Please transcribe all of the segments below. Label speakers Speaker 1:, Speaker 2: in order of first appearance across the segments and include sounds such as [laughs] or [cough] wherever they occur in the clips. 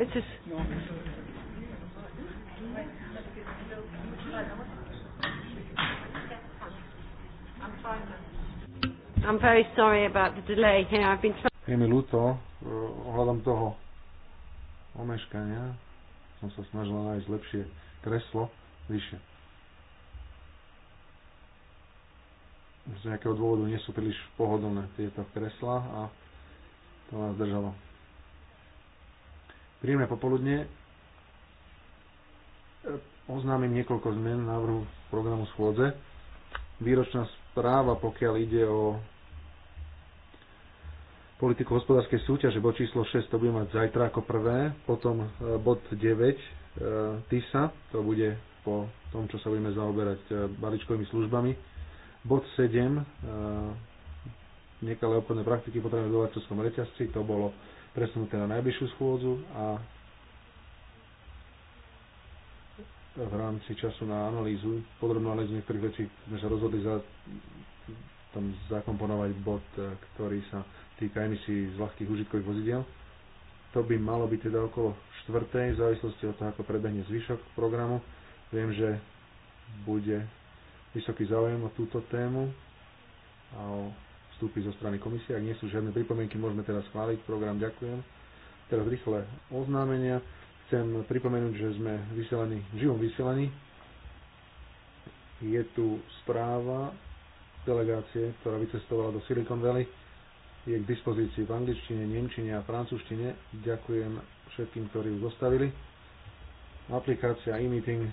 Speaker 1: It's just. I'm very sorry about the delay here. I've been trying... Je mi ľúto eh, ohľadom
Speaker 2: toho omeškania. Som sa snažila nájsť lepšie kreslo vyššie. Z nejakého dôvodu nie sú príliš pohodlné tieto kresla a to nás držalo. Príjemné popoludne. Oznámim niekoľko zmien návrhu programu schôdze. Výročná správa, pokiaľ ide o politiku hospodárskej súťaže, bod číslo 6 to bude mať zajtra ako prvé, potom e, bod 9 e, TISA, to bude po tom, čo sa budeme zaoberať e, balíčkovými službami. Bod 7 nekalé obchodné praktiky potrebujeme v dovačovskom reťazci, to bolo presunuté na najbližšiu schôdzu a v rámci času na analýzu, podrobnú analýzu niektorých vecí sme sa rozhodli za, tam zakomponovať bod, e, ktorý sa týka emisí z ľahkých užitkových vozidiel. To by malo byť teda okolo štvrtej, v závislosti od toho, ako prebehne zvyšok programu. Viem, že bude vysoký záujem o túto tému a o vstúpiť zo strany komisie. Ak nie sú žiadne pripomienky, môžeme teraz schváliť program. Ďakujem. Teraz rýchle oznámenia. Chcem pripomenúť, že sme vysielaní, živom vysielaní. Je tu správa delegácie, ktorá vycestovala do Silicon Valley. Je k dispozícii v angličtine, nemčine a francúzštine. Ďakujem všetkým, ktorí ju zostavili. Aplikácia e-meeting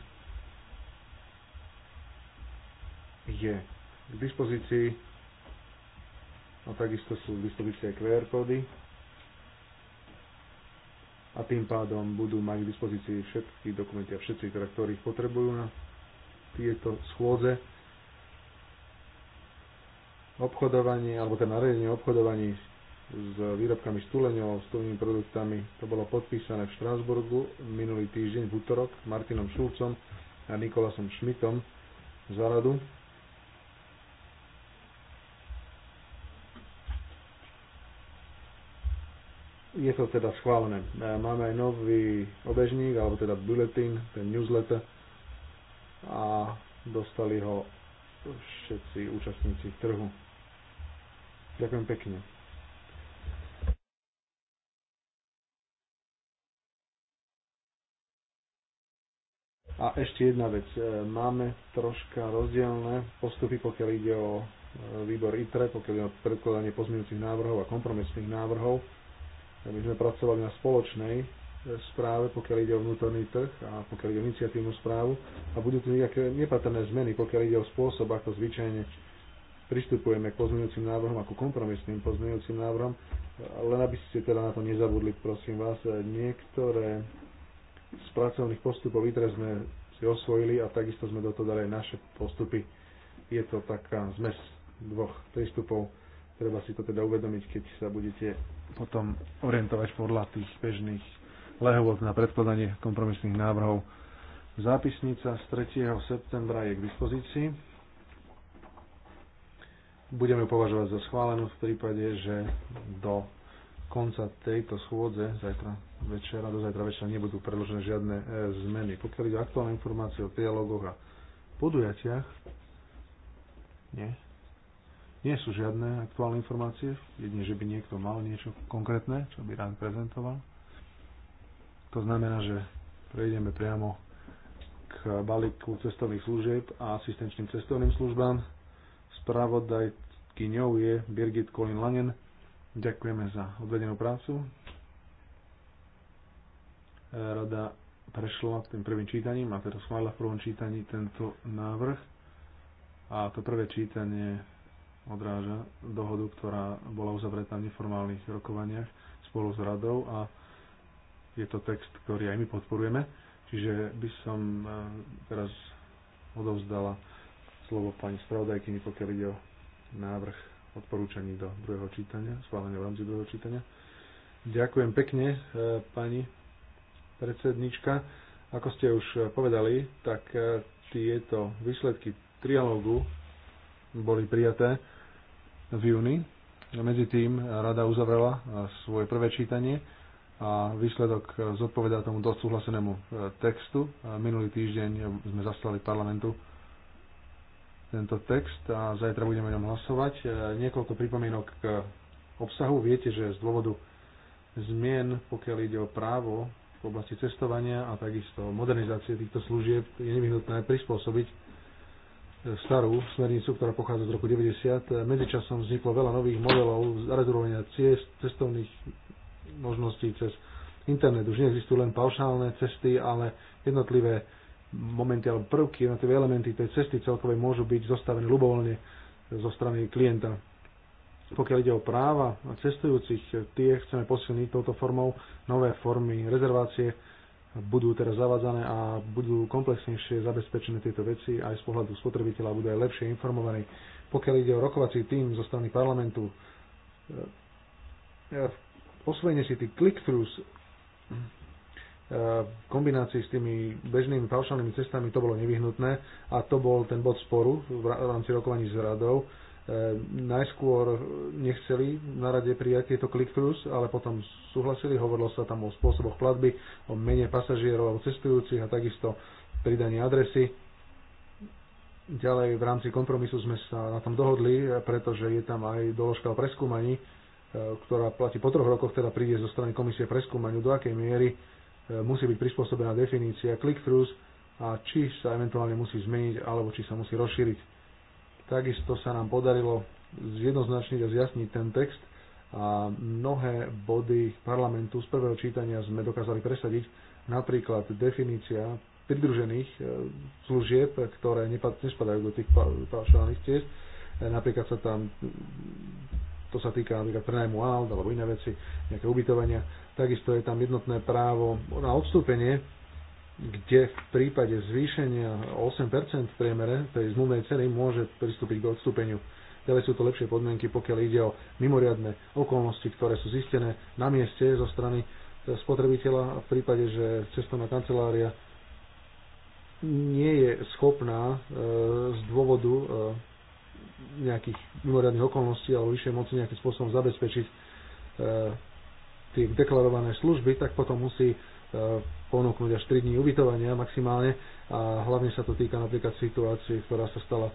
Speaker 2: je k dispozícii a no takisto sú v dispozícii QR kódy a tým pádom budú mať k dispozícii všetky dokumenty a všetci, teda, ktorých potrebujú na tieto schôdze. Obchodovanie, alebo ten teda nariadenie obchodovaní s výrobkami stúleňov a s produktami, to bolo podpísané v Štrásburgu minulý týždeň v útorok Martinom Šulcom a Nikolasom Šmitom za radu je to teda schválené. E, máme aj nový obežník, alebo teda bulletin, ten newsletter a dostali ho všetci účastníci trhu. Ďakujem pekne. A ešte jedna vec. E, máme troška rozdielne postupy, pokiaľ ide o e, výbor ITRE, pokiaľ ide o predkladanie pozmeňujúcich návrhov a kompromisných návrhov my sme pracovali na spoločnej e, správe, pokiaľ ide o vnútorný trh a pokiaľ ide o iniciatívnu správu a budú tu nejaké nepatrné zmeny, pokiaľ ide o spôsob, ako zvyčajne pristupujeme k pozmeňujúcim návrhom ako kompromisným pozmeňujúcim návrhom, len aby ste teda na to nezabudli, prosím vás, e, niektoré z pracovných postupov ITRE sme si osvojili a takisto sme do toho dali aj naše postupy. Je to taká zmes dvoch prístupov. Treba si to teda uvedomiť, keď sa budete potom orientovať podľa tých bežných lehovod na predkladanie kompromisných návrhov. Zápisnica z 3. septembra je k dispozícii. Budeme považovať za schválenú v prípade, že do konca tejto schôdze, zajtra večera, do zajtra večera nebudú predložené žiadne e, zmeny. Pokiaľ ide aktuálne informácie o dialogoch a podujatiach, nie, nie sú žiadne aktuálne informácie, jedine, že by niekto mal niečo konkrétne, čo by rád prezentoval. To znamená, že prejdeme priamo k balíku cestovných služieb a asistenčným cestovným službám. Spravodajkyňou je Birgit Colin Langen. Ďakujeme za odvedenú prácu. Rada prešla tým prvým čítaním a teda schválila v prvom čítaní tento návrh. A to prvé čítanie odráža dohodu, ktorá bola uzavretá v neformálnych rokovaniach spolu s radou a je to text, ktorý aj my podporujeme. Čiže by som e, teraz odovzdala slovo pani spravodajkyni, pokiaľ ide o návrh odporúčaní do druhého čítania, schválenia v rámci druhého čítania. Ďakujem pekne, e, pani predsednička. Ako ste už povedali, tak e, tieto výsledky trialógu boli prijaté v júni. Medzi tým rada uzavrela eh, svoje prvé čítanie a výsledok eh, zodpovedá tomu dosť súhlasenému eh, textu. Minulý týždeň sme zaslali parlamentu tento text a zajtra budeme o ňom hlasovať. Niekoľko pripomienok k obsahu. Viete, že z dôvodu zmien, pokiaľ ide o právo v oblasti cestovania a takisto modernizácie týchto služieb, je nevyhnutné prispôsobiť starú smernicu, ktorá pochádza z roku 90. Medzičasom vzniklo veľa nových modelov rezervovania ciest, cestovných možností cez internet. Už neexistujú len paušálne cesty, ale jednotlivé momenty alebo prvky, jednotlivé elementy tej cesty celkovej môžu byť zostavené ľubovoľne zo strany klienta. Pokiaľ ide o práva cestujúcich, tie chceme posilniť touto formou nové formy rezervácie, budú teraz zavádzané a budú komplexnejšie zabezpečené tieto veci aj z pohľadu spotrebiteľa budú aj lepšie informovaní. Pokiaľ ide o rokovací tým zo strany parlamentu, e, e, osvojenie si tých click-throughs e, v kombinácii s tými bežnými paušálnymi cestami to bolo nevyhnutné a to bol ten bod sporu v rámci rokovaní s radou Ehm, najskôr nechceli na rade prijať tieto click-throughs, ale potom súhlasili, hovorilo sa tam o spôsoboch platby, o mene pasažierov alebo cestujúcich a takisto pridanie adresy. Ďalej v rámci kompromisu sme sa na tom dohodli, pretože je tam aj doložka o preskúmaní, ehm, ktorá platí po troch rokoch, teda príde zo strany komisie preskúmaniu, do akej miery ehm, musí byť prispôsobená definícia click-throughs a či sa eventuálne musí zmeniť alebo či sa musí rozšíriť Takisto sa nám podarilo zjednoznačniť a zjasniť ten text a mnohé body parlamentu z prvého čítania sme dokázali presadiť, napríklad definícia pridružených e, služieb, ktoré nespadajú do tých paušálnych ciest. E, napríklad sa tam, to sa týka napríklad prenajmu aut alebo iné veci, nejaké ubytovania. Takisto je tam jednotné právo na odstúpenie kde v prípade zvýšenia 8% v priemere tej zmluvnej ceny môže pristúpiť k odstúpeniu. Ďalej sú to lepšie podmienky, pokiaľ ide o mimoriadne okolnosti, ktoré sú zistené na mieste zo strany spotrebiteľa v prípade, že cestovná kancelária nie je schopná e, z dôvodu e, nejakých mimoriadných okolností alebo vyššej moci nejakým spôsobom zabezpečiť e, tie deklarované služby, tak potom musí ponúknuť až 3 dní ubytovania maximálne a hlavne sa to týka napríklad situácie, ktorá sa stala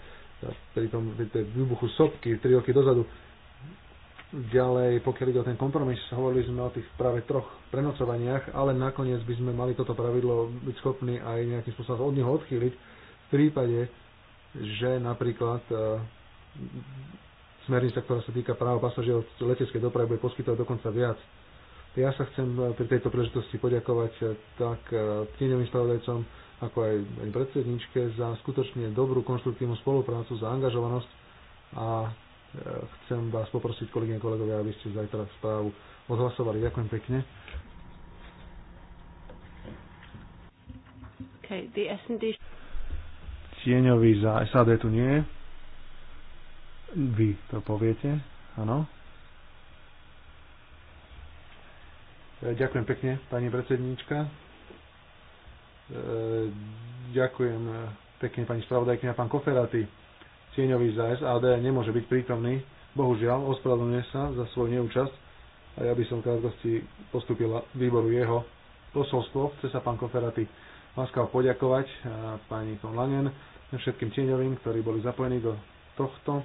Speaker 2: e, pri tom pri tej výbuchu sopky 3 roky dozadu. Ďalej, pokiaľ ide o ten kompromis, hovorili sme o tých práve troch prenocovaniach, ale nakoniec by sme mali toto pravidlo byť schopní aj nejakým spôsobom od neho odchýliť v prípade, že napríklad e, smernica, ktorá sa týka práva pasažierov leteckej dopravy, bude poskytovať dokonca viac ja sa chcem pri tejto príležitosti poďakovať eh, tak eh, tieňovým spravodajcom, ako aj predsedničke za skutočne dobrú konštruktívnu spoluprácu, za angažovanosť a eh, chcem vás poprosiť, kolegyne a kolegovia, aby ste zajtra správu odhlasovali. Ďakujem pekne.
Speaker 1: Okay, the S&D...
Speaker 2: Tieňový za SAD tu nie je. Vy to poviete, áno? E, ďakujem pekne, pani predsedníčka. E, ďakujem pekne pani spravodajkyňa, pán Koferaty. Cieňový za SAD nemôže byť prítomný. Bohužiaľ, ospravedlňuje sa za svoj neúčasť a ja by som v krátkosti postupila výboru jeho posolstvo. Chce sa pán Koferaty láskavo poďakovať pani von Langen, všetkým tieňovým, ktorí boli zapojení do tohto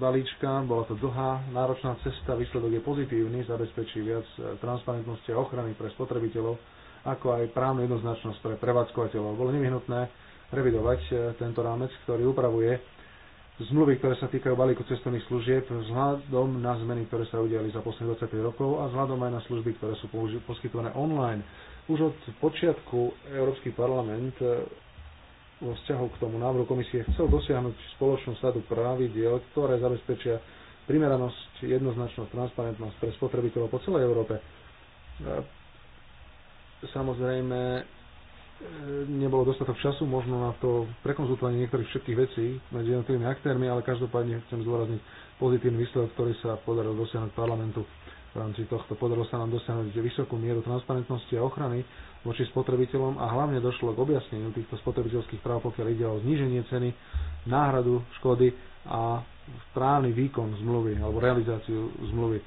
Speaker 2: balíčka. Bola to dlhá, náročná cesta, výsledok je pozitívny, zabezpečí viac e, transparentnosti a ochrany pre spotrebiteľov, ako aj právnu jednoznačnosť pre prevádzkovateľov. Bolo nevyhnutné revidovať e, tento rámec, ktorý upravuje zmluvy, ktoré sa týkajú balíku cestovných služieb vzhľadom na zmeny, ktoré sa udiali za posledných 25 rokov a vzhľadom aj na služby, ktoré sú poskytované online. Už od počiatku Európsky parlament e, vo vzťahu k tomu návrhu komisie chcel dosiahnuť spoločnú sadu pravidiel, ktoré zabezpečia primeranosť, jednoznačnosť, transparentnosť pre spotrebiteľov po celej Európe. E, samozrejme, e, nebolo dostatok času možno na to prekonzultovanie niektorých všetkých vecí medzi jednotlivými aktérmi, ale každopádne chcem zdôrazniť pozitívny výsledok, ktorý sa podaril dosiahnuť parlamentu v rámci tohto podarilo sa nám dosiahnuť vysokú mieru transparentnosti a ochrany voči spotrebiteľom a hlavne došlo k objasneniu týchto spotrebiteľských práv, pokiaľ ide o zníženie ceny, náhradu škody a správny výkon zmluvy alebo realizáciu zmluvy.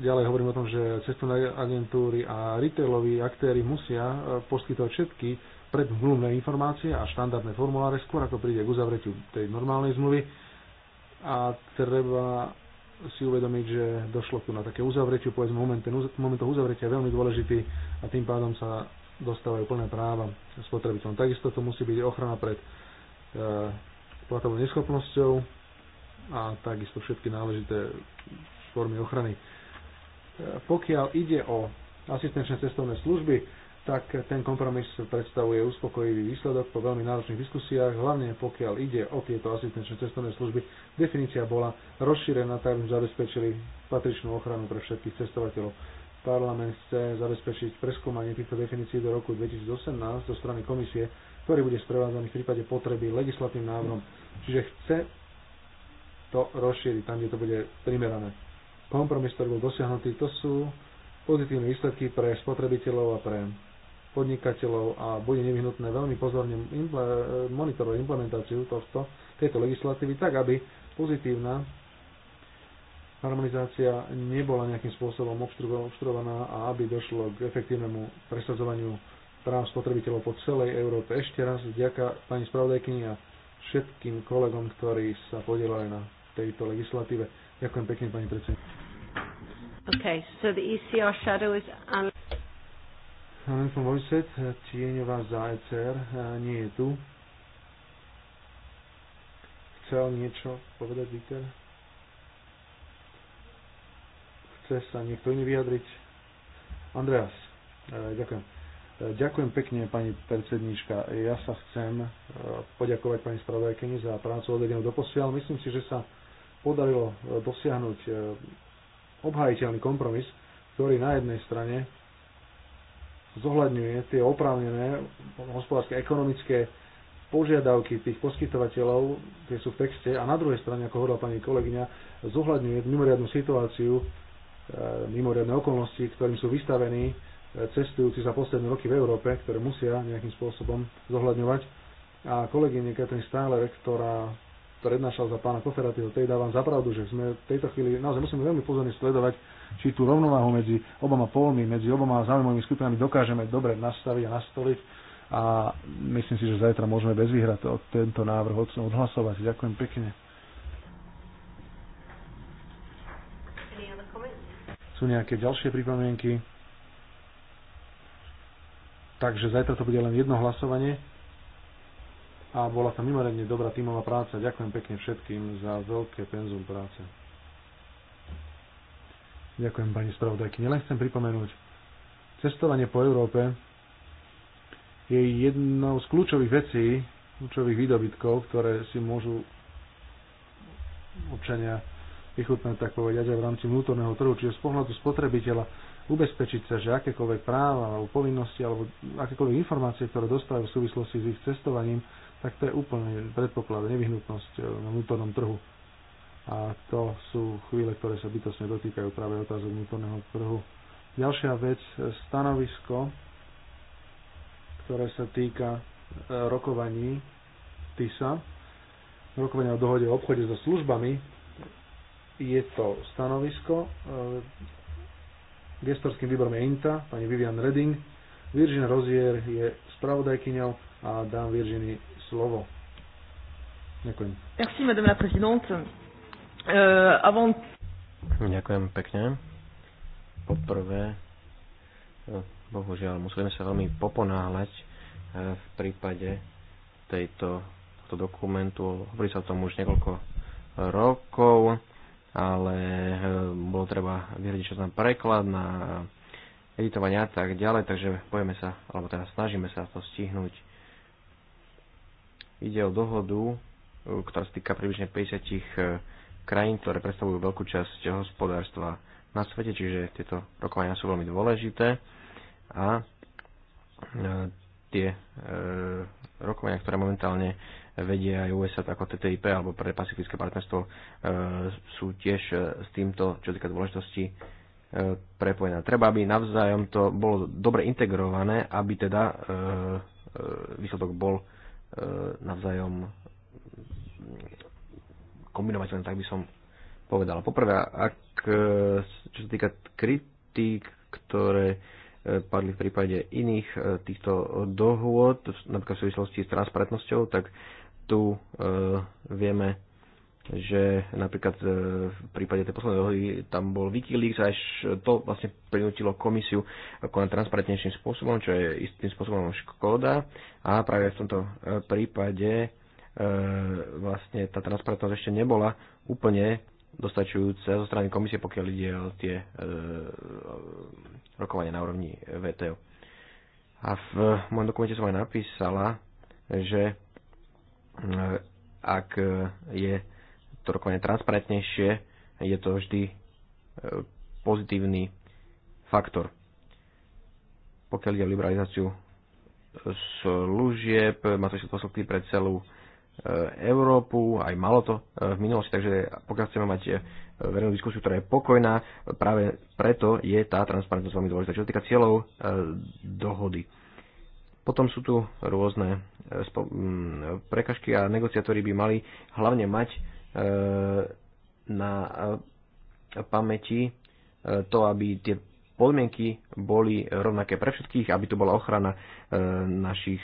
Speaker 2: Ďalej hovorím o tom, že cestovné agentúry a retailoví aktéry musia e, poskytovať všetky predmluvné informácie a štandardné formuláre skôr ako príde k uzavretiu tej normálnej zmluvy a treba si uvedomiť, že došlo tu na také uzavretie, povedzme moment, ten moment toho uzavretia je veľmi dôležitý a tým pádom sa dostávajú plné práva spotrebiteľom. Takisto to musí byť ochrana pred e, platovou neschopnosťou a takisto všetky náležité formy ochrany. E, pokiaľ ide o asistenčné cestovné služby, tak ten kompromis predstavuje uspokojivý výsledok po veľmi náročných diskusiách, hlavne pokiaľ ide o tieto asistenčné cestovné služby. Definícia bola rozšírená, tak aby zabezpečili patričnú ochranu pre všetkých cestovateľov. Parlament chce zabezpečiť preskúmanie týchto definícií do roku 2018 zo strany komisie, ktorý bude sprevádzaný v prípade potreby legislatívnym návrhom. Čiže chce to rozšíriť tam, kde to bude primerané. Kompromis, ktorý bol dosiahnutý, to sú pozitívne výsledky pre spotrebiteľov a pre podnikateľov a bude nevyhnutné veľmi pozorne monitorovať implementáciu tohto, tejto legislatívy tak, aby pozitívna harmonizácia nebola nejakým spôsobom obštruovaná a aby došlo k efektívnemu presadzovaniu práv spotrebiteľov po celej Európe. Ešte raz ďaká pani spravodajkyni a všetkým kolegom, ktorí sa podielali na tejto legislatíve. Ďakujem pekne, pani predsednička.
Speaker 1: Okay, so the ECR shadow is...
Speaker 2: Lenko Vojset, tieňová za ECR, e, nie je tu. Chcel niečo povedať Dieter? Chce sa niekto iný vyjadriť? Andreas, e, ďakujem. E, ďakujem pekne, pani predsedníčka. Ja sa chcem poďakovať pani spravodajkyni za prácu odvedenú do posiaľ. Myslím si, že sa podarilo dosiahnuť obhajiteľný kompromis, ktorý na jednej strane zohľadňuje tie oprávnené hospodárske, ekonomické požiadavky tých poskytovateľov, tie sú v texte, a na druhej strane, ako hovorila pani kolegyňa, zohľadňuje mimoriadnu situáciu, e, mimoriadne okolnosti, ktorým sú vystavení e, cestujúci za posledné roky v Európe, ktoré musia nejakým spôsobom zohľadňovať. A kolegyne Katrin Stáler, ktorá prednášal za pána Koferatyho, tej dávam za pravdu, že sme v tejto chvíli naozaj musíme veľmi pozorne sledovať, či tú rovnováhu medzi oboma polmi, medzi oboma zaujímavými skupinami dokážeme dobre nastaviť a nastoliť a myslím si, že zajtra môžeme bez výhrad tento návrh odhlasovať. Ďakujem pekne. Sú nejaké ďalšie pripomienky? Takže zajtra to bude len jedno hlasovanie a bola tam mimoriadne dobrá tímová práca. Ďakujem pekne všetkým za veľké penzum práce. Ďakujem pani spravodajky. Len chcem pripomenúť, cestovanie po Európe je jednou z kľúčových vecí, kľúčových výdobytkov, ktoré si môžu občania vychutnať, tak povedať, aj v rámci vnútorného trhu. Čiže z pohľadu spotrebiteľa ubezpečiť sa, že akékoľvek práva alebo povinnosti alebo akékoľvek informácie, ktoré dostávajú v súvislosti s ich cestovaním, tak to je úplne predpoklad, nevyhnutnosť eh, na vnútornom trhu. A to sú chvíle, ktoré sa bytosne dotýkajú práve otázok vnútorného trhu. Ďalšia vec, eh, stanovisko, ktoré sa týka eh, rokovaní TISA, rokovania o dohode o obchode so službami, je to stanovisko. Gestorským výborom je INTA, pani Vivian Redding. Virgin Rozier je spravodajkyňou a dám Virginie slovo.
Speaker 3: Ďakujem.
Speaker 1: Merci, madame la présidente. Euh, avant...
Speaker 3: Ďakujem pekne. Poprvé, e, bohužiaľ, musíme sa veľmi poponáhľať e, v prípade tejto, tohto dokumentu. Hovorí sa o tom už niekoľko rokov, ale e, bolo treba vyhľadiť čas na preklad, na editovanie a tak ďalej, takže bojeme sa, alebo teraz snažíme sa to stihnúť Ide o dohodu, e, ktorá sa týka približne 50 e, krajín, ktoré predstavujú veľkú časť hospodárstva na svete, čiže tieto rokovania sú veľmi dôležité a e, tie rokovania, ktoré momentálne vedie aj USA ako TTIP alebo pre pacifické partnerstvo e, sú tiež s týmto, čo týka dôležitosti, e, prepojené. Treba, aby navzájom to bolo dobre integrované, aby teda e, výsledok bol E, navzájom kombinovať, len tak by som povedal. Poprvé, ak, e, čo sa týka kritík, ktoré e, padli v prípade iných týchto dohôd, napríklad v súvislosti s transparentnosťou, tak tu vieme že napríklad e, v prípade tej poslednej dohody tam bol Wikileaks a až to vlastne prinútilo komisiu ako na transparentnejším spôsobom, čo je istým spôsobom škoda a práve v tomto e, prípade e, vlastne tá transparentnosť ešte nebola úplne dostačujúca zo strany komisie, pokiaľ ide o tie rokovania na úrovni VTO. A v mojom dokumente som aj napísala, že ak je to rokovanie transparentnejšie, je to vždy e, pozitívny faktor. Pokiaľ ide o liberalizáciu služieb, má to ešte pre celú e, Európu, aj malo to e, v minulosti, takže pokiaľ chceme mať verejnú diskusiu, ktorá je pokojná, práve preto je tá transparentnosť veľmi dôležitá. Čo sa týka cieľov dohody. Potom sú tu rôzne prekažky a negociátori by mali hlavne mať E, na pamäti e, to, aby tie podmienky boli rovnaké pre všetkých, aby tu bola ochrana e, našich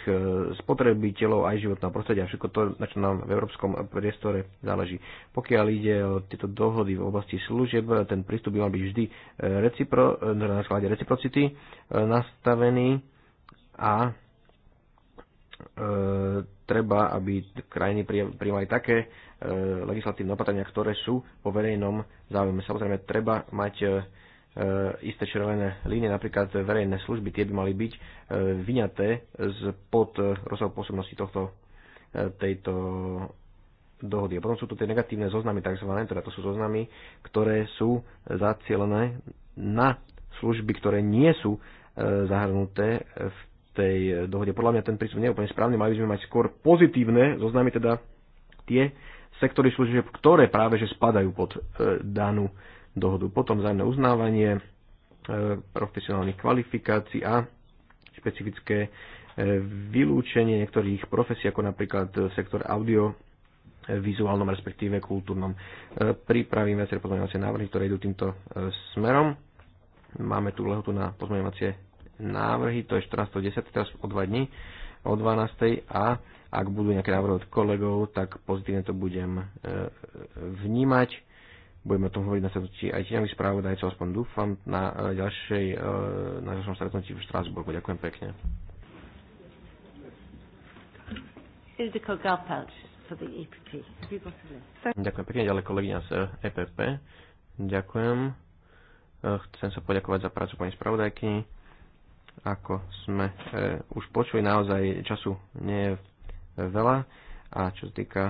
Speaker 3: spotrebiteľov aj životného prostredia všetko to, na čo nám v európskom priestore záleží. Pokiaľ ide o tieto dohody v oblasti služieb, ten prístup by mal byť vždy recipro, na sklade reciprocity nastavený a e, treba, aby krajiny prijímali také Eh, legislatívne opatrenia, ktoré sú vo verejnom záujme. Samozrejme, treba mať eh, eh, isté červené línie, napríklad verejné služby, tie by mali byť vyňaté z pod rozsahu pôsobnosti tohto, tejto dohody. A potom sú tu tie negatívne zoznamy, tzv. teda to sú zoznamy, ktoré sú zacielené na služby, ktoré nie sú zahrnuté v tej dohode. Podľa mňa ten prístup nie je úplne správny, mali by sme mať skôr pozitívne zoznamy, teda tie sektory služieb, ktoré práve že spadajú pod e, danú dohodu. Potom zájemné uznávanie e, profesionálnych kvalifikácií a špecifické e, vylúčenie niektorých profesí, ako napríklad sektor audio, vizuálnom, respektíve kultúrnom. Pripravíme viaceré pozmeňovacie návrhy, ktoré idú týmto smerom. Máme tu lehotu na pozmeňovacie návrhy, to je 14.10, teraz o 2 dní, o 12.00. a ak budú nejaké návrhy od kolegov, tak pozitívne to budem e, vnímať. Budeme o tom hovoriť na stretnutí aj tieňových správodajcov, aspoň dúfam, na, e, ďalšej, e, na ďalšom stretnutí v Štrásburgu. Ďakujem pekne. Ďakujem pekne, ďalej kolegyňa z EPP. Ďakujem. Chcem sa poďakovať za prácu pani spravodajky. Ako sme už počuli, naozaj času nie je v veľa a čo sa týka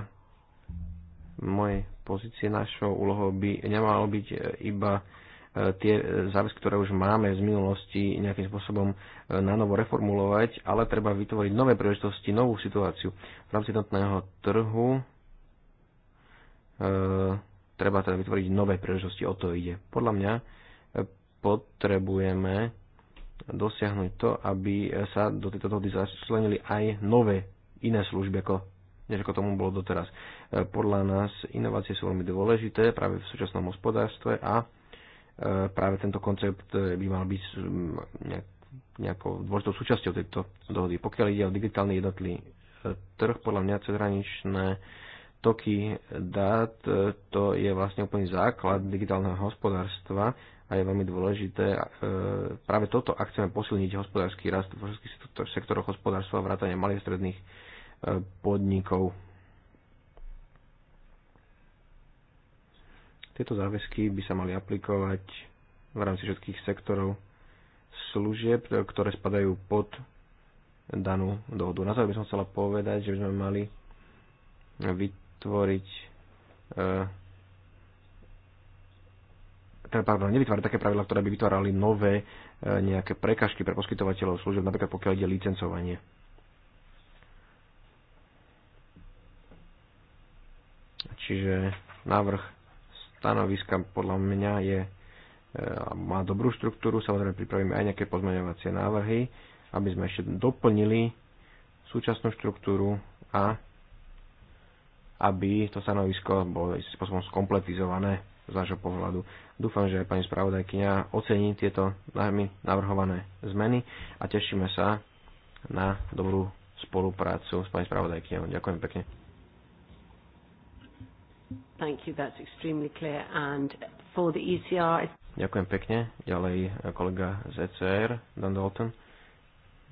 Speaker 3: mojej pozície, našou úlohou by nemalo byť e, iba e, tie záväzky, ktoré už máme z minulosti nejakým spôsobom e, na novo reformulovať, ale treba vytvoriť nové príležitosti, novú situáciu. V rámci jednotného trhu e, treba teda vytvoriť nové príležitosti, o to ide. Podľa mňa potrebujeme dosiahnuť to, aby sa do tejto dohody začlenili aj nové iné služby, ako, než ako tomu bolo doteraz. E, podľa nás inovácie sú veľmi dôležité práve v súčasnom hospodárstve a e, práve tento koncept e, by mal byť nejakou dôležitou súčasťou tejto dohody. Pokiaľ ide o digitálny jednotlý trh, podľa mňa cezhraničné toky dát, to je vlastne úplný základ digitálneho hospodárstva a je veľmi dôležité práve toto, ak chceme posilniť hospodársky rast vo všetkých sektoroch hospodárstva, vrátane malých stredných podnikov. Tieto záväzky by sa mali aplikovať v rámci všetkých sektorov služieb, ktoré spadajú pod danú dohodu. Na záver by som chcela povedať, že by sme mali vytvoriť e, teda, pardon, nevytvárať také pravidla, ktoré by vytvárali nové e, nejaké prekažky pre poskytovateľov služieb, napríklad pokiaľ ide licencovanie. Čiže návrh stanoviska podľa mňa je, e, má dobrú štruktúru, samozrejme pripravíme aj nejaké pozmeňovacie návrhy, aby sme ešte doplnili súčasnú štruktúru a aby to stanovisko bolo spôsobom skompletizované z nášho pohľadu. Dúfam, že aj pani spravodajkyňa ocení tieto najmä navrhované zmeny a tešíme sa na dobrú spoluprácu s pani spravodajkyňou. Ďakujem pekne.
Speaker 1: Thank you, that's extremely clear. And for the ECR...
Speaker 3: Ďakujem pekne. Ďalej eh, kolega z ECR, Dan Dalton.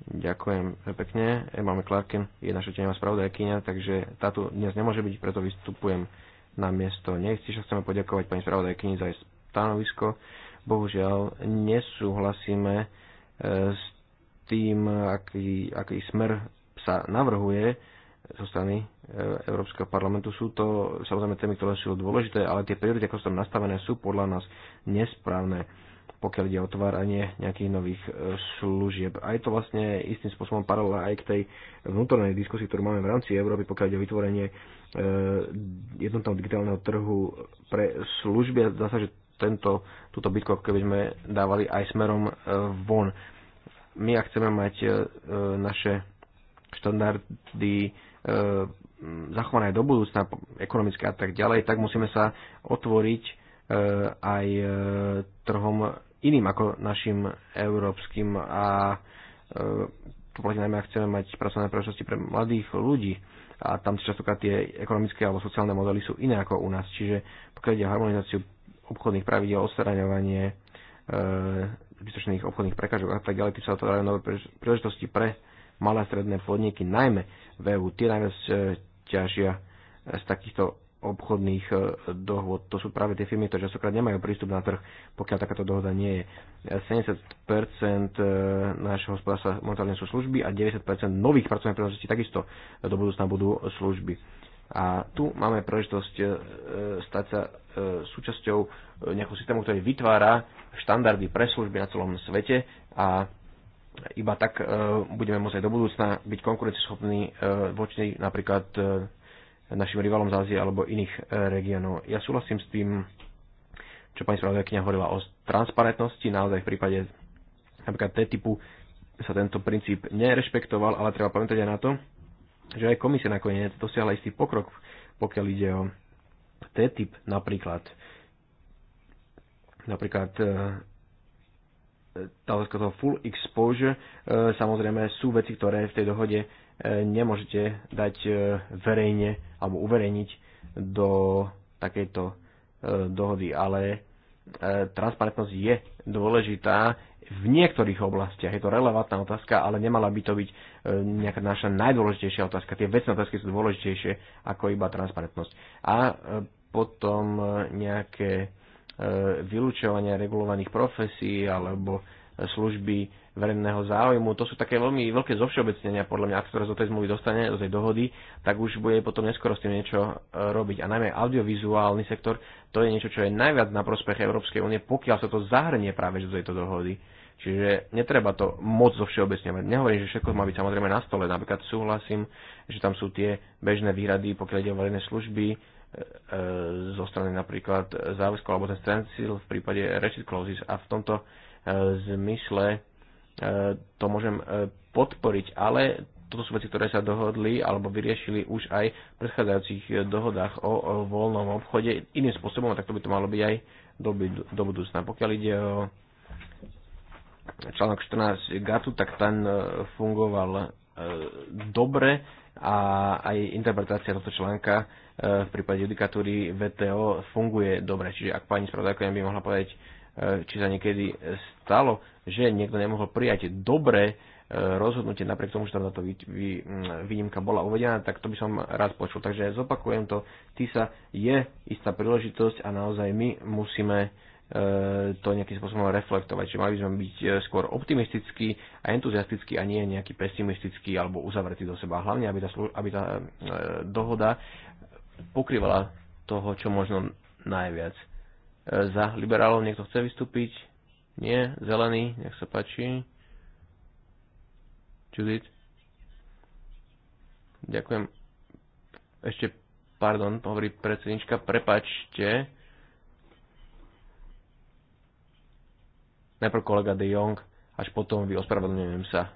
Speaker 3: Ďakujem pekne. Emma McClarkin je naša tenová spravodajkynia, takže táto dnes nemôže byť, preto vystupujem na miesto. Nechci, že chceme poďakovať pani spravodajkyni za jej stanovisko. Bohužiaľ, nesúhlasíme eh, s tým, aký, aký smer sa navrhuje zo strany Európskeho parlamentu. Sú to samozrejme témy, ktoré sú dôležité, ale tie priority, ako sú tam nastavené, sú podľa nás nesprávne pokiaľ ide o otváranie nejakých nových e, služieb. A je to vlastne istým spôsobom paralela aj k tej vnútornej diskusii, ktorú máme v rámci Európy, pokiaľ ide o vytvorenie e, jednotného digitálneho trhu pre služby. A zdá sa, že tento, túto bitku keby sme dávali aj smerom e, von. My, ak chceme mať naše štandardy zachované do budúcna, ekonomické a tak ďalej, tak musíme sa otvoriť e, aj e, trhom iným ako našim európskym a e, to platí najmä, ak chceme mať pracovné príležitosti pre mladých ľudí a tam častokrát tie ekonomické alebo sociálne modely sú iné ako u nás. Čiže pokiaľ ide o harmonizáciu obchodných pravidel, odstraňovanie zbytočných obchodných prekážok a tak ďalej, tým sa otvárajú nové príležitosti pre malé a stredné podniky, najmä v EU. Tie najmä ťažia z takýchto obchodných e, dohôd. To sú práve tie firmy, ktoré častokrát nemajú prístup na trh, pokiaľ takáto dohoda nie je. 70% e, nášho hospodárstva momentálne sú služby a 90% nových pracovných príležitostí takisto do budúcna budú služby. A tu máme príležitosť e, stať sa súčasťou nejakého systému, ktorý vytvára štandardy pre služby na celom svete a iba tak e, budeme môcť aj do budúcna byť konkurenceschopní e, voči napríklad e, našim rivalom z Ázie alebo iných regiónov. Ja súhlasím s tým, čo pani spravodajkynia hovorila o transparentnosti. Naozaj v prípade napríklad T-typu sa tento princíp nerešpektoval, ale treba pamätať aj na to, že aj komisia nakoniec dosiahla istý pokrok, pokiaľ ide o T-typ napríklad. Napríklad tá toho full exposure, e, samozrejme sú veci, ktoré v tej dohode e, nemôžete dať e, verejne alebo uverejniť do takejto dohody, ale transparentnosť je dôležitá v niektorých oblastiach. Je to relevantná otázka, ale nemala by to byť nejaká naša najdôležitejšia otázka. Tie vecné otázky sú dôležitejšie ako iba transparentnosť. A potom nejaké E, vylúčovania regulovaných profesí alebo služby verejného záujmu. To sú také veľmi veľké zovšeobecnenia, podľa mňa, ak sa teraz do tej zmluvy dostane, do tej dohody, tak už bude potom neskoro s tým niečo e, robiť. A najmä audiovizuálny sektor, to je niečo, čo je najviac na prospech Európskej únie, pokiaľ sa to zahrnie práve do tejto dohody. Čiže netreba to moc zo všeobecňovať. Nehovorím, že všetko má byť samozrejme na stole. Napríklad súhlasím, že tam sú tie bežné výrady, pokiaľ ide o verejné služby, E, zo strany napríklad záväzku alebo ten stencil v prípade ratchet closes a v tomto e, zmysle e, to môžem podporiť, ale toto sú veci, ktoré sa dohodli alebo vyriešili už aj v predchádzajúcich dohodách o voľnom obchode iným spôsobom tak to by to malo byť aj do budúcna. Pokiaľ ide o článok 14 GATU, tak ten fungoval dobre a aj interpretácia tohto článka v prípade judikatúry VTO funguje dobre. Čiže ak pani spravodajka by mohla povedať, e, či sa niekedy stalo, že niekto nemohol prijať dobre e, rozhodnutie, napriek tomu, že tam táto výnimka bola uvedená, tak to by som raz počul. Takže zopakujem to, TISA je istá príležitosť a naozaj my musíme e, to nejakým spôsobom reflektovať. Čiže mali by sme byť skôr optimistickí a entuziastickí a nie nejaký pesimistický alebo uzavretý do seba. Hlavne, aby tá, aby tá dohoda pokrývala toho, čo možno najviac. E, za liberálov niekto chce vystúpiť? Nie? Zelený? Nech sa páči. Judith? Ďakujem. Ešte, pardon, hovorí predsednička, prepačte. Najprv kolega De Jong, až potom vy, ospravedlňujem sa.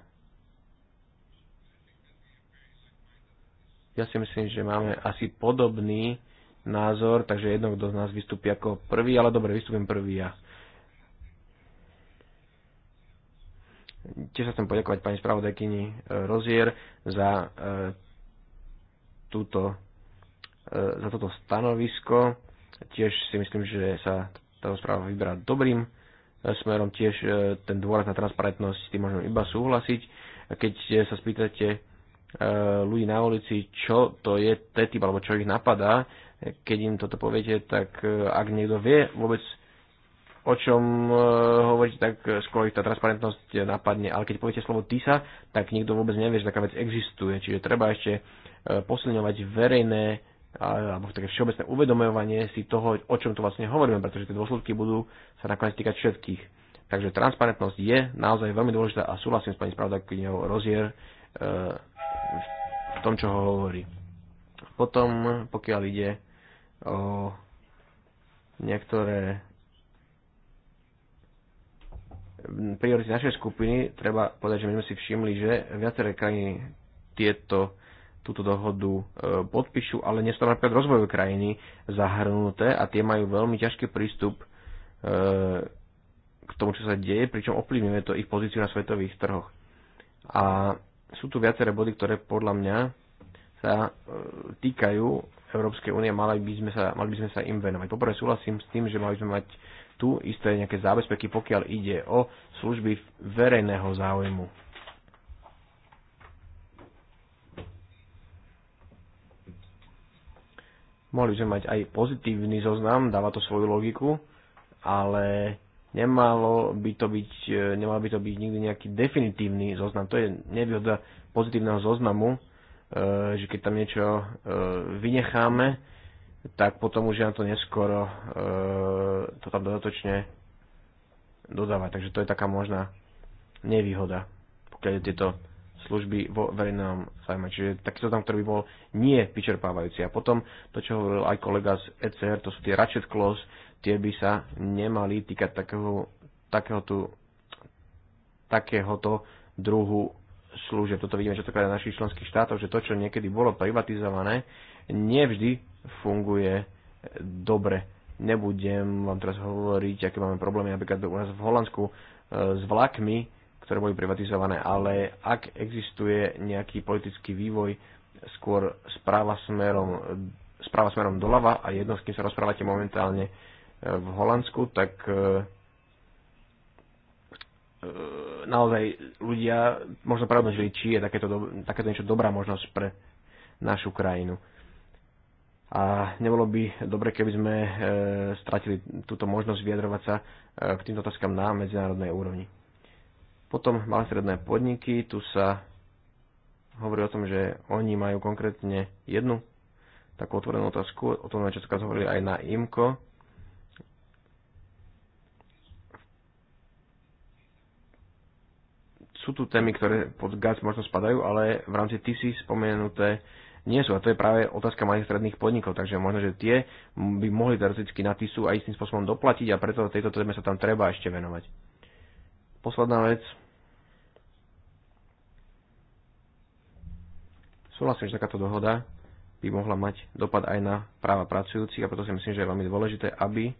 Speaker 3: Ja si myslím, že máme asi podobný názor, takže jedno, kto z nás vystúpi ako prvý, ale dobre, vystúpim prvý ja. Tiež sa chcem poďakovať pani spravodajkyni e, Rozier za e, túto, e, za toto stanovisko. Tiež si myslím, že sa táto správa vyberá dobrým smerom. Tiež ten dôraz na transparentnosť, s tým môžem iba súhlasiť. Keď sa spýtate Eh, ľudí na ulici, čo to je TTIP, alebo čo ich napadá. Keď im toto poviete, tak eh, ak niekto vie vôbec, o čom eh, hovoríte, tak skôr ich tá transparentnosť napadne. Ale keď poviete slovo TISA, tak nikto vôbec nevie, že taká vec existuje. Čiže treba ešte posilňovať verejné alebo také všeobecné uvedomovanie si toho, o čom tu vlastne hovoríme, pretože tie dôsledky budú sa nakoniec týkať všetkých. Takže transparentnosť je naozaj veľmi dôležitá a súhlasím s pani spravodajkyňou Rozier, v tom, čo ho hovorí. Potom, pokiaľ ide o niektoré priority našej skupiny, treba povedať, že my sme si všimli, že viaceré krajiny tieto, túto dohodu e, podpíšu, ale nie sú tam napríklad rozvojové krajiny zahrnuté a tie majú veľmi ťažký prístup e, k tomu, čo sa deje, pričom ovplyvňuje to ich pozíciu na svetových trhoch. A sú tu viaceré body, ktoré podľa mňa sa e, týkajú Európskej únie, mali by sme sa, mali by sme sa im venovať. Poprvé súhlasím s tým, že mali by sme mať tu isté nejaké zábezpeky, pokiaľ ide o služby verejného záujmu. Mohli by sme mať aj pozitívny zoznam, dáva to svoju logiku, ale Nemalo by to byť, e, nemal by to byť nikdy nejaký definitívny zoznam. To je nevýhoda pozitívneho zoznamu, e, že keď tam niečo e, vynecháme, tak potom už na to neskoro to tam dodatočne dodávať. Takže to je taká možná nevýhoda, pokiaľ je tieto služby vo verejnom zájme. Čiže takýto tam, ktorý by bol nie vyčerpávajúci. A potom to, čo hovoril aj kolega z ECR, to sú tie ratchet clause, tie by sa nemali týkať takého, takéhoto, takéhoto druhu služieb. Toto vidíme častokrát v našich členských štátoch, že to, čo niekedy bolo privatizované, nevždy funguje dobre. Nebudem vám teraz hovoriť, aké máme problémy napríklad u nás v Holandsku e, s vlakmi, ktoré boli privatizované, ale ak existuje nejaký politický vývoj, skôr správa smerom, e, správa smerom doľava a jedno, s kým sa rozprávate momentálne, v Holandsku, tak e, e, naozaj ľudia možno žili, či je takéto, takéto niečo dobrá možnosť pre našu krajinu. A nebolo by dobre, keby sme e, stratili túto možnosť vyjadrovať sa e, k týmto otázkam na medzinárodnej úrovni. Potom malé stredné podniky, tu sa hovorí o tom, že oni majú konkrétne jednu takú otvorenú otázku, o tom sme častokrát hovorili aj na IMCO, sú tu témy, ktoré pod GAC možno spadajú, ale v rámci TC spomenuté nie sú. A to je práve otázka malých stredných podnikov, takže možno, že tie by mohli teoreticky na TISu aj istým spôsobom doplatiť a preto tejto téme sa tam treba ešte venovať. Posledná vec. Súhlasím, že takáto dohoda by mohla mať dopad aj na práva pracujúcich a preto si myslím, že je veľmi dôležité, aby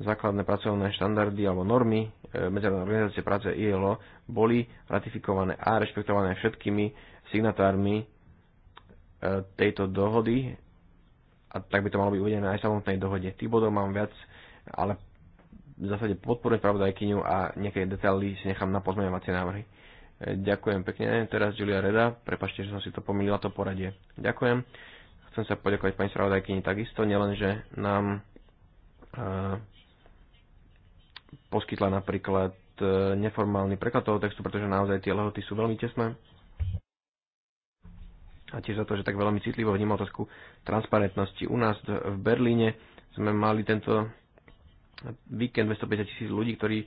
Speaker 3: základné pracovné štandardy alebo normy e, Medzinárodnej organizácie práce ILO boli ratifikované a rešpektované všetkými signatármi e, tejto dohody a tak by to malo byť uvedené aj v samotnej dohode. Tých bodov mám viac, ale v zásade podporujem pravdajkyňu a nejaké detaily si nechám na pozmeňovacie návrhy. E, ďakujem pekne. Teraz Julia Reda. Prepašte, že som si to pomýlila, to poradie. Ďakujem. Chcem sa poďakovať pani spravodajkyni takisto, nielenže nám poskytla napríklad e, neformálny preklad toho textu, pretože naozaj tie lehoty sú veľmi tesné. A tiež za to, že tak veľmi citlivo vnímal otázku transparentnosti. U nás v Berlíne sme mali tento víkend 250 tisíc ľudí, ktorí e,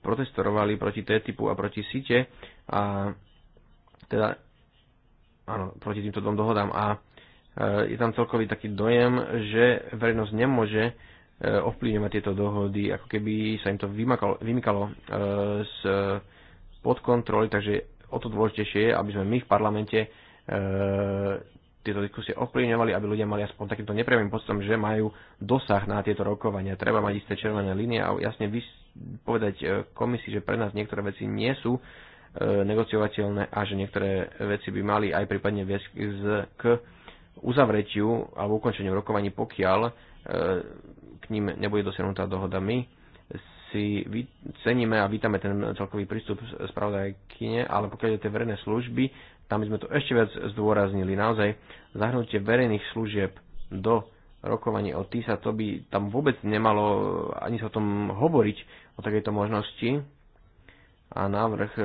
Speaker 3: protestorovali proti T-typu a proti SITE a teda áno, proti týmto dvom dohodám a e, je tam celkový taký dojem, že verejnosť nemôže Eh, ovplyvňovať tieto dohody, ako keby sa im to vymakalo, vymykalo eh, z eh, pod kontroly, takže o to dôležitejšie je, aby sme my v parlamente tieto diskusie ovplyvňovali, aby ľudia mali aspoň takýmto nepriamým pocitom, že majú dosah na tieto rokovania. Treba mať isté červené línie a jasne povedať komisii, že pre nás niektoré veci nie sú negociovateľné a že niektoré veci by mali aj prípadne viesť k uzavretiu alebo ukončeniu rokovaní, pokiaľ ním nebude dosiahnutá dohoda. My si ceníme a vítame ten celkový prístup spravodajkyne, ale pokiaľ je tie verejné služby, tam by sme to ešte viac zdôraznili. Naozaj zahrnutie verejných služieb do rokovanie o TISA, to by tam vôbec nemalo ani sa o tom hovoriť, o takejto možnosti. A návrh e,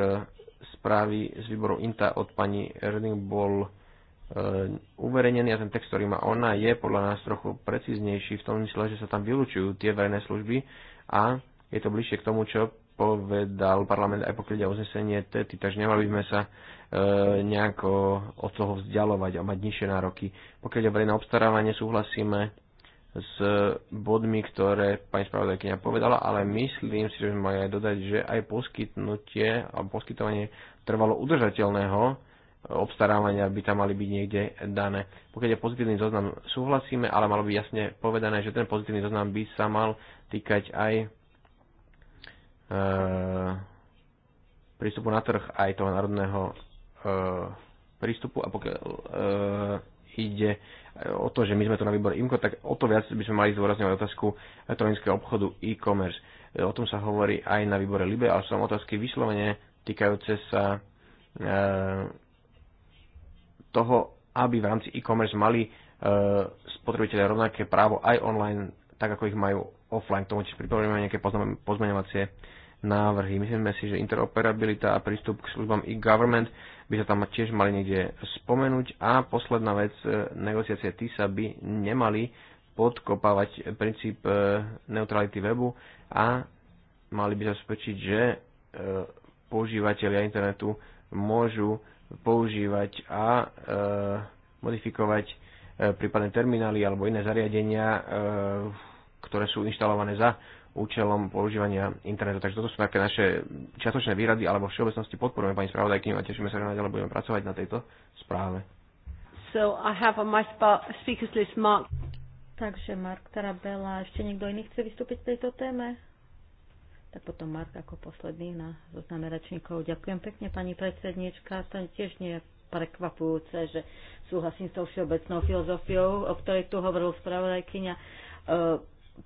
Speaker 3: správy z výboru INTA od pani Erding bol E, uverejnený a ten text, ktorý má ona, je podľa nás trochu precíznejší v tom mysle, že sa tam vylúčujú tie verejné služby a je to bližšie k tomu, čo povedal parlament aj pokiaľ ide uznesenie TETI, takže nemali by sme sa e, nejako od toho vzdialovať a mať nižšie nároky. Pokiaľ ide verejné obstarávanie, súhlasíme s bodmi, ktoré pani spravodajkynia povedala, ale myslím si, že sme mali aj dodať, že aj poskytnutie a poskytovanie trvalo udržateľného obstarávania by tam mali byť niekde dané. Pokiaľ je pozitívny zoznam, súhlasíme, ale malo by jasne povedané, že ten pozitívny zoznam by sa mal týkať aj e, prístupu na trh, aj toho národného e, prístupu a pokiaľ e, ide o to, že my sme tu na výbor IMCO, tak o to viac by sme mali zdôrazňovať otázku elektronického obchodu e-commerce. E, o tom sa hovorí aj na výbore LIBE, ale sú tam otázky vyslovene týkajúce sa e, toho, aby v rámci e-commerce mali e, spotrebitelia rovnaké právo aj online, tak ako ich majú offline. K tomu tiež pripravujeme nejaké pozmeňovacie návrhy. Myslíme si, že interoperabilita a prístup k službám e-government by sa tam tiež mali niekde spomenúť. A posledná vec, e, negociácie TISA by nemali podkopávať princíp e, neutrality webu a mali by sa spečiť, že používateľia internetu môžu používať a e, modifikovať e, prípadne terminály alebo iné zariadenia, e, ktoré sú inštalované za účelom používania internetu. Takže toto sú také naše čiatočné výrady, alebo všeobecnosti podporujeme pani spravodajkyňu a tešíme sa, že naďalej budeme pracovať na tejto správe.
Speaker 4: So I have on my speakers list Mark. Takže Mark Tarabella, ešte niekto iný chce vystúpiť v tejto téme? tak potom Mark ako posledný na zozname rečníkov. Ďakujem pekne, pani predsednička. To tiež nie je prekvapujúce, že súhlasím s tou všeobecnou filozofiou, o ktorej tu hovoril spravodajkyňa. E,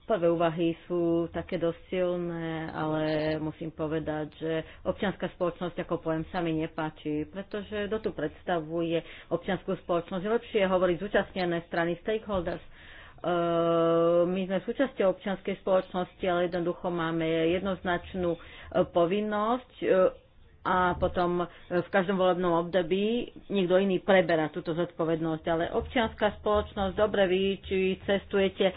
Speaker 4: prvé úvahy sú také dosť silné, ale musím povedať, že občianská spoločnosť ako pojem sa mi nepáči, pretože do tu predstavuje občianskú spoločnosť. Lepšie hovoriť zúčastnené strany stakeholders, Ehm, my sme súčasťou občianskej spoločnosti, ale jednoducho máme jednoznačnú e, povinnosť e, a potom e, v každom volebnom období niekto iný preberá túto zodpovednosť. Ale občianská spoločnosť, dobre vy, či cestujete e,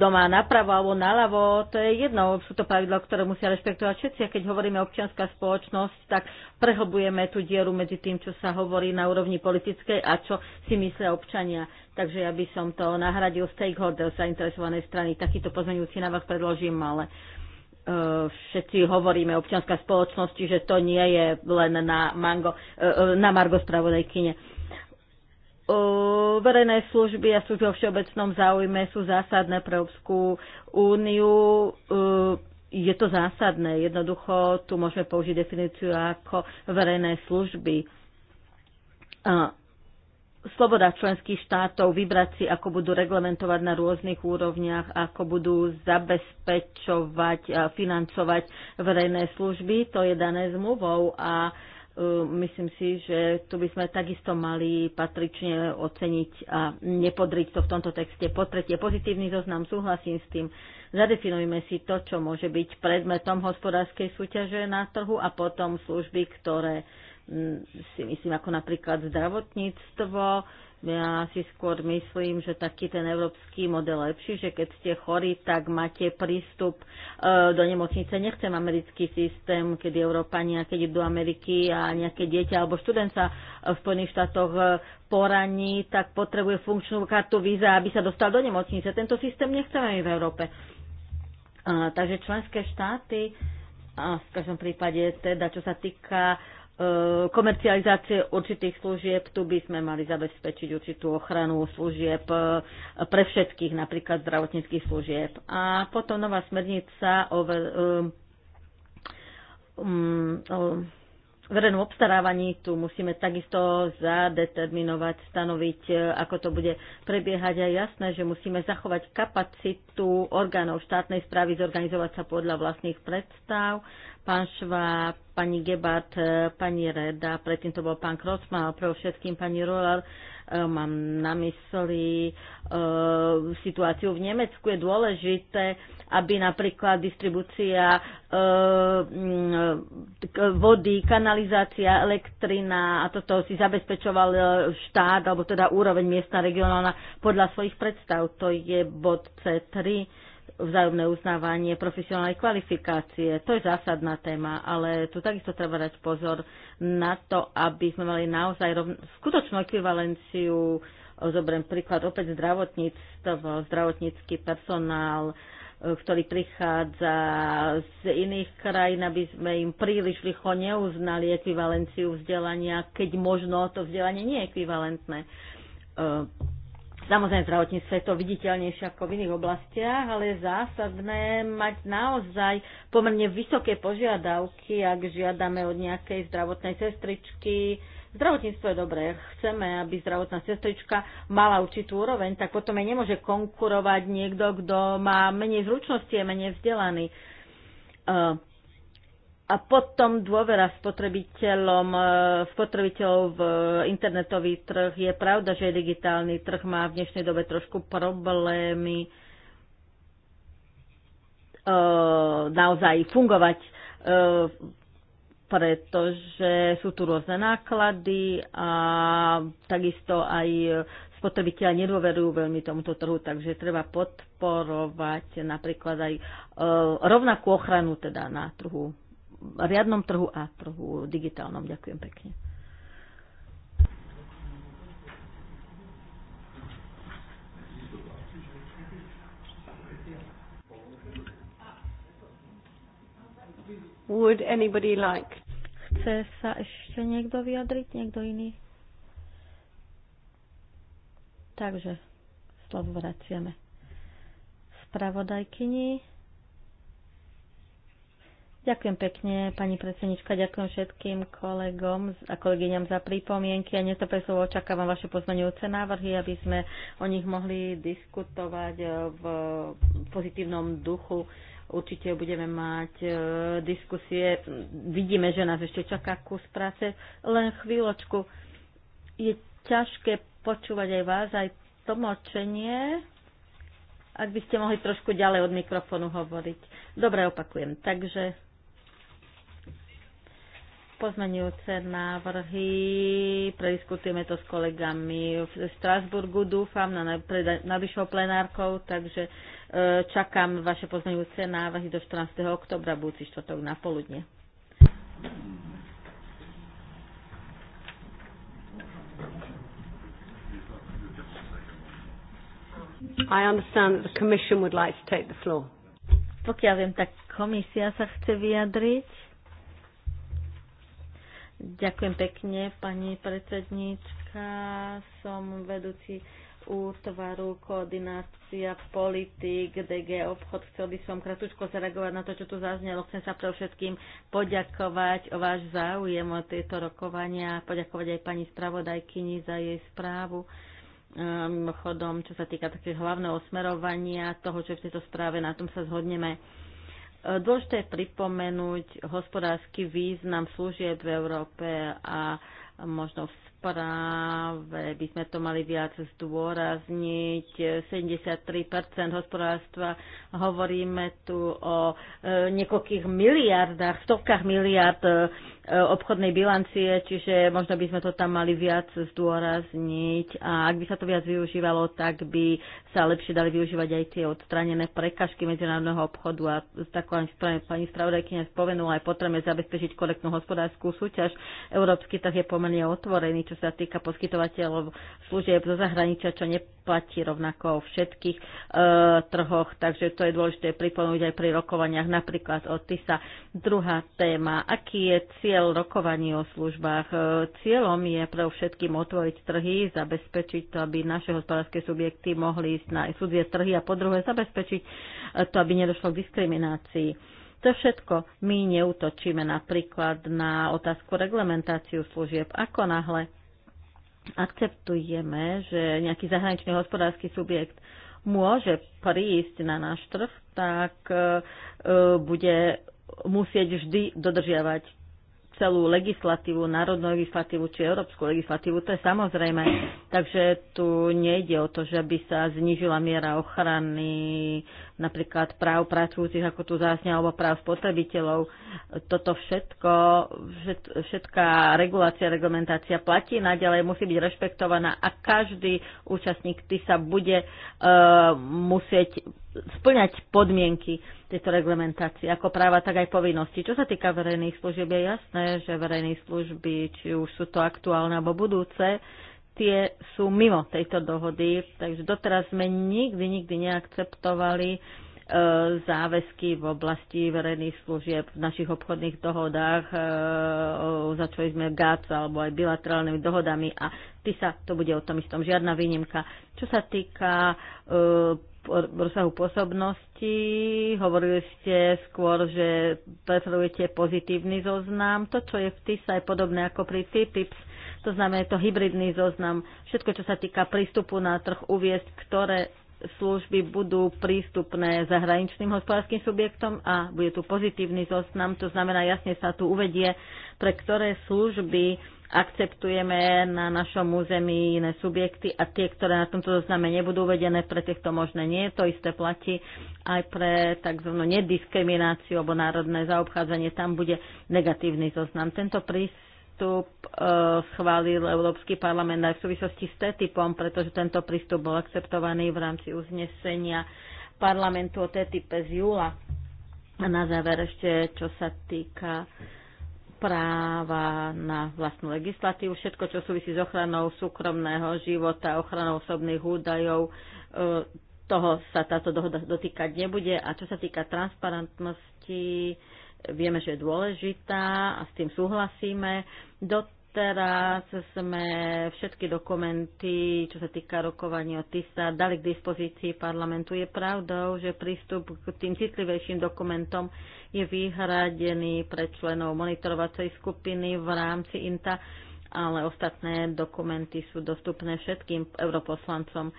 Speaker 4: doma napravo alebo naľavo, to je jedno, sú to pravidla, ktoré musia rešpektovať všetci. A keď hovoríme občianská spoločnosť, tak prehlbujeme tú dieru medzi tým, čo sa hovorí na úrovni politickej a čo si myslia občania. Takže ja by som to nahradil stakeholder zainteresovanej strany. Takýto pozmeňujúci návrh predložím, ale E, všetci hovoríme občianská spoločnosti, že to nie je len na, mango, e, e, na Margo spravodajkyne. Verejné služby a služby o všeobecnom záujme sú zásadné pre Európsku úniu. Je to zásadné. Jednoducho tu môžeme použiť definíciu ako verejné služby sloboda členských štátov vybrať si, ako budú reglementovať na rôznych úrovniach, ako budú zabezpečovať a financovať verejné služby. To je dané zmluvou a e, myslím si, že tu by sme takisto mali patrične oceniť a nepodriť to v tomto texte. Po tretie, pozitívny zoznam, súhlasím s tým. Zadefinujme si to, čo môže byť predmetom hospodárskej súťaže na trhu a potom služby, ktoré si myslím, ako napríklad zdravotníctvo. Ja si skôr myslím, že taký ten európsky model lepší, že keď ste chorí, tak máte prístup e, do nemocnice. Nechcem americký systém, keď Európania, keď idú do Ameriky a nejaké dieťa alebo študent sa v Spojených štátoch e, poraní, tak potrebuje funkčnú kartu víza, aby sa dostal do nemocnice. Tento systém nechceme my v Európe. E, takže členské štáty, a v každom prípade teda, čo sa týka Eh, komercializácie určitých služieb, tu by sme mali zabezpečiť určitú ochranu služieb eh, pre všetkých, napríklad zdravotníckých služieb. A potom nová smernica o, um, o verejnom obstarávaní tu musíme takisto zadeterminovať, stanoviť, e, ako to bude prebiehať. A jasné, že musíme zachovať kapacitu orgánov štátnej správy zorganizovať sa podľa vlastných predstav. Pán Šva, pani Gebart, e, pani Reda, predtým to bol pán Krocma a pre všetkým pani Roller Eh, mám na mysli eh, situáciu v Nemecku. Je dôležité, aby napríklad distribúcia eh, mm, vody, kanalizácia, elektrina a toto si zabezpečoval štát, alebo teda úroveň miestna, regionálna podľa svojich predstav. To je bod C3 vzájomné uznávanie profesionálnej kvalifikácie. To je zásadná téma, ale tu takisto treba dať pozor na to, aby sme mali naozaj rovn- skutočnú ekvivalenciu. Zobrem príklad opäť zdravotníctvo, zdravotnícky personál, e, ktorý prichádza z iných krajín, aby sme im príliš rýchlo neuznali ekvivalenciu vzdelania, keď možno to vzdelanie nie je ekvivalentné e, Samozrejme, zdravotníctve je to viditeľnejšie ako v iných oblastiach, ale je zásadné mať naozaj pomerne vysoké požiadavky, ak žiadame od nejakej zdravotnej sestričky. Zdravotníctvo je dobré, chceme, aby zdravotná sestrička mala určitú úroveň, tak potom aj nemôže konkurovať niekto, kto má menej zručnosti, je menej vzdelaný. Uh, a potom dôvera spotrebiteľom, e, spotrebiteľov v internetový trh. Je pravda, že digitálny trh má v dnešnej dobe trošku problémy e, naozaj fungovať, e, pretože sú tu rôzne náklady a takisto aj spotrebiteľa nedôverujú veľmi tomuto trhu, takže treba podporovať napríklad aj rovnakú ochranu teda na trhu riadnom trhu a trhu digitálnom. Ďakujem pekne. Would anybody like? Chce sa ešte niekto vyjadriť? Niekto iný? Takže slovo vraciame spravodajkyni. Ďakujem pekne, pani predsednička, ďakujem všetkým kolegom a kolegyňam za pripomienky a netopesovo očakávam vaše pozmeňujúce návrhy, aby sme o nich mohli diskutovať e, v pozitívnom duchu. Určite budeme mať e, diskusie. Vidíme, že nás ešte čaká kus práce. Len chvíľočku. Je ťažké počúvať aj vás, aj tlmočenie. Ak by ste mohli trošku ďalej od mikrofónu hovoriť. Dobre, opakujem. Takže Pozmenujúce návrhy prediskutujeme to s kolegami v Strasburgu, dúfam, na najbližšou plenárkou, takže e, čakám vaše pozmenujúce návrhy do 14. oktobra, budúci štvrtok na poludne. I understand that the Commission would like to take the floor. Pokiaľ viem, tak komisia sa chce vyjadriť. Ďakujem pekne, pani predsednička. Som vedúci útvaru koordinácia politik DG obchod. Chcel by som kratučko zareagovať na to, čo tu zaznelo. Chcem sa pre všetkým poďakovať o váš záujem o tieto rokovania, poďakovať aj pani spravodajkyni za jej správu. Mimochodom, čo sa týka takého hlavného smerovania toho, čo je v tejto správe, na tom sa zhodneme Dôležité je pripomenúť hospodársky význam služieb v Európe a možno v práve by sme to mali viac zdôrazniť. 73% hospodárstva, hovoríme tu o e, niekoľkých miliardách, stovkách miliard e, obchodnej bilancie, čiže možno by sme to tam mali viac zdôrazniť a ak by sa to viac využívalo, tak by sa lepšie dali využívať aj tie odstranené prekažky medzinárodného obchodu a tak pani spravodajkynia spomenula aj potrebujeme zabezpečiť korektnú hospodárskú súťaž. Európsky trh je pomerne otvorený, čo sa týka poskytovateľov služieb zo zahraničia, čo neplatí rovnako o všetkých e, trhoch, takže to je dôležité pripomenúť aj pri rokovaniach, napríklad o TISA. Druhá téma, aký je cieľ rokovaní o službách? E, cieľom je pre všetkým otvoriť trhy, zabezpečiť to, aby naše hospodárske subjekty mohli ísť na cudzie trhy a po druhé zabezpečiť e, to, aby nedošlo k diskriminácii. To všetko my neutočíme napríklad na otázku reglementáciu služieb. Ako náhle akceptujeme, že nejaký zahraničný hospodársky subjekt môže prísť na náš trh, tak e, bude musieť vždy dodržiavať celú legislatívu, národnú legislatívu či európsku legislatívu, to je samozrejme. Takže tu nejde o to, že by sa znížila miera ochrany napríklad práv pracujúcich, ako tu zásne, alebo práv spotrebiteľov. Toto všetko, všetká regulácia, reglementácia platí, naďalej musí byť rešpektovaná a každý účastník ty sa bude e, musieť splňať podmienky tejto reglementácie, ako práva, tak aj povinnosti. Čo sa týka verejných služieb, je jasné, že verejné služby, či už sú to aktuálne alebo budúce, tie sú mimo tejto dohody, takže doteraz sme nikdy, nikdy neakceptovali e, záväzky v oblasti verejných služieb v našich obchodných dohodách. E, začali sme GAC alebo aj bilaterálnymi dohodami a ty sa, to bude o tom istom, žiadna výnimka. Čo sa týka e, rozsahu pôsobnosti, hovorili ste skôr, že preferujete pozitívny zoznam. To, čo je v TISA, je podobné ako pri TIPS to znamená, je to hybridný zoznam. Všetko, čo sa týka prístupu na trh, uviesť, ktoré služby budú prístupné zahraničným hospodárským subjektom a bude tu pozitívny zoznam, to znamená jasne sa tu uvedie, pre ktoré služby akceptujeme na našom území iné subjekty a tie, ktoré na tomto zozname nebudú uvedené, pre týchto možné nie. To isté platí aj pre tzv. nediskrimináciu alebo národné zaobchádzanie. Tam bude negatívny zoznam. Tento prístup prístup e, schválil Európsky parlament aj v súvislosti s TTIPom, pretože tento prístup bol akceptovaný v rámci uznesenia parlamentu o TTIP z júla. A na záver ešte, čo sa týka práva na vlastnú legislatívu, všetko, čo súvisí s ochranou súkromného života, ochranou osobných údajov, e, toho sa táto dohoda dotýkať nebude. A čo sa týka transparentnosti, vieme, že je dôležitá a s tým súhlasíme. Doteraz sme všetky dokumenty, čo sa týka rokovania o TISA, dali k dispozícii parlamentu. Je pravdou, že prístup k tým citlivejším dokumentom je vyhradený pre členov monitorovacej skupiny v rámci INTA, ale ostatné dokumenty sú dostupné všetkým europoslancom e,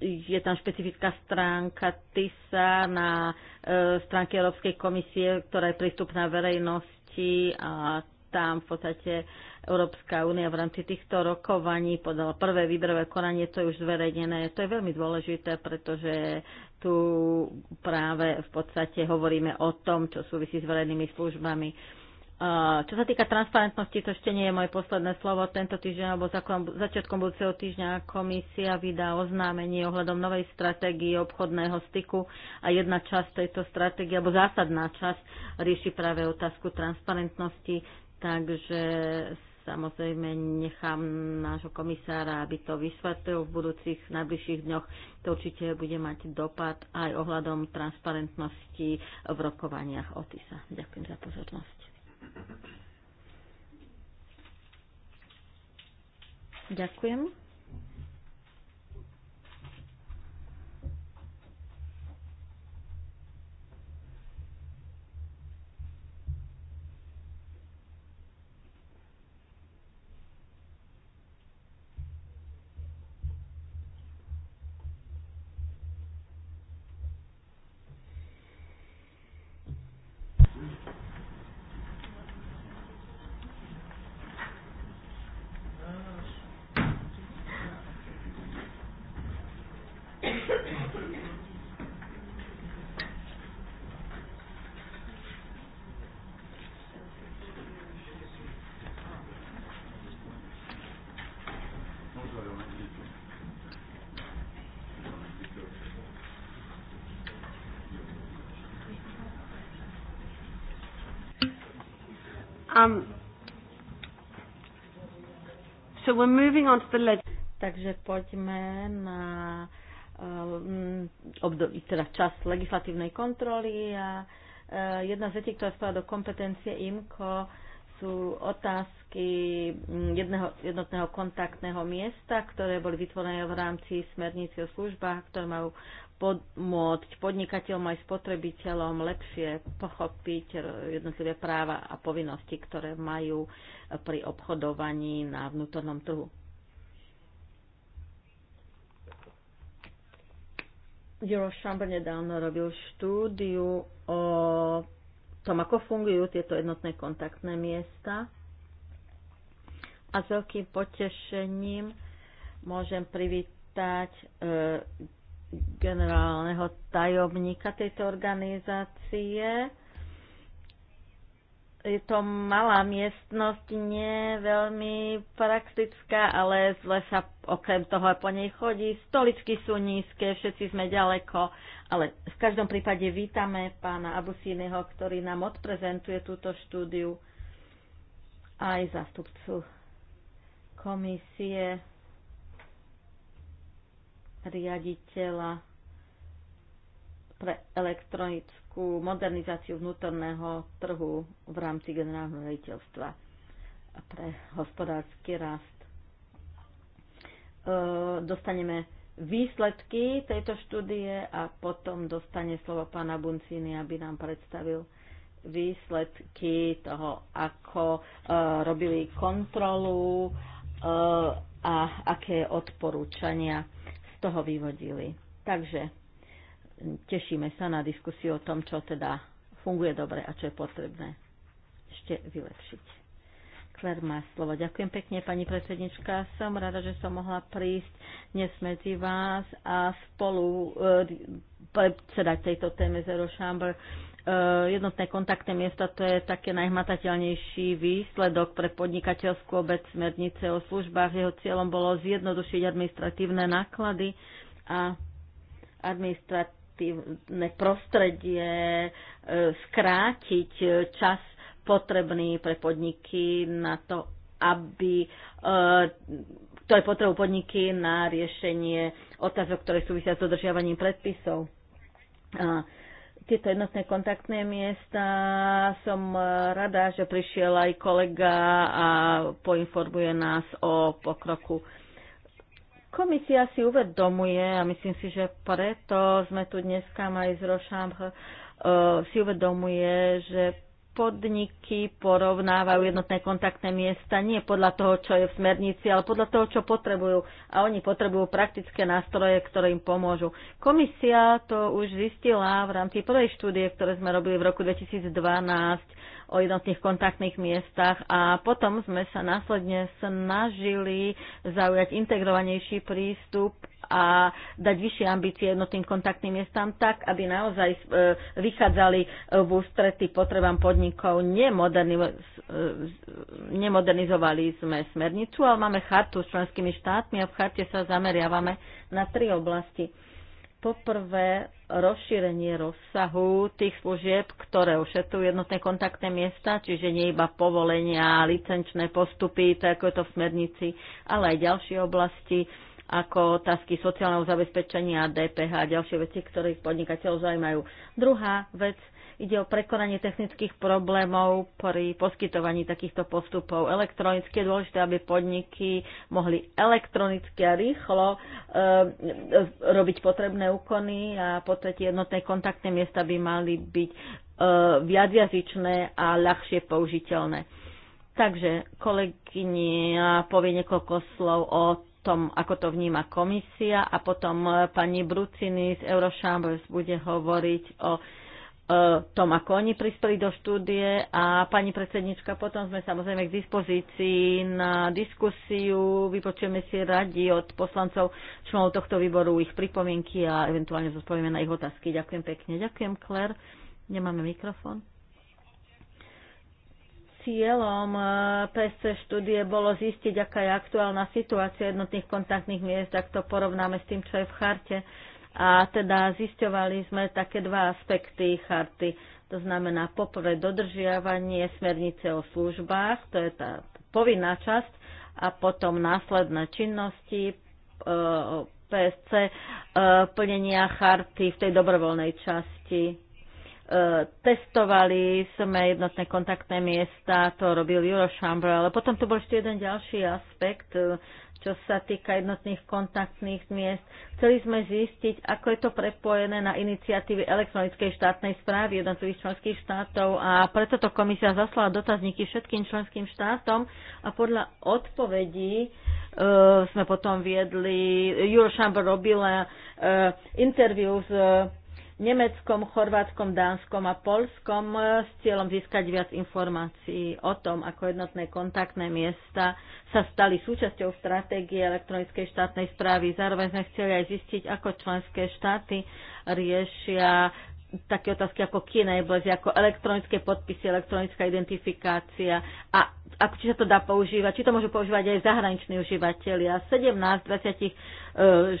Speaker 4: je tam špecifická stránka TISA na e, stránke Európskej komisie, ktorá je prístupná verejnosti a tam v podstate Európska únia v rámci týchto rokovaní podala prvé výberové konanie, to je už zverejnené. To je veľmi dôležité, pretože tu práve v podstate hovoríme o tom, čo súvisí s verejnými službami Eh, čo sa týka transparentnosti, to ešte nie je moje posledné slovo. Tento týždeň alebo začiatkom budúceho týždňa komisia vydá oznámenie ohľadom novej stratégie obchodného styku a jedna časť tejto stratégie, alebo zásadná časť, rieši práve otázku transparentnosti, takže samozrejme nechám nášho komisára, aby to vysvetlil v budúcich najbližších dňoch. To určite bude mať dopad aj ohľadom transparentnosti v rokovaniach OTISA. Ďakujem za pozornosť. Ďakujem. Um, so we're moving on to the leg- Takže poďme na um, období, teda čas legislatívnej kontroly a uh, jedna z vecí, ktorá spadá do kompetencie IMCO, sú otázky mm, jedného, jednotného kontaktného miesta, ktoré boli vytvorené v rámci smernice o službách, ktoré majú pomôcť podnikateľom aj spotrebiteľom lepšie pochopiť jednotlivé práva a povinnosti, ktoré majú pri obchodovaní na vnútornom trhu. Juro Chambern nedávno robil štúdiu o tom, ako fungujú tieto jednotné kontaktné miesta. A s veľkým potešením môžem privítať e, generálneho tajomníka tejto organizácie. Je to malá miestnosť, nie veľmi praktická, ale zle sa okrem toho aj po nej chodí. Stoličky sú nízke, všetci sme ďaleko ale v každom prípade vítame pána Abusíneho, ktorý nám odprezentuje túto štúdiu aj zástupcu komisie riaditeľa pre elektronickú modernizáciu vnútorného trhu v rámci generálneho riaditeľstva pre hospodársky rast. E, dostaneme výsledky tejto štúdie a potom dostane slovo pána Buncini, aby nám predstavil výsledky toho, ako e, robili kontrolu e, a aké odporúčania z toho vyvodili. Takže tešíme sa na diskusiu o tom, čo teda funguje dobre a čo je potrebné ešte vylepšiť. Kler má slovo. Ďakujem pekne, pani predsednička. Som rada, že som mohla prísť dnes medzi vás a spolu e, predsedať tejto téme Zero Chamber. E, jednotné kontaktné miesta to je také najhmatateľnejší výsledok pre podnikateľskú obec smernice o službách. Jeho cieľom bolo zjednodušiť administratívne náklady a administratívne administratívne prostredie, e, skrátiť čas potrebný pre podniky na to, aby e, ktoré potrebu podniky na riešenie otázok, ktoré súvisia s dodržiavaním predpisov. A tieto jednotné kontaktné miesta som rada, že prišiel aj kolega a poinformuje nás o pokroku. Komisia si uvedomuje a myslím si, že preto sme tu dneska aj z Rošam e, si uvedomuje, že podniky porovnávajú jednotné kontaktné miesta nie podľa toho, čo je v smernici, ale podľa toho, čo potrebujú. A oni potrebujú praktické nástroje, ktoré im pomôžu. Komisia to už zistila v rámci prvej štúdie, ktoré sme robili v roku 2012 o jednotných kontaktných miestach a potom sme sa následne snažili zaujať integrovanejší prístup a dať vyššie ambície jednotným kontaktným miestam tak, aby naozaj e, vychádzali e, v ústrety potrebám podnikov. E, nemodernizovali sme smernicu, ale máme chartu s členskými štátmi a v charte sa zameriavame na tri oblasti. Poprvé, rozšírenie rozsahu tých služieb, ktoré ošetrujú jednotné kontaktné miesta, čiže nie iba povolenia, licenčné postupy, tak ako je to v smernici, ale aj ďalšie oblasti ako otázky sociálneho zabezpečenia, DPH a ďalšie veci, ktoré podnikateľov zaujímajú. Druhá vec, ide o prekonanie technických problémov pri poskytovaní takýchto postupov. Elektronicky je dôležité, aby podniky mohli elektronicky a rýchlo e, robiť potrebné úkony a po tretie jednotné kontaktné miesta by mali byť e, viacjazyčné a ľahšie použiteľné. Takže kolegyňa povie niekoľko slov o tom, ako to vníma komisia a potom e, pani Bruciny z Eurochambers bude hovoriť o e, tom, ako oni prispeli do štúdie a pani predsednička, potom sme samozrejme k dispozícii na diskusiu, vypočujeme si radi od poslancov členov tohto výboru ich pripomienky a eventuálne zodpovieme na ich otázky. Ďakujem pekne. Ďakujem, Claire. Nemáme mikrofón. Cieľom eh, PSC štúdie bolo zistiť, aká je aktuálna situácia jednotných kontaktných miest, ak to porovnáme s tým, čo je v charte. A teda zisťovali sme také dva aspekty charty. To znamená poprvé dodržiavanie smernice o službách, to je tá povinná časť, a potom následné činnosti, eh, PSC, eh, plnenia charty v tej dobrovoľnej časti testovali sme jednotné kontaktné miesta, to robil Eurochamber, ale potom tu bol ešte jeden ďalší aspekt, e, čo sa týka jednotných kontaktných miest. Chceli sme zistiť, ako je to prepojené na iniciatívy elektronickej štátnej správy jednotlivých členských štátov a preto to komisia zaslala dotazníky všetkým členským štátom a podľa odpovedí uh, sme potom viedli, Eurochamber robila uh, e, interviu s uh, Nemeckom, Chorvátskom, Dánskom a Polskom e, s cieľom získať viac informácií o tom, ako jednotné kontaktné miesta sa stali súčasťou stratégie elektronickej štátnej správy. Zároveň sme chceli aj zistiť, ako členské štáty riešia také otázky ako kina enablers, ako elektronické podpisy, elektronická identifikácia a ako, či sa to dá používať, či to môžu používať aj zahraniční užívateľia. 17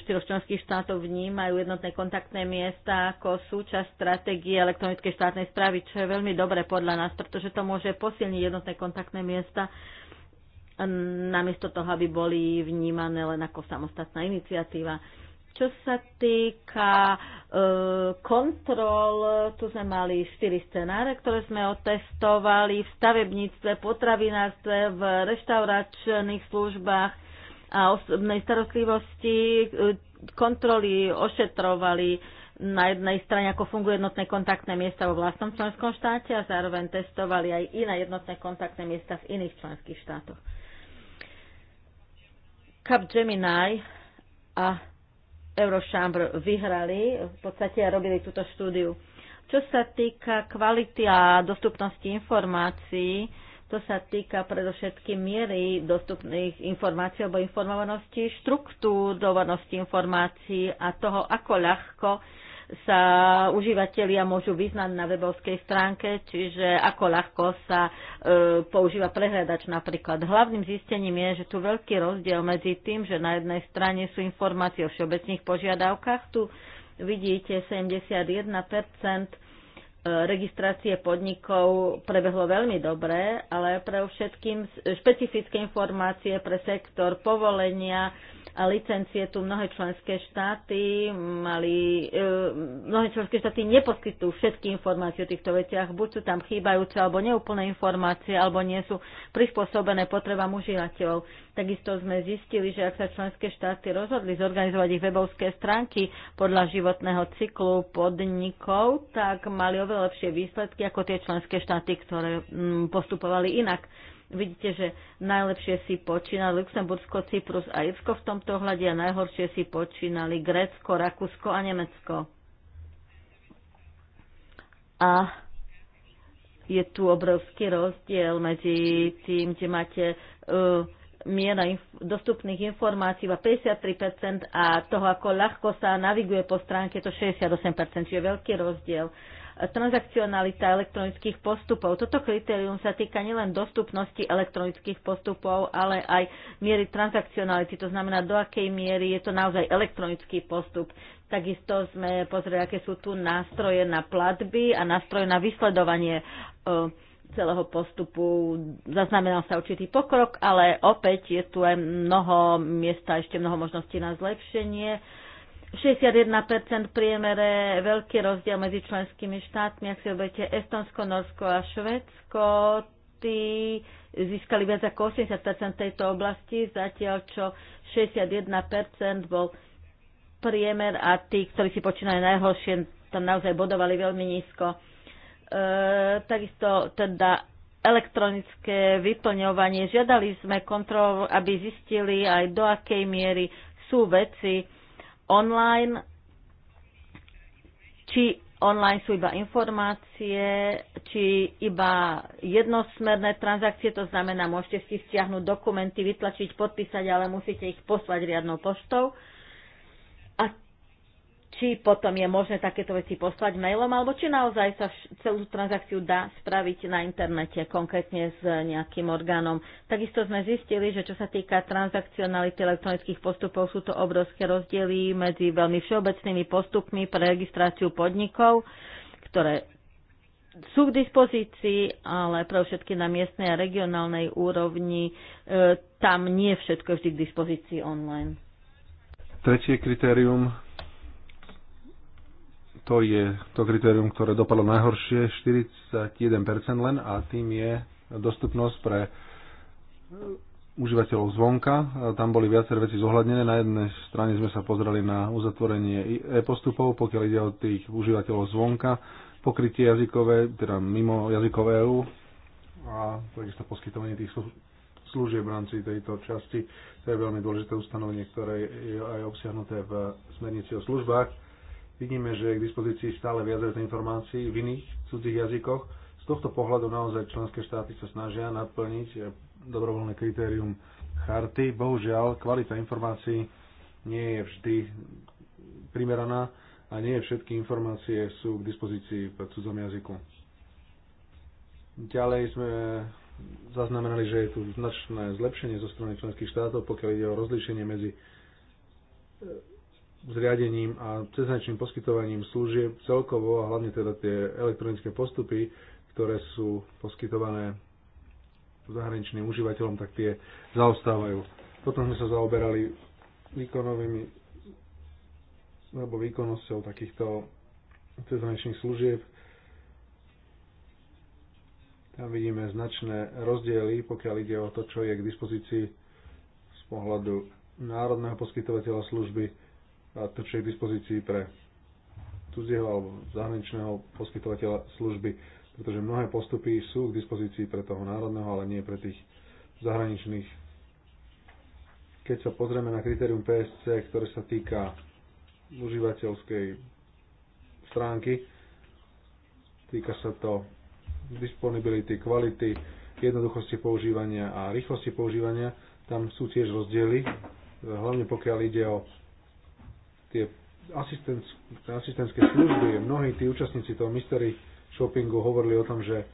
Speaker 4: 24 členských štátov vnímajú jednotné kontaktné miesta ako súčasť stratégie elektronickej štátnej správy, čo je veľmi dobré podľa nás, pretože to môže posilniť jednotné kontaktné miesta namiesto toho, aby boli vnímané len ako samostatná iniciatíva. Čo sa týka e, kontrol, tu sme mali štyri scenáre, ktoré sme otestovali v stavebníctve, potravinárstve, v reštauračných službách a osobnej starostlivosti. E, kontroly ošetrovali na jednej strane, ako fungujú jednotné kontaktné miesta vo vlastnom členskom štáte a zároveň testovali aj iné jednotné kontaktné miesta v iných členských štátoch. Cap Gemini a Eurošambr vyhrali v podstate a robili túto štúdiu. Čo sa týka kvality a dostupnosti informácií, to sa týka predovšetkým miery dostupných informácií alebo informovanosti, štruktúrovanosti informácií a toho, ako ľahko sa užívateľia môžu vyznať na webovskej stránke, čiže ako ľahko sa e, používa prehľadač napríklad. Hlavným zistením je, že tu veľký rozdiel medzi tým, že na jednej strane sú informácie o všeobecných požiadavkách, tu vidíte 71 e, registrácie podnikov prebehlo veľmi dobre, ale pre všetkým špecifické informácie pre sektor povolenia, licencie tu mnohé členské štáty mali, e, mnohé členské štáty neposkytujú všetky informácie o týchto veciach, buď sú tam chýbajúce alebo neúplné informácie, alebo nie sú prispôsobené potrebám užívateľov. Takisto sme zistili, že ak sa členské štáty rozhodli zorganizovať ich webovské stránky podľa životného cyklu podnikov, tak mali oveľa lepšie výsledky ako tie členské štáty, ktoré postupovali inak. Vidíte, že najlepšie si počínali Luxembursko, Cyprus a Irsko v tomto ohľade a najhoršie si počínali Grécko, Rakúsko a Nemecko. A je tu obrovský rozdiel medzi tým, kde máte uh, miera inf- dostupných informácií iba 53% a toho, ako ľahko sa naviguje po stránke, je to 68%, čiže veľký rozdiel transakcionalita elektronických postupov. Toto kritérium sa týka nielen dostupnosti elektronických postupov, ale aj miery transakcionality, to znamená, do akej miery je to naozaj elektronický postup. Takisto sme pozreli, aké sú tu nástroje na platby a nástroje na vysledovanie e, celého postupu zaznamenal sa určitý pokrok, ale opäť je tu aj mnoho miesta, ešte mnoho možností na zlepšenie 61% priemere, veľký rozdiel medzi členskými štátmi, ak si obete Estonsko, Norsko a Švedsko, tí získali viac ako 80% tejto oblasti, zatiaľ čo 61% bol priemer a tí, ktorí si počínajú najhoršie, tam naozaj bodovali veľmi nízko. E, takisto teda elektronické vyplňovanie. Žiadali sme kontrol, aby zistili aj do akej miery sú veci, online, či online sú iba informácie, či iba jednosmerné transakcie, to znamená, môžete si stiahnuť dokumenty, vytlačiť, podpísať, ale musíte ich poslať riadnou poštou. A či potom je možné takéto veci poslať mailom, alebo či naozaj sa celú transakciu dá spraviť na internete, konkrétne s nejakým orgánom. Takisto sme zistili, že čo sa týka transakcionality elektronických postupov, sú to obrovské rozdiely medzi veľmi všeobecnými postupmi pre registráciu podnikov, ktoré sú k dispozícii, ale pre všetky na miestnej a regionálnej úrovni e, tam nie všetko je vždy k dispozícii online.
Speaker 2: Tretie kritérium to je to kritérium, ktoré dopadlo najhoršie, 41% len a tým je dostupnosť pre e, užívateľov zvonka. E, tam boli viaceré veci zohľadnené. Na jednej strane sme sa pozreli na uzatvorenie e-postupov, pokiaľ ide o tých užívateľov zvonka, pokrytie jazykové, teda mimo jazykové EU a takisto poskytovanie tých služieb v rámci tejto časti. To je veľmi dôležité ustanovenie, ktoré je aj obsiahnuté v smernici o službách Vidíme, že je k dispozícii stále viac informácií v iných cudzích jazykoch. Z tohto pohľadu naozaj členské štáty sa snažia naplniť eh, dobrovoľné kritérium charty. Bohužiaľ, kvalita informácií nie je vždy primeraná a nie všetky informácie sú k dispozícii v cudzom jazyku. Ďalej sme zaznamenali, že je tu značné zlepšenie zo strany členských štátov, pokiaľ ide o rozlíšenie medzi eh, zriadením a cezhraničným poskytovaním služieb celkovo a hlavne teda tie elektronické postupy, ktoré sú poskytované zahraničným užívateľom, tak tie zaostávajú. Potom sme sa zaoberali výkonovými alebo výkonnosťou takýchto cezhraničných služieb. Tam vidíme značné rozdiely, pokiaľ ide o to, čo je k dispozícii z pohľadu národného poskytovateľa služby trčej dispozícii pre cudzieho alebo zahraničného poskytovateľa služby, pretože mnohé postupy sú k dispozícii pre toho národného, ale nie pre tých zahraničných. Keď sa pozrieme na kritérium PSC, ktoré sa týka užívateľskej stránky, týka sa to disponibility, kvality, jednoduchosti používania a rýchlosti používania, tam sú tiež rozdiely, hlavne pokiaľ ide o tie asistentské služby, mnohí tí účastníci toho mystery shoppingu hovorili o tom, že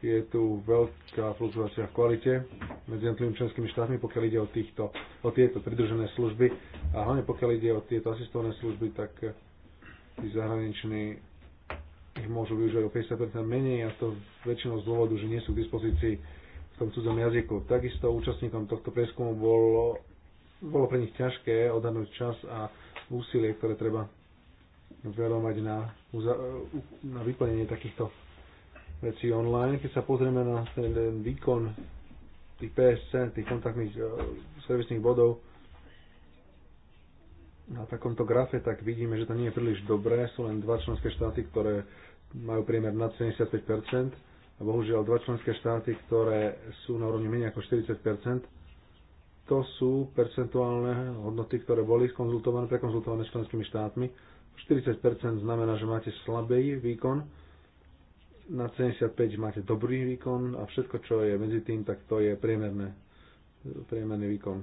Speaker 2: je tu veľká fluktuácia v kvalite medzi jednotlivými členskými štátmi, pokiaľ ide o, týchto, o tieto pridružené služby a hlavne pokiaľ ide o tieto asistované služby, tak eh, tí zahraniční ich môžu využívať o 50% menej a to väčšinou z dôvodu, že nie sú k dispozícii v tom cudzom jazyku. Takisto účastníkom tohto prieskumu bolo, bolo pre nich ťažké odhadnúť čas a úsilie, ktoré treba verovať na, na vyplnenie takýchto vecí online. Keď sa pozrieme na ten, ten výkon tých PSC, tých kontaktných uh, servisných bodov na takomto grafe, tak vidíme, že to nie je príliš dobré. Sú len dva členské štáty, ktoré majú priemer nad 75 a bohužiaľ dva členské štáty, ktoré sú na úrovni menej ako 40 to sú percentuálne hodnoty, ktoré boli skonzultované, prekonzultované s členskými štátmi. 40% znamená, že máte slabý výkon, na 75 máte dobrý výkon a všetko, čo je medzi tým, tak to je priemerné, priemerný výkon.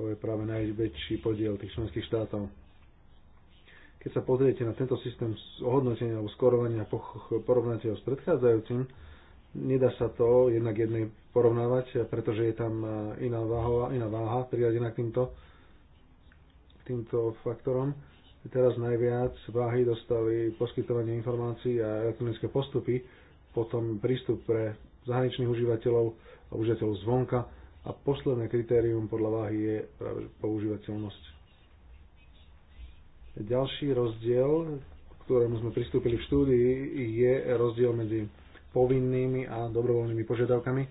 Speaker 2: To je práve najväčší podiel tých členských štátov. Keď sa pozriete na tento systém ohodnotenia alebo skorovania, porovnáte ho s predchádzajúcim, Nedá sa to jednak jednej porovnávať, pretože je tam e, iná, váhova, iná váha priradená k týmto, k týmto faktorom. Teraz najviac váhy dostali poskytovanie informácií a elektronické postupy, potom prístup pre zahraničných užívateľov a užívateľov zvonka a posledné kritérium podľa váhy je práve používateľnosť. Ďalší rozdiel, ktorému sme pristúpili v štúdii, je rozdiel medzi povinnými a dobrovoľnými požiadavkami.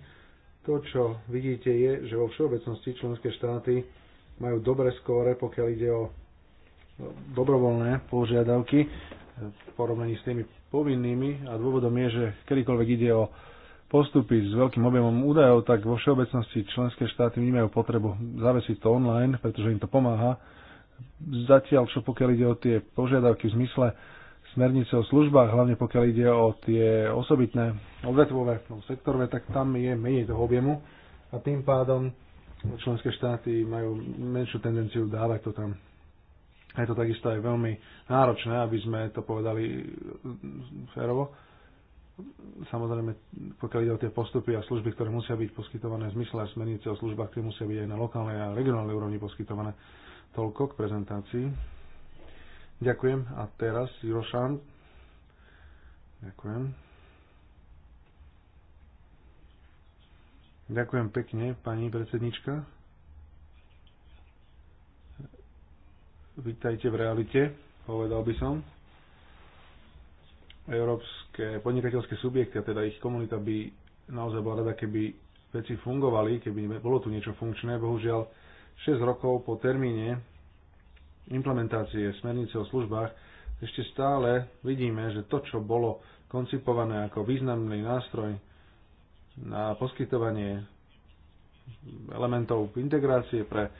Speaker 2: To, čo vidíte, je, že vo všeobecnosti členské štáty majú dobré skóre, pokiaľ ide o dobrovoľné požiadavky v porovnaní s tými povinnými a dôvodom je, že kedykoľvek ide o postupy s veľkým objemom údajov, tak vo všeobecnosti členské štáty vnímajú potrebu zavesiť to online, pretože im to pomáha. Zatiaľ, čo pokiaľ ide o tie požiadavky v zmysle smernice o službách, hlavne pokiaľ ide o tie osobitné odvetvové, no, sektorové, tak tam je menej toho objemu a tým pádom členské štáty majú menšiu tendenciu dávať to tam. Je to takisto aj veľmi náročné, aby sme to povedali férovo. Samozrejme, pokiaľ ide o tie postupy a služby, ktoré musia byť poskytované v zmysle a smernice o službách, tie musia byť aj na lokálnej a regionálnej úrovni poskytované. Toľko k prezentácii. Ďakujem. A teraz Jošan. Ďakujem. Ďakujem pekne, pani predsednička. Vítajte v realite, povedal by som. Európske podnikateľské subjekty, a teda ich komunita by naozaj bola rada, keby veci fungovali, keby bolo tu niečo funkčné. Bohužiaľ, 6 rokov po termíne implementácie smernice o službách ešte stále vidíme, že to, čo bolo koncipované ako významný nástroj na poskytovanie elementov integrácie pre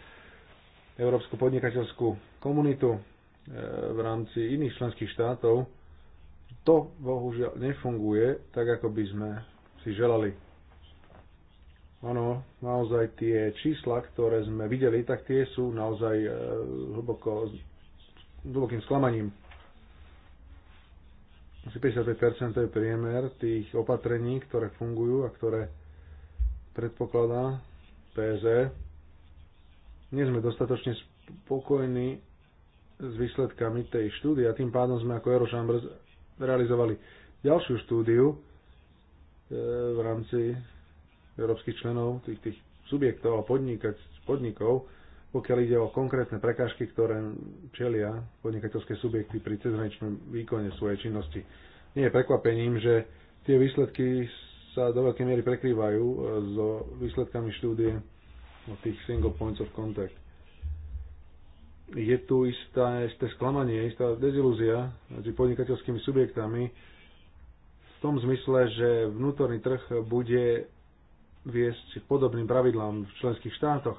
Speaker 2: európsku podnikateľskú komunitu e, v rámci iných členských štátov, to bohužiaľ nefunguje tak, ako by sme si želali Áno, naozaj tie čísla, ktoré sme videli, tak tie sú naozaj e, hlboko, hlbokým sklamaním. Asi 55% je priemer tých opatrení, ktoré fungujú a ktoré predpokladá PZ. E. Nie sme dostatočne spokojní s výsledkami tej štúdie a tým pádom sme ako Eurochambers realizovali ďalšiu štúdiu e, v rámci európskych členov, tých, tých subjektov a podnikať, podnikov, pokiaľ ide o konkrétne prekážky, ktoré čelia podnikateľské subjekty pri cezhraničnom výkone svojej činnosti. Nie je prekvapením, že tie výsledky sa do veľkej miery prekrývajú e, so výsledkami štúdie o tých single points of contact. Je tu istá, isté sklamanie, istá dezilúzia medzi podnikateľskými subjektami v tom zmysle, že vnútorný trh bude viesť k podobným pravidlám v členských štátoch.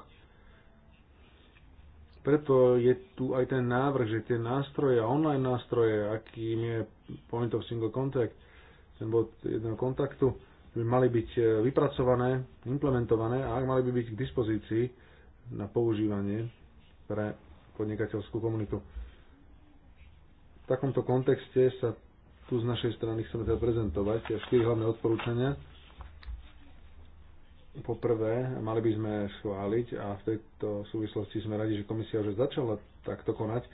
Speaker 2: Preto je tu aj ten návrh, že tie nástroje, online nástroje, akým je Point of Single Contact, ten bod jedného kontaktu, by mali byť e, vypracované, implementované a mali by byť k dispozícii na používanie pre podnikateľskú komunitu. V takomto kontexte sa tu z našej strany chceme teda prezentovať štyri hlavné odporúčania Poprvé, mali by sme schváliť a v tejto súvislosti sme radi, že komisia už začala takto konať.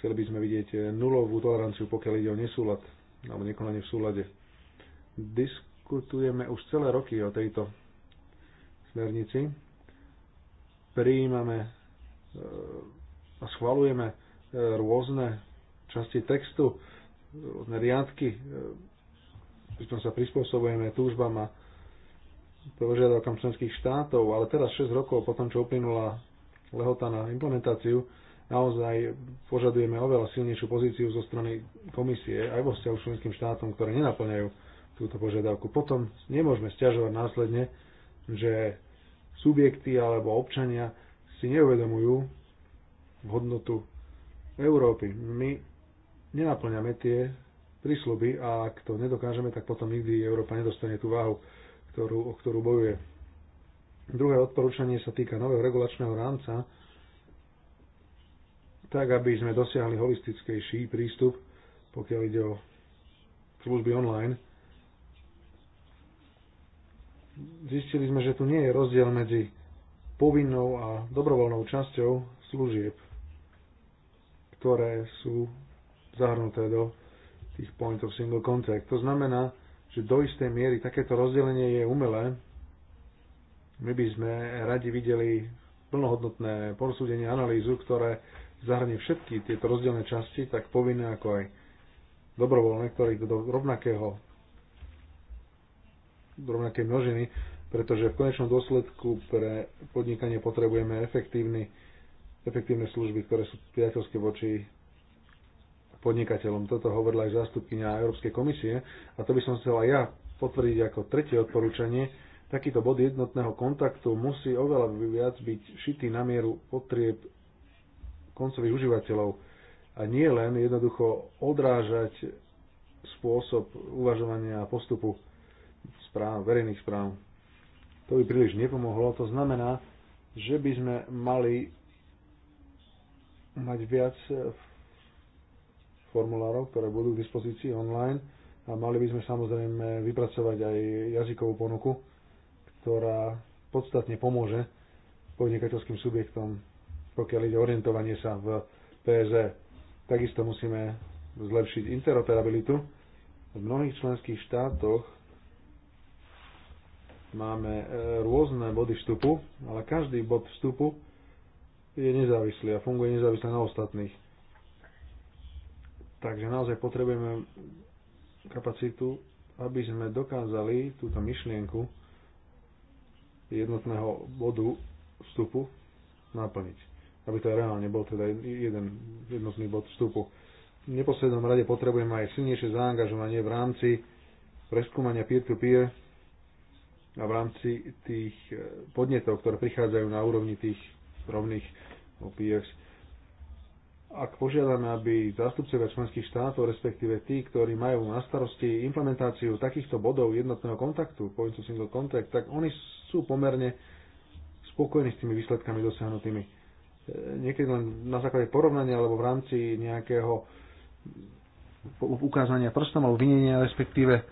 Speaker 2: Chceli by sme vidieť nulovú toleranciu, pokiaľ ide o nesúlad alebo nekonanie v súlade. Diskutujeme už celé roky o tejto smernici. Prijímame eh, a schvalujeme eh, rôzne časti textu, rôzne riadky, eh, pričom sa prispôsobujeme túžbama požiadavkám členských štátov, ale teraz 6 rokov po tom, čo uplynula lehota na implementáciu, naozaj požadujeme oveľa silnejšiu pozíciu zo strany komisie aj vo vzťahu členským štátom, ktoré nenaplňajú túto požiadavku. Potom nemôžeme stiažovať následne, že subjekty alebo občania si neuvedomujú hodnotu Európy. My nenaplňame tie prísľuby a ak to nedokážeme, tak potom nikdy Európa nedostane tú váhu, ktorú, o ktorú bojuje. Druhé odporúčanie sa týka nového regulačného rámca, tak aby sme dosiahli holistickejší prístup, pokiaľ ide o služby online. Zistili sme, že tu nie je rozdiel medzi povinnou a dobrovoľnou časťou služieb, ktoré sú zahrnuté do tých point of single contact. To znamená, že do istej miery takéto rozdelenie je umelé. My by sme radi videli plnohodnotné posúdenie, analýzu, ktoré zahrnie všetky tieto rozdielne časti, tak povinné ako aj dobrovoľné, ktoré do rovnakého do rovnakej množiny, pretože v konečnom dôsledku pre podnikanie potrebujeme efektívny, efektívne služby, ktoré sú priateľské voči podnikateľom. Toto hovorila aj zástupkynia Európskej komisie a to by som chcela ja potvrdiť ako tretie odporúčanie. Takýto bod jednotného kontaktu musí oveľa viac byť šitý na mieru potrieb koncových užívateľov a nie len jednoducho odrážať spôsob uvažovania a postupu správ, verejných správ. To by príliš nepomohlo. To znamená, že by sme mali mať viac formulárov, ktoré budú k dispozícii online a mali by sme samozrejme vypracovať aj jazykovú ponuku, ktorá podstatne pomôže podnikateľským subjektom, pokiaľ ide orientovanie sa v PZ. E. Takisto musíme zlepšiť interoperabilitu. V mnohých členských štátoch máme e, rôzne body vstupu, ale každý bod vstupu je nezávislý a funguje nezávisle na ostatných Takže naozaj potrebujeme kapacitu, aby sme dokázali túto myšlienku jednotného bodu vstupu naplniť. Aby to reálne bol teda jeden jednotný bod vstupu. V neposlednom rade potrebujeme aj silnejšie zaangažovanie v rámci preskúmania peer-to-peer -peer a v rámci tých podnetov, ktoré prichádzajú na úrovni tých rovných OPS ak požiadame, aby zástupcovia členských štátov, respektíve tí, ktorí majú na starosti implementáciu takýchto bodov jednotného kontaktu, point to single contact, tak oni sú pomerne spokojní s tými výsledkami dosiahnutými. E, niekedy len na základe porovnania alebo v rámci nejakého ukázania prstom alebo vinenia, respektíve,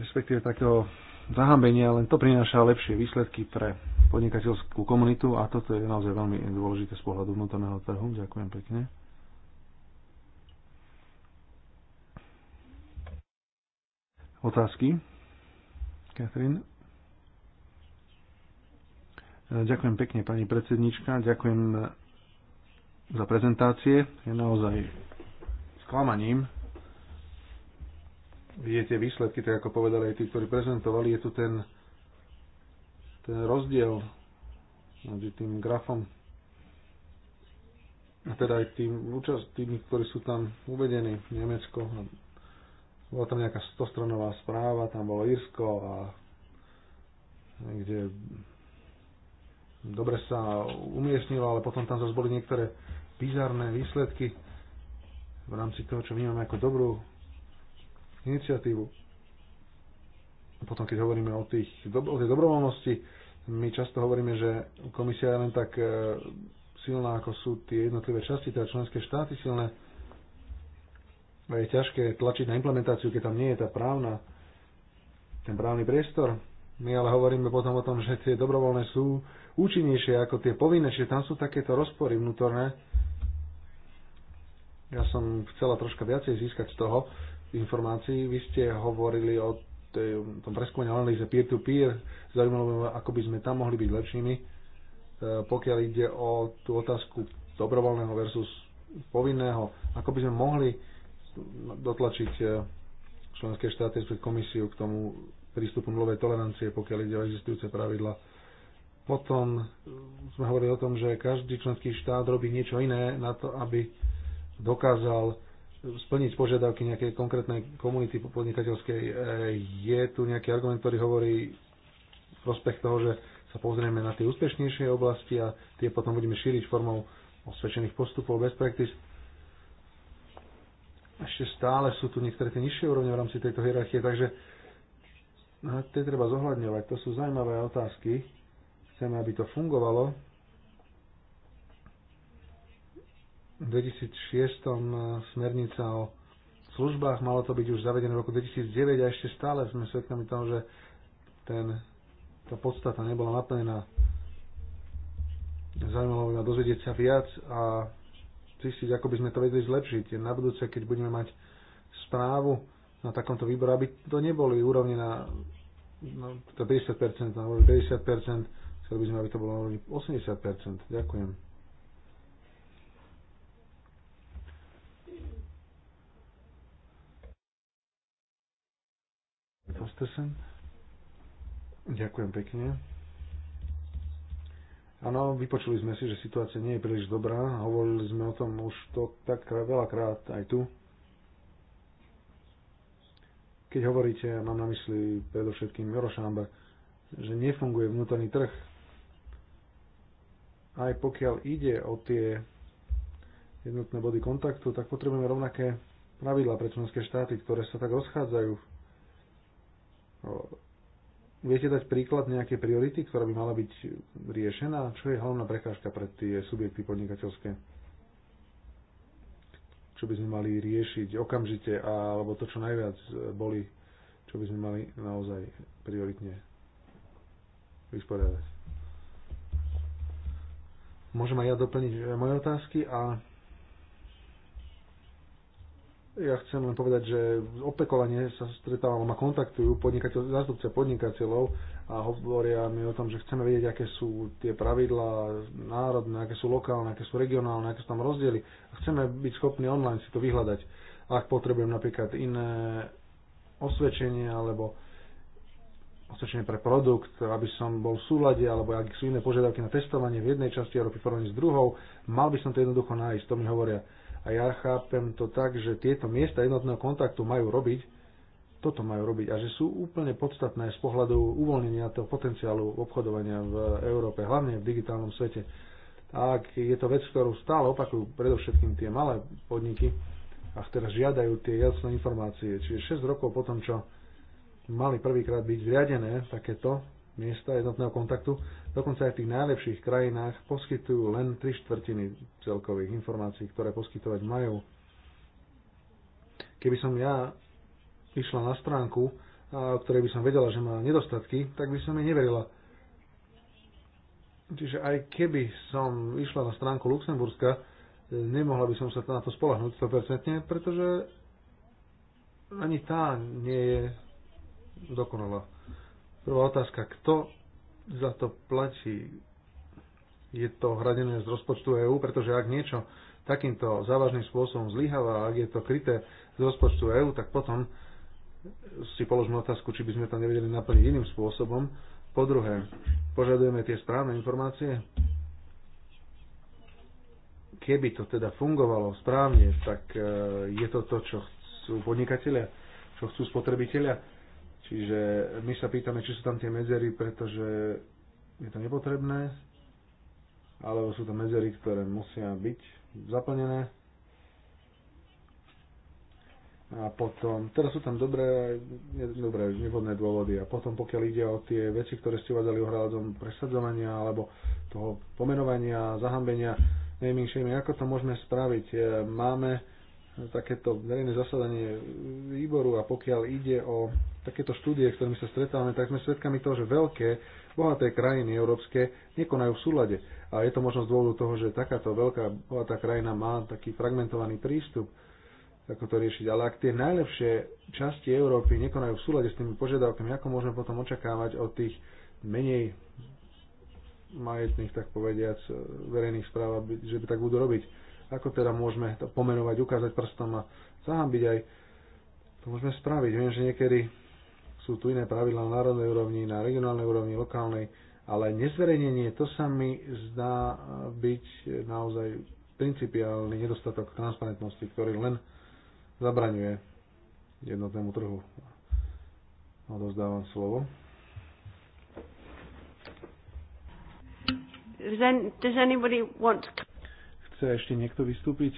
Speaker 2: respektíve takého zahambenia, len to prináša lepšie výsledky pre podnikateľskú komunitu a toto je naozaj veľmi dôležité z pohľadu vnútorného trhu. Ďakujem pekne. Otázky? Katrin? Ďakujem pekne, pani predsednička. Ďakujem za prezentácie. Je naozaj sklamaním vidíte výsledky, tak ako povedali aj tí, ktorí prezentovali, je tu ten ten rozdiel medzi tým grafom a teda aj tým účast, tými, ktorí sú tam uvedení, v Nemecko, bola tam nejaká stostranová správa, tam bolo Írsko a niekde dobre sa umiestnilo, ale potom tam zase boli niektoré bizarné výsledky v rámci toho, čo vnímame ako dobrú iniciatívu potom, keď hovoríme o, tých, o tej dobrovoľnosti, my často hovoríme, že komisia je len tak e, silná, ako sú tie jednotlivé časti, teda členské štáty silné. Je ťažké tlačiť na implementáciu, keď tam nie je tá právna, ten právny priestor. My ale hovoríme potom o tom, že tie dobrovoľné sú účinnejšie ako tie povinné, čiže tam sú takéto rozpory vnútorné. Ja som chcela troška viacej získať z toho informácií. Vy ste hovorili o tej, tom preskúmaní analýze peer-to-peer, zaujímalo ma, ako by sme tam mohli byť lepšími, e, pokiaľ ide o tú otázku dobrovoľného versus povinného, ako by sme mohli dotlačiť e, členské štáty pred komisiu k tomu prístupu nulovej tolerancie, pokiaľ ide o existujúce pravidla. Potom e, sme hovorili o tom, že každý členský štát robí niečo iné na to, aby dokázal splniť požiadavky nejakej konkrétnej komunity podnikateľskej. E, je tu nejaký argument, ktorý hovorí v prospech toho, že sa pozrieme na tie úspešnejšie oblasti a tie potom budeme šíriť formou osvedčených postupov, best practice. Ešte stále sú tu niektoré tie nižšie úrovne v rámci tejto hierarchie, takže no, tie treba zohľadňovať. To sú zaujímavé otázky. Chceme, aby to fungovalo, 2006 eh, smernica o službách, malo to byť už zavedené v roku 2009 a ešte stále sme svedkami toho, že ten, tá podstata nebola naplnená. Zaujímalo by ma dozvedieť sa viac a zistiť, ako by sme to vedeli zlepšiť. Na budúce, keď budeme mať správu na takomto výboru, aby to neboli úrovne na no, to 50%, na 50%, chceli by sme, aby to bolo na 80%. Ďakujem. Andersen. Ďakujem pekne. Áno, vypočuli sme si, že situácia nie je príliš dobrá. Hovorili sme o tom už to tak veľakrát aj tu. Keď hovoríte, mám na mysli predovšetkým Eurošamba, že nefunguje vnútorný trh, aj pokiaľ ide o tie jednotné body kontaktu, tak potrebujeme rovnaké pravidla pre členské štáty, ktoré sa tak rozchádzajú Viete dať príklad nejakej priority, ktorá by mala byť riešená? Čo je hlavná prekážka pre tie subjekty podnikateľské? Čo by sme mali riešiť okamžite, alebo to, čo najviac boli, čo by sme mali naozaj prioritne vysporiadať? Môžem aj ja doplniť moje otázky a ja chcem len povedať, že opekovanie sa stretávam a kontaktujú podnikateľ, zástupce podnikateľov a hovoria mi o tom, že chceme vedieť, aké sú tie pravidlá národné, aké sú lokálne, aké sú regionálne, aké sú tam rozdiely. A chceme byť schopní online si to vyhľadať. Ak potrebujem napríklad iné osvedčenie alebo osvedčenie pre produkt, aby som bol v súlade, alebo ak sú iné požiadavky na testovanie v jednej časti Európy porovnaní s druhou, mal by som to jednoducho nájsť, to mi hovoria a ja chápem to tak, že tieto miesta jednotného kontaktu majú robiť, toto majú robiť a že sú úplne podstatné z pohľadu uvoľnenia toho potenciálu obchodovania v Európe, hlavne v digitálnom svete. A ak je to vec, ktorú stále opakujú predovšetkým tie malé podniky, a teraz žiadajú tie jasné informácie. Čiže 6 rokov po tom, čo mali prvýkrát byť zriadené takéto miesta jednotného kontaktu, Dokonca aj v tých najlepších krajinách poskytujú len 3 štvrtiny celkových informácií, ktoré poskytovať majú. Keby som ja išla na stránku, o ktorej by som vedela, že má nedostatky, tak by som jej neverila. Čiže aj keby som išla na stránku Luxemburska, e, nemohla by som sa na to spolahnuť 100%, pretože ani tá nie je dokonalá. Prvá otázka, kto za to platí. Je to hradené z rozpočtu EÚ, pretože ak niečo takýmto závažným spôsobom zlyháva, ak je to kryté z rozpočtu EÚ, tak potom si položme otázku, či by sme to nevedeli naplniť iným spôsobom. Po druhé, požadujeme tie správne informácie. Keby to teda fungovalo správne, tak eh, je to to, čo chcú podnikatelia, čo chcú spotrebitelia Čiže my sa pýtame, či sú tam tie medzery, pretože je to nepotrebné, alebo sú to medzery, ktoré musia byť zaplnené. A potom, Teraz sú tam dobré, ne, dobré nevhodné dôvody. A potom, pokiaľ ide o tie veci, ktoré ste uvádzali ohľadom presadzovania alebo toho pomenovania, zahambenia, neviem, ako to môžeme spraviť. E, máme takéto verejné zasadanie výboru a pokiaľ ide o takéto štúdie, s ktorými sa stretávame, tak sme svedkami toho, že veľké, bohaté krajiny európske nekonajú v súlade. A je to možno z dôvodu toho, že takáto veľká, bohatá krajina má taký fragmentovaný prístup, ako to riešiť. Ale ak tie najlepšie časti Európy nekonajú v súlade s tými požiadavkami, ako môžeme potom očakávať od tých menej majetných, tak povediac, verejných správ, že by tak budú robiť ako teda môžeme to pomenovať, ukázať prstom a zahambiť aj. To môžeme spraviť. Viem, že niekedy sú tu iné pravidlá na národnej úrovni, na regionálnej úrovni, lokálnej, ale nezverejnenie, to sa mi zdá byť naozaj principiálny nedostatok transparentnosti, ktorý len zabraňuje jednotnému trhu. Odozdávam slovo.
Speaker 1: Does anybody want to...
Speaker 2: Chce ešte niekto vystúpiť?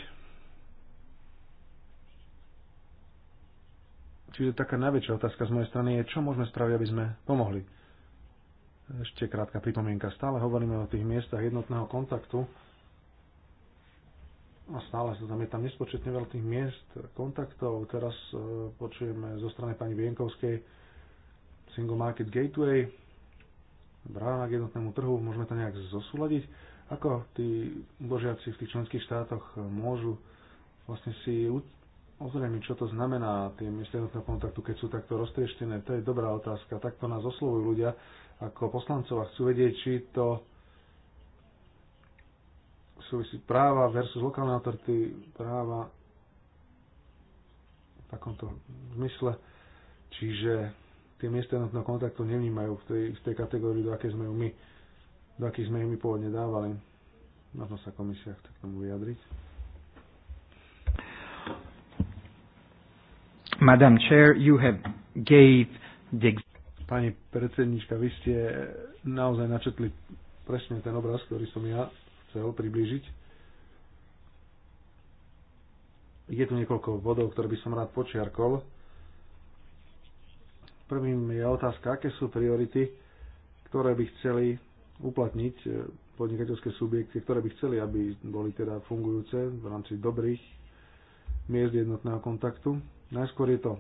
Speaker 2: Čiže taká najväčšia otázka z mojej strany je, čo môžeme spraviť, aby sme pomohli. Ešte krátka pripomienka. Stále hovoríme o tých miestach jednotného kontaktu a stále sa tam je tam nespočetne veľa tých miest, kontaktov. Teraz e, počujeme zo strany pani Vienkovskej Single Market Gateway, brána k jednotnému trhu, môžeme to nejak zosúľadiť. Ako tí božiaci v tých členských štátoch môžu vlastne si ozrejmiť, čo to znamená tie miesta jednotného kontaktu, keď sú takto roztrieštené. To je dobrá otázka. Takto nás oslovujú ľudia ako poslancov a chcú vedieť, či to súvisí práva versus lokálne autority, práva v takomto zmysle. Čiže tie miesta jednotného kontaktu nevnímajú v tej, v tej kategórii, do aké sme ju my do akých sme ich my pôvodne dávali. Možno sa komisia chce k tomu vyjadriť.
Speaker 1: Madam Chair, you have
Speaker 3: gave the...
Speaker 2: Pani predsednička, vy ste naozaj načetli presne ten obraz, ktorý som ja chcel priblížiť. Je tu niekoľko bodov, ktoré by som rád počiarkol. Prvým je otázka, aké sú priority, ktoré by chceli uplatniť e, podnikateľské subjekty, ktoré by chceli, aby boli teda fungujúce v rámci dobrých miest jednotného kontaktu. Najskôr je to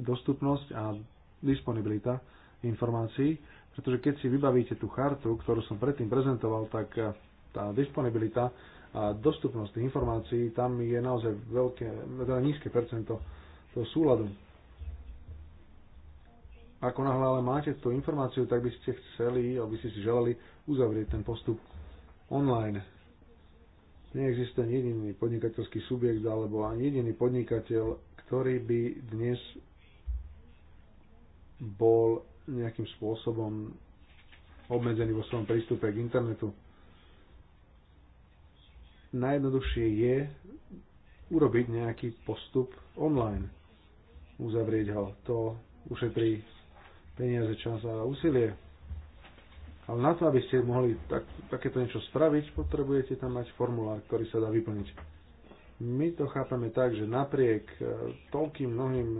Speaker 2: dostupnosť a disponibilita informácií, pretože keď si vybavíte tú chartu, ktorú som predtým prezentoval, tak e, tá disponibilita a dostupnosť tých informácií, tam je naozaj veľké, teda nízke percento toho súladu ako náhle ale máte tú informáciu, tak by ste chceli, aby ste si želali uzavrieť ten postup online. Neexistuje ani jediný podnikateľský subjekt alebo ani jediný podnikateľ, ktorý by dnes bol nejakým spôsobom obmedzený vo svojom prístupe k internetu. Najjednoduchšie je urobiť nejaký postup online, uzavrieť ho. To ušetrí peniaze, čas a úsilie. Ale na to, aby ste mohli tak, takéto niečo spraviť, potrebujete tam mať formulár, ktorý sa dá vyplniť. My to chápame tak, že napriek e, toľkým mnohým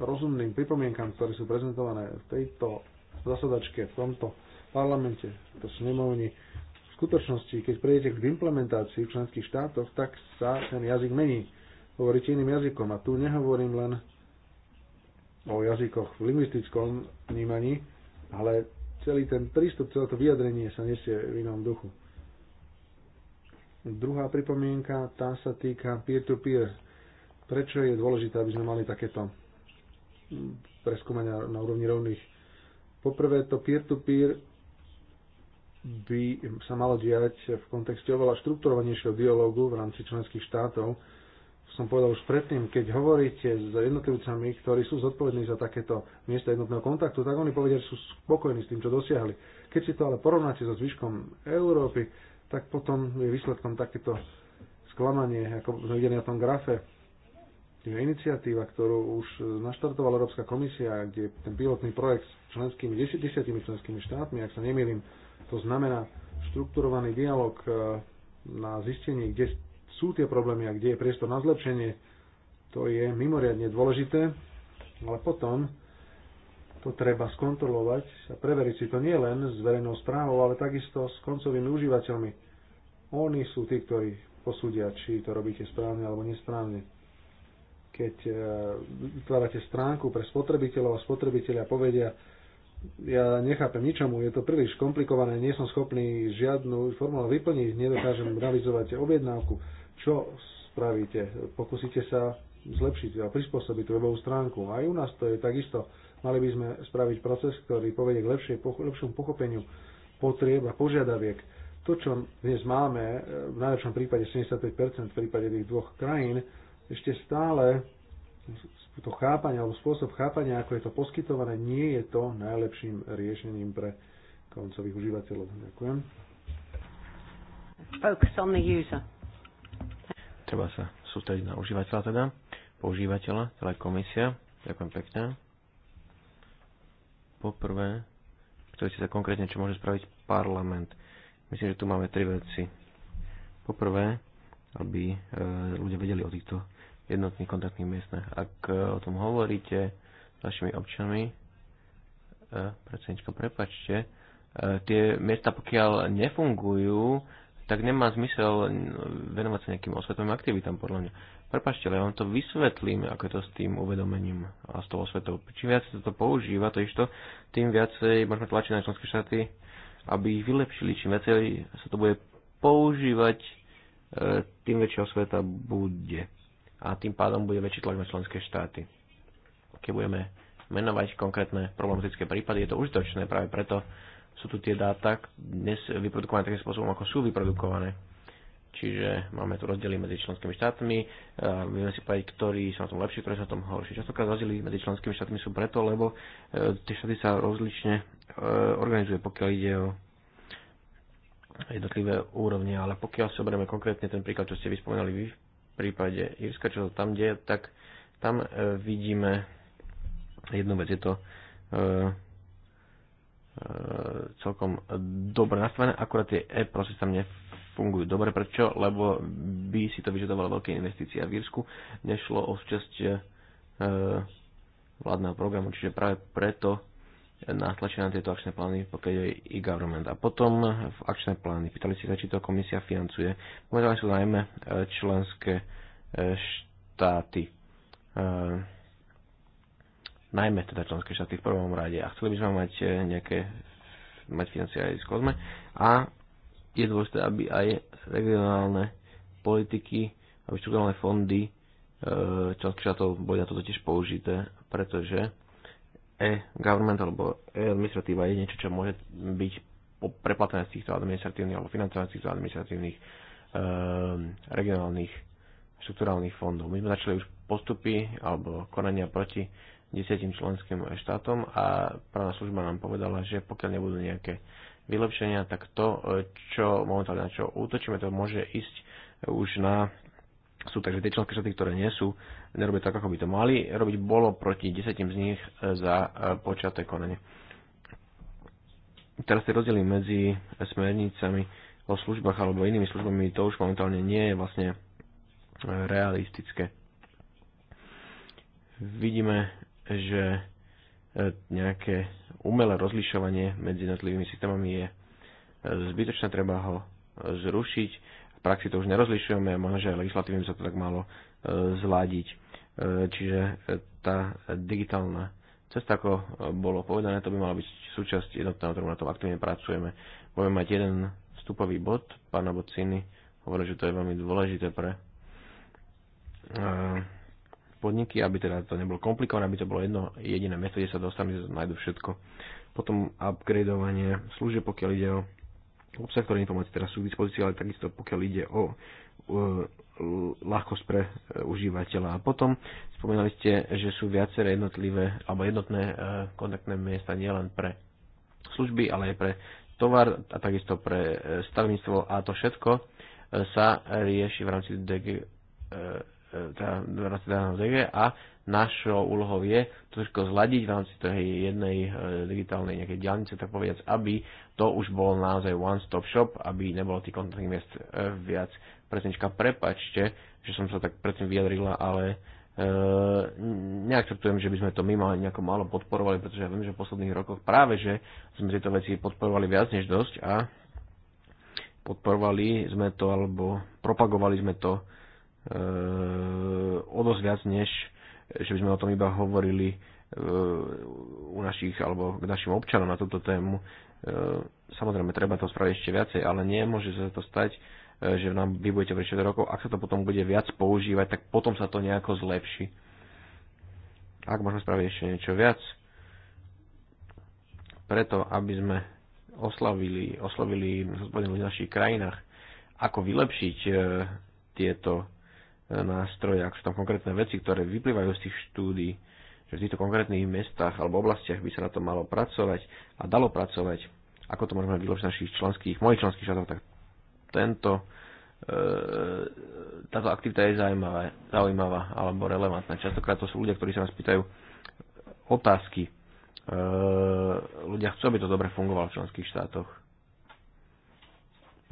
Speaker 2: rozumným pripomienkam, ktoré sú prezentované v tejto zasadačke, v tomto parlamente, v to snemovni, v skutočnosti, keď prejdete k implementácii v členských štátoch, tak sa ten jazyk mení. Hovoríte iným jazykom a tu nehovorím len o jazykoch v lingvistickom vnímaní, ale celý ten prístup, celé to vyjadrenie sa nesie v inom duchu. Druhá pripomienka, tá sa týka peer-to-peer. -peer. Prečo je dôležité, aby sme mali takéto preskúmania na úrovni rovných? Poprvé, to peer-to-peer -peer by sa malo diať v kontexte oveľa štrukturovanejšieho dialógu v rámci členských štátov, som povedal už predtým, keď hovoríte s jednotlivcami, ktorí sú zodpovední za takéto miesta jednotného kontaktu, tak oni povedia, že sú spokojní s tým, čo dosiahli. Keď si to ale porovnáte so zvyškom Európy, tak potom je výsledkom takéto sklamanie, ako sme videli na tom grafe. Je iniciatíva, ktorú už naštartovala Európska komisia, kde ten pilotný projekt s členskými, desiatimi členskými štátmi, ak sa nemýlim, to znamená štrukturovaný dialog eh, na zistenie, kde sú tie problémy a kde je priestor na zlepšenie, to je mimoriadne dôležité, ale potom to treba skontrolovať a preveriť si to nie len s verejnou správou, ale takisto s koncovými užívateľmi. Oni sú tí, ktorí posúdia, či to robíte správne alebo nesprávne. Keď e, vytvárate stránku pre spotrebiteľov a spotrebitelia povedia, ja nechápem ničomu, je to príliš komplikované, nie som schopný žiadnu formulu vyplniť, nedokážem realizovať objednávku. Čo spravíte? Pokúsite sa zlepšiť a prispôsobiť webovú stránku. Aj u nás to je takisto. Mali by sme spraviť proces, ktorý povedie k lepšie, lepšom pochopeniu potrieb a požiadaviek. To, čo dnes máme, e, v najlepšom prípade 75% v prípade tých dvoch krajín, ešte stále to chápanie alebo spôsob chápania, ako je to poskytované, nie je to najlepším riešením pre koncových užívateľov.
Speaker 1: Ďakujem. Focus on the user
Speaker 3: treba sa sústrediť na užívateľa teda, používateľa, celá komisia. Ďakujem pekne. Poprvé, chceli si sa konkrétne, čo môže spraviť parlament. Myslím, že tu máme tri veci. Poprvé, aby e, ľudia vedeli o týchto jednotných kontaktných miestach. Ak e, o tom hovoríte s vašimi občanmi, e, prepačte, e, tie miesta, pokiaľ nefungujú, tak nemá zmysel venovať sa nejakým osvetovým aktivitám, podľa mňa. Prepačte, ale ja vám to vysvetlím, ako je to s tým uvedomením a s tou osvetou. Čím viac sa to používa, to išto, tým viacej môžeme tlačiť na členské štáty, aby ich vylepšili. Čím viacej sa to bude používať, e, tým väčšia osveta bude. A tým pádom bude väčší tlak na členské štáty. Keď budeme menovať konkrétne problematické prípady, je to užitočné práve preto, sú tu tie dáta dnes vyprodukované takým spôsobom, ako sú vyprodukované. Čiže máme tu rozdiely medzi členskými štátmi, vieme si povedať, ktorí sú na tom lepší, ktorí sú na tom horší. Častokrát rozdiely medzi členskými štátmi sú preto, lebo e, tie štáty sa rozlične e, organizuje, pokiaľ ide o jednotlivé úrovne, ale pokiaľ si oberieme konkrétne ten príklad, čo ste vyspomínali vy v prípade Írska, čo sa tam deje, tak tam e, vidíme jednu vec, je to E, celkom dobre nastavené, akurát tie e-procesy tam nefungujú dobre. Prečo? Lebo by si to vyžadovalo veľké investície a v Írsku nešlo o súčasť e, vládneho programu, čiže práve preto natlačia na tieto akčné plány, pokiaľ je e-government. A potom v akčné plány. Pýtali si, sa, či to komisia financuje. Momentálne sú najmä e, členské e, štáty. E, najmä teda členské štáty v prvom rade a chceli by sme mať eh, nejaké mať financie aj z kozme a je dôležité, aby aj regionálne politiky, aby štruktúrálne fondy eh, členských štátov boli na toto tiež použité, pretože e-government alebo e-administratíva je niečo, čo môže byť preplatené z týchto administratívnych alebo financované z týchto administratívnych e, regionálnych štruktúrálnych fondov. My sme začali už postupy alebo konania proti desiatim členským štátom a právna služba nám povedala, že pokiaľ nebudú nejaké vylepšenia, tak to, čo momentálne na čo útočíme, to môže ísť už na sú. Takže tie členské štáty, ktoré nie sú, nerobia tak, ako by to mali. Robiť bolo proti desiatim z nich za počaté konanie. Teraz tie rozdiely medzi smernicami o službách alebo inými službami, to už momentálne nie je vlastne realistické vidíme že e, nejaké umelé rozlišovanie medzi jednotlivými systémami je e, zbytočné, treba ho e, zrušiť. V praxi to už nerozlišujeme, možno, že aj legislatívne sa to tak malo zladiť. Čiže tá digitálna cesta, ako bolo povedané, to by mala byť súčasť jednotného trhu, na tom aktívne pracujeme. Budeme mať jeden vstupový bod, pána Bociny hovorí, že to je veľmi dôležité pre podniky, aby teda to nebolo komplikované, aby to bolo jedno jediné miesto, kde sa dostanú, kde nájdu všetko. Potom upgradeovanie služieb, pokiaľ ide o obsah, ktoré informácie teraz sú v dispozícii, ale takisto pokiaľ ide o e, ľahkosť pre e, užívateľa. A potom spomínali ste, že sú viaceré jednotlivé alebo jednotné e, kontaktné miesta nielen pre služby, ale aj pre tovar a takisto pre stavníctvo a to všetko sa rieši v rámci DG teda v rámci a našou úlohou je to trošku zladiť v rámci tej jednej e, digitálnej nejakej diálnice, tak povedať, aby to už bolo naozaj one-stop shop, aby nebolo tých kontaktných miest e, viac. presnečka prepačte, že som sa tak predtým vyjadrila, ale e, neakceptujem, že by sme to my mali nejako málo podporovali, pretože ja viem, že v posledných rokoch práve, že sme tieto veci podporovali viac než dosť a podporovali sme to, alebo propagovali sme to o dosť viac, než že by sme o tom iba hovorili e, u našich alebo k našim občanom na túto tému. E, samozrejme, treba to spraviť ešte viacej, ale nemôže sa to stať, e, že nám budete pre 6 rokov. Ak sa to potom bude viac používať, tak potom sa to nejako zlepší. Ak môžeme spraviť ešte niečo viac, preto, aby sme oslavili, oslovili zodpovedných ľudí v našich krajinách, ako vylepšiť tieto nástroje, ak sú tam konkrétne veci, ktoré vyplývajú z tých štúdí, že v týchto konkrétnych mestách alebo oblastiach by sa na to malo pracovať a dalo pracovať, ako to môžeme vyložiť našich členských, mojich členských štátoch, tak tento e, táto aktivita je zaujímavá, zaujímavá alebo relevantná. Častokrát to sú ľudia, ktorí sa nás pýtajú otázky. E, ľudia chcú, aby to dobre fungovalo v členských štátoch.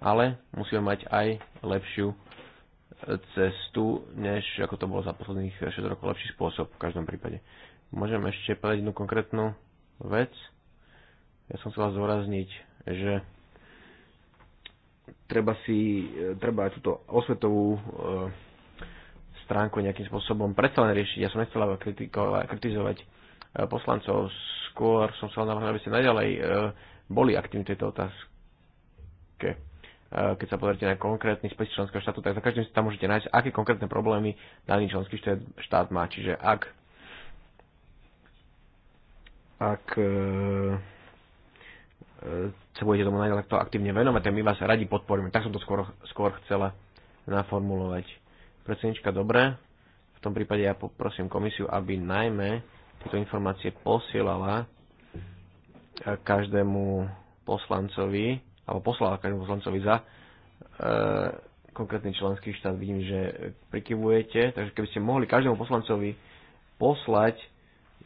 Speaker 3: Ale musíme mať aj lepšiu cestu, než ako to bolo za posledných 6 rokov lepší spôsob v každom prípade. Môžem ešte povedať jednu konkrétnu vec. Ja som chcel zdôrazniť, že treba si, treba túto osvetovú e, stránku nejakým spôsobom predsa len riešiť. Ja som nechcel kritizovať e, poslancov, skôr som chcel navrhnúť, aby ste naďalej e, boli aktívni v tejto otázke. Eh, keď sa pozrite na konkrétny spis členského štátu, tak za každým si tam môžete nájsť, aké konkrétne problémy daný členský štát má. Čiže ak ak e, sa budete tomu takto aktívne venovať, tak my vás radi podporíme. Tak som to skôr, skôr chcela naformulovať. Predsednička, dobre. V tom prípade ja poprosím komisiu, aby najmä tieto informácie posielala každému poslancovi, alebo poslala každému poslancovi za e, konkrétny členský štát. Vidím, že prikyvujete, takže keby ste mohli každému poslancovi poslať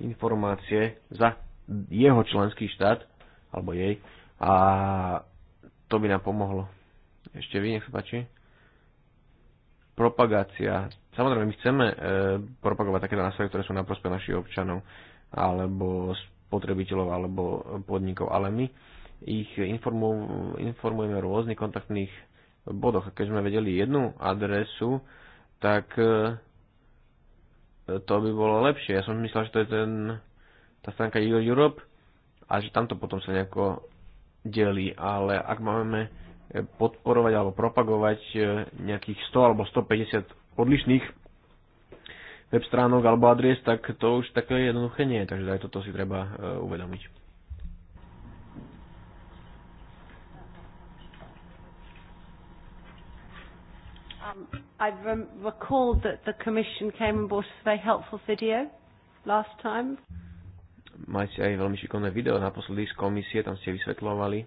Speaker 3: informácie za jeho členský štát, alebo jej, a to by nám pomohlo. Ešte vy, nech sa páči. Propagácia. Samozrejme, my chceme e, propagovať takéto nástroje, ktoré sú na prospech našich občanov, alebo spotrebiteľov, alebo podnikov, ale my ich informujeme o rôznych kontaktných bodoch. A keď sme vedeli jednu adresu, tak e, to by bolo lepšie. Ja som myslel, že to je ten, tá stránka Europe a že tamto potom sa nejako delí. Ale ak máme e, podporovať alebo propagovať e, nejakých 100 alebo 150 odlišných web stránok alebo adries, tak to už také jednoduché nie je. Takže aj toto si treba uvedomiť.
Speaker 1: Um, I rem- recalled that the Commission came and brought us a very helpful video last time.
Speaker 3: Máte aj veľmi šikovné video na naposledy z komisie, tam ste vysvetľovali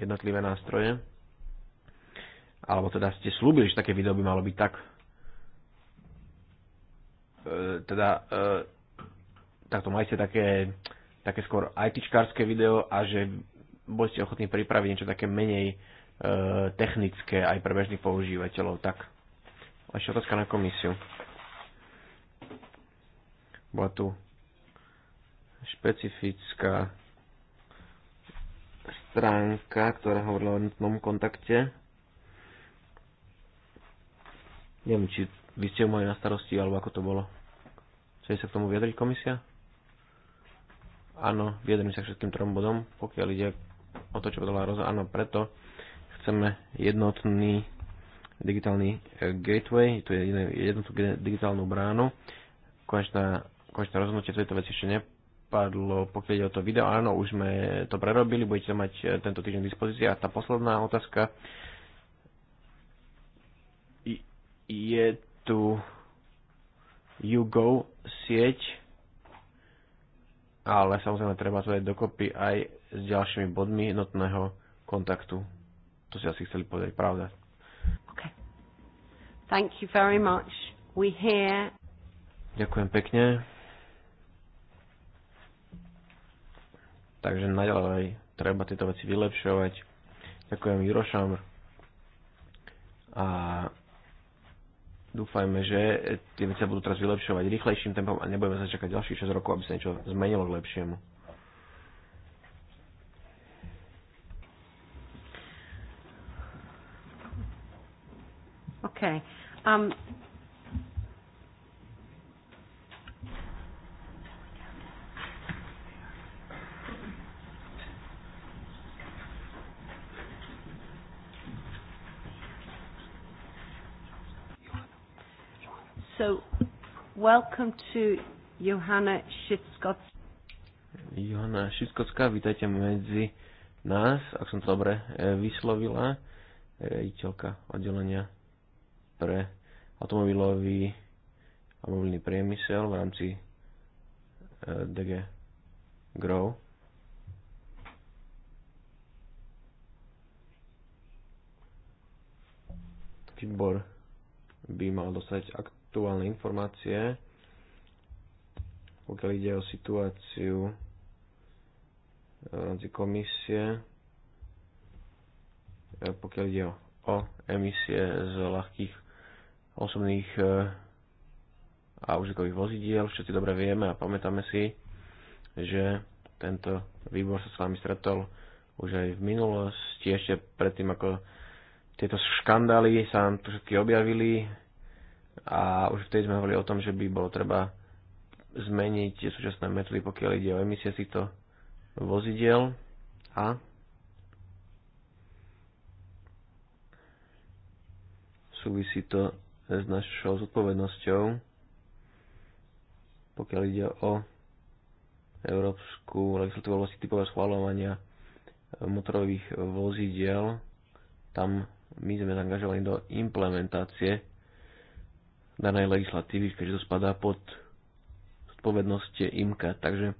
Speaker 3: jednotlivé nástroje. Alebo teda ste slúbili, že také video by malo byť tak. E, teda, e, takto mali také, také skôr ITčkárske video a že boli ste ochotní pripraviť niečo také menej Eh, technické aj pre bežných používateľov. Tak, ešte otázka na komisiu. Bola tu špecifická stránka, ktorá hovorila o nutnom kontakte. Neviem, či vy ste mali na starosti, alebo ako to bolo. Chceli sa k tomu vyjadriť komisia? Áno, vyjadrím sa k všetkým trom bodom, pokiaľ ide o to, čo povedala Roza. Áno, preto, chceme jednotný digitálny e, gateway, to je jednotnú digitálnu bránu. Konečná, konečné rozhodnutie tejto veci ešte nepadlo, pokiaľ ide o to video. Áno, už sme to prerobili, budete mať e, tento týždeň v dispozícii. A tá posledná otázka je tu YouGo sieť, ale samozrejme treba to aj dokopy aj s ďalšími bodmi jednotného kontaktu to si asi chceli povedať, pravda. Okay.
Speaker 1: Thank you very much. We hear...
Speaker 3: Ďakujem pekne. Takže naďalej treba tieto veci vylepšovať. Ďakujem Jurošam a dúfajme, že tie veci budú teraz vylepšovať rýchlejším tempom a nebudeme sa čakať ďalších 6 rokov, aby sa niečo zmenilo k
Speaker 1: lepšiemu. Okay. Um, So, welcome to Johanna Šickoc.
Speaker 3: Johanna Šickocká, vítajte medzi nás, ak som to dobre eh, vyslovila, eh, riaditeľka oddelenia pre automobilový a mobilný priemysel v rámci e, DG Grow. Výbor by mal dostať aktuálne informácie, pokiaľ ide o situáciu e, v rámci komisie, e, pokiaľ ide o, o emisie z ľahkých osobných e, a užitkových vozidiel. Všetci dobre vieme a pamätáme si, že tento výbor sa s vami stretol už aj v minulosti, ešte predtým ako tieto škandály sa nám tu všetky objavili a už vtedy sme hovorili o tom, že by bolo treba zmeniť súčasné metódy, pokiaľ ide o emisie týchto vozidiel a súvisí to s našou zodpovednosťou, pokiaľ ide o európsku legislatívu v oblasti typového schváľovania motorových vozidiel. Tam my sme zaangažovaní do implementácie danej legislatívy, keďže to spadá pod zodpovednosť IMKA. Takže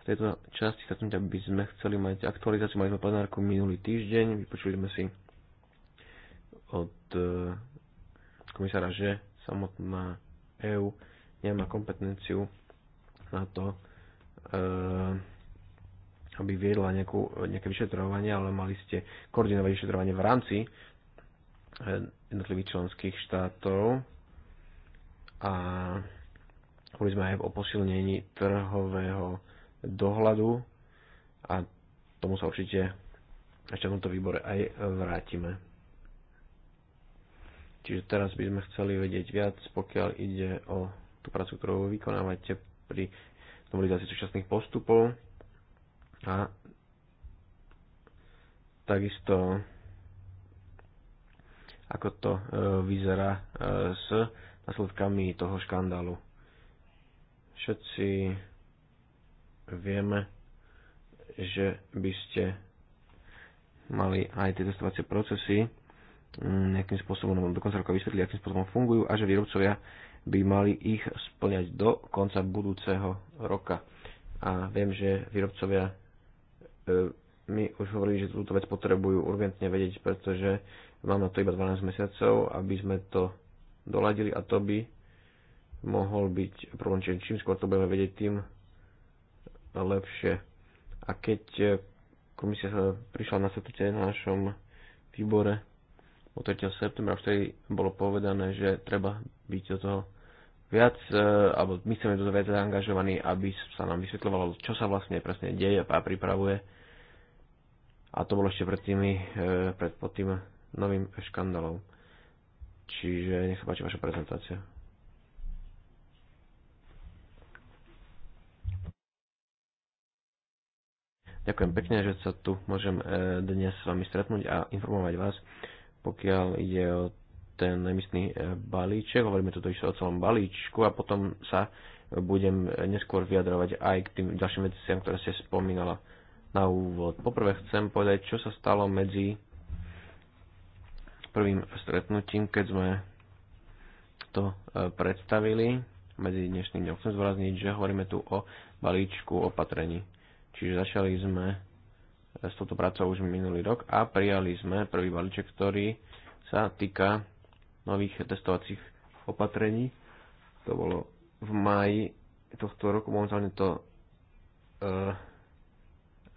Speaker 3: v tejto časti stretnutia by sme chceli mať aktualizáciu. Mali sme plenárku minulý týždeň, vypočuli sme si od komisára, že samotná EÚ nemá kompetenciu na to, eh, aby viedla nejakú, nejaké vyšetrovanie, ale mali ste koordinovať vyšetrovanie v rámci eh, jednotlivých členských štátov a hovorili sme aj o posilnení trhového dohľadu a tomu sa určite ešte v tomto výbore aj vrátime. Čiže teraz by sme chceli vedieť viac, pokiaľ ide o tú prácu, ktorú vykonávate pri normalizácii súčasných postupov a takisto ako to e, vyzerá e, s následkami toho škandálu. Všetci vieme, že by ste mali aj tie testovacie procesy nejakým spôsobom, no do konca roka vysvetlili, akým spôsobom fungujú a že výrobcovia by mali ich splňať do konca budúceho roka. A viem, že výrobcovia e, mi už hovorili, že túto vec potrebujú urgentne vedieť, pretože mám na to iba 12 mesiacov, aby sme to doladili a to by mohol byť problém, čiže čím skôr to budeme vedieť, tým lepšie. A keď e, komisia sa prišla na stretnutie na našom výbore od 3. septembra už vtedy bolo povedané, že treba byť do toho viac, e, alebo my chceme do toho viac zaangažovaní, aby sa nám vysvetľovalo, čo sa vlastne presne deje a pripravuje. A to bolo ešte pred, tými, e, pred pod tým novým škandalom. Čiže nech sa páči vaša prezentácia. Ďakujem pekne, že sa tu môžem e, dnes s vami stretnúť a informovať vás pokiaľ ide o ten emisný e, balíček, hovoríme tu o celom balíčku a potom sa budem neskôr vyjadrovať aj k tým ďalším veciam, ktoré ste spomínala na úvod. Poprvé chcem povedať, čo sa stalo medzi prvým stretnutím, keď sme to e, predstavili medzi dnešným dňom. Chcem zvrazniť, že hovoríme tu o balíčku opatrení. Čiže začali sme s touto prácou už minulý rok a prijali sme prvý balíček, ktorý sa týka nových testovacích opatrení. To bolo v máji tohto roku, momentálne to e,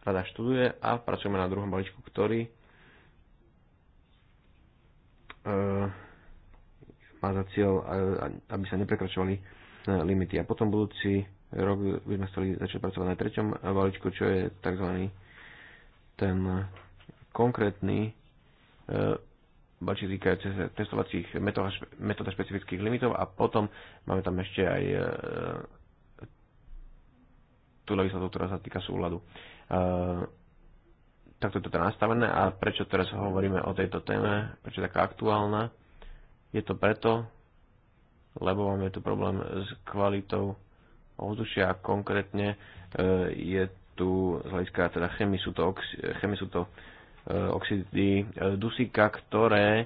Speaker 3: rada študuje a pracujeme na druhom balíčku, ktorý e, má za cieľ, e, aby sa neprekračovali e, limity. A potom budúci rok by sme chceli začať pracovať na treťom balíčku, čo je tzv ten konkrétny e, bači týkajúce sa testovacích metód metóda špecifických limitov a potom máme tam ešte aj e, tú legislatívu, ktorá sa týka súladu. E, takto je to teda nastavené a prečo teraz hovoríme o tejto téme, prečo je taká aktuálna? Je to preto, lebo máme tu problém s kvalitou ovzdušia a konkrétne e, je tu z hľadiska teda chemy sú to, oxi, chemy sú to e, oxidy e, dusíka, ktoré e,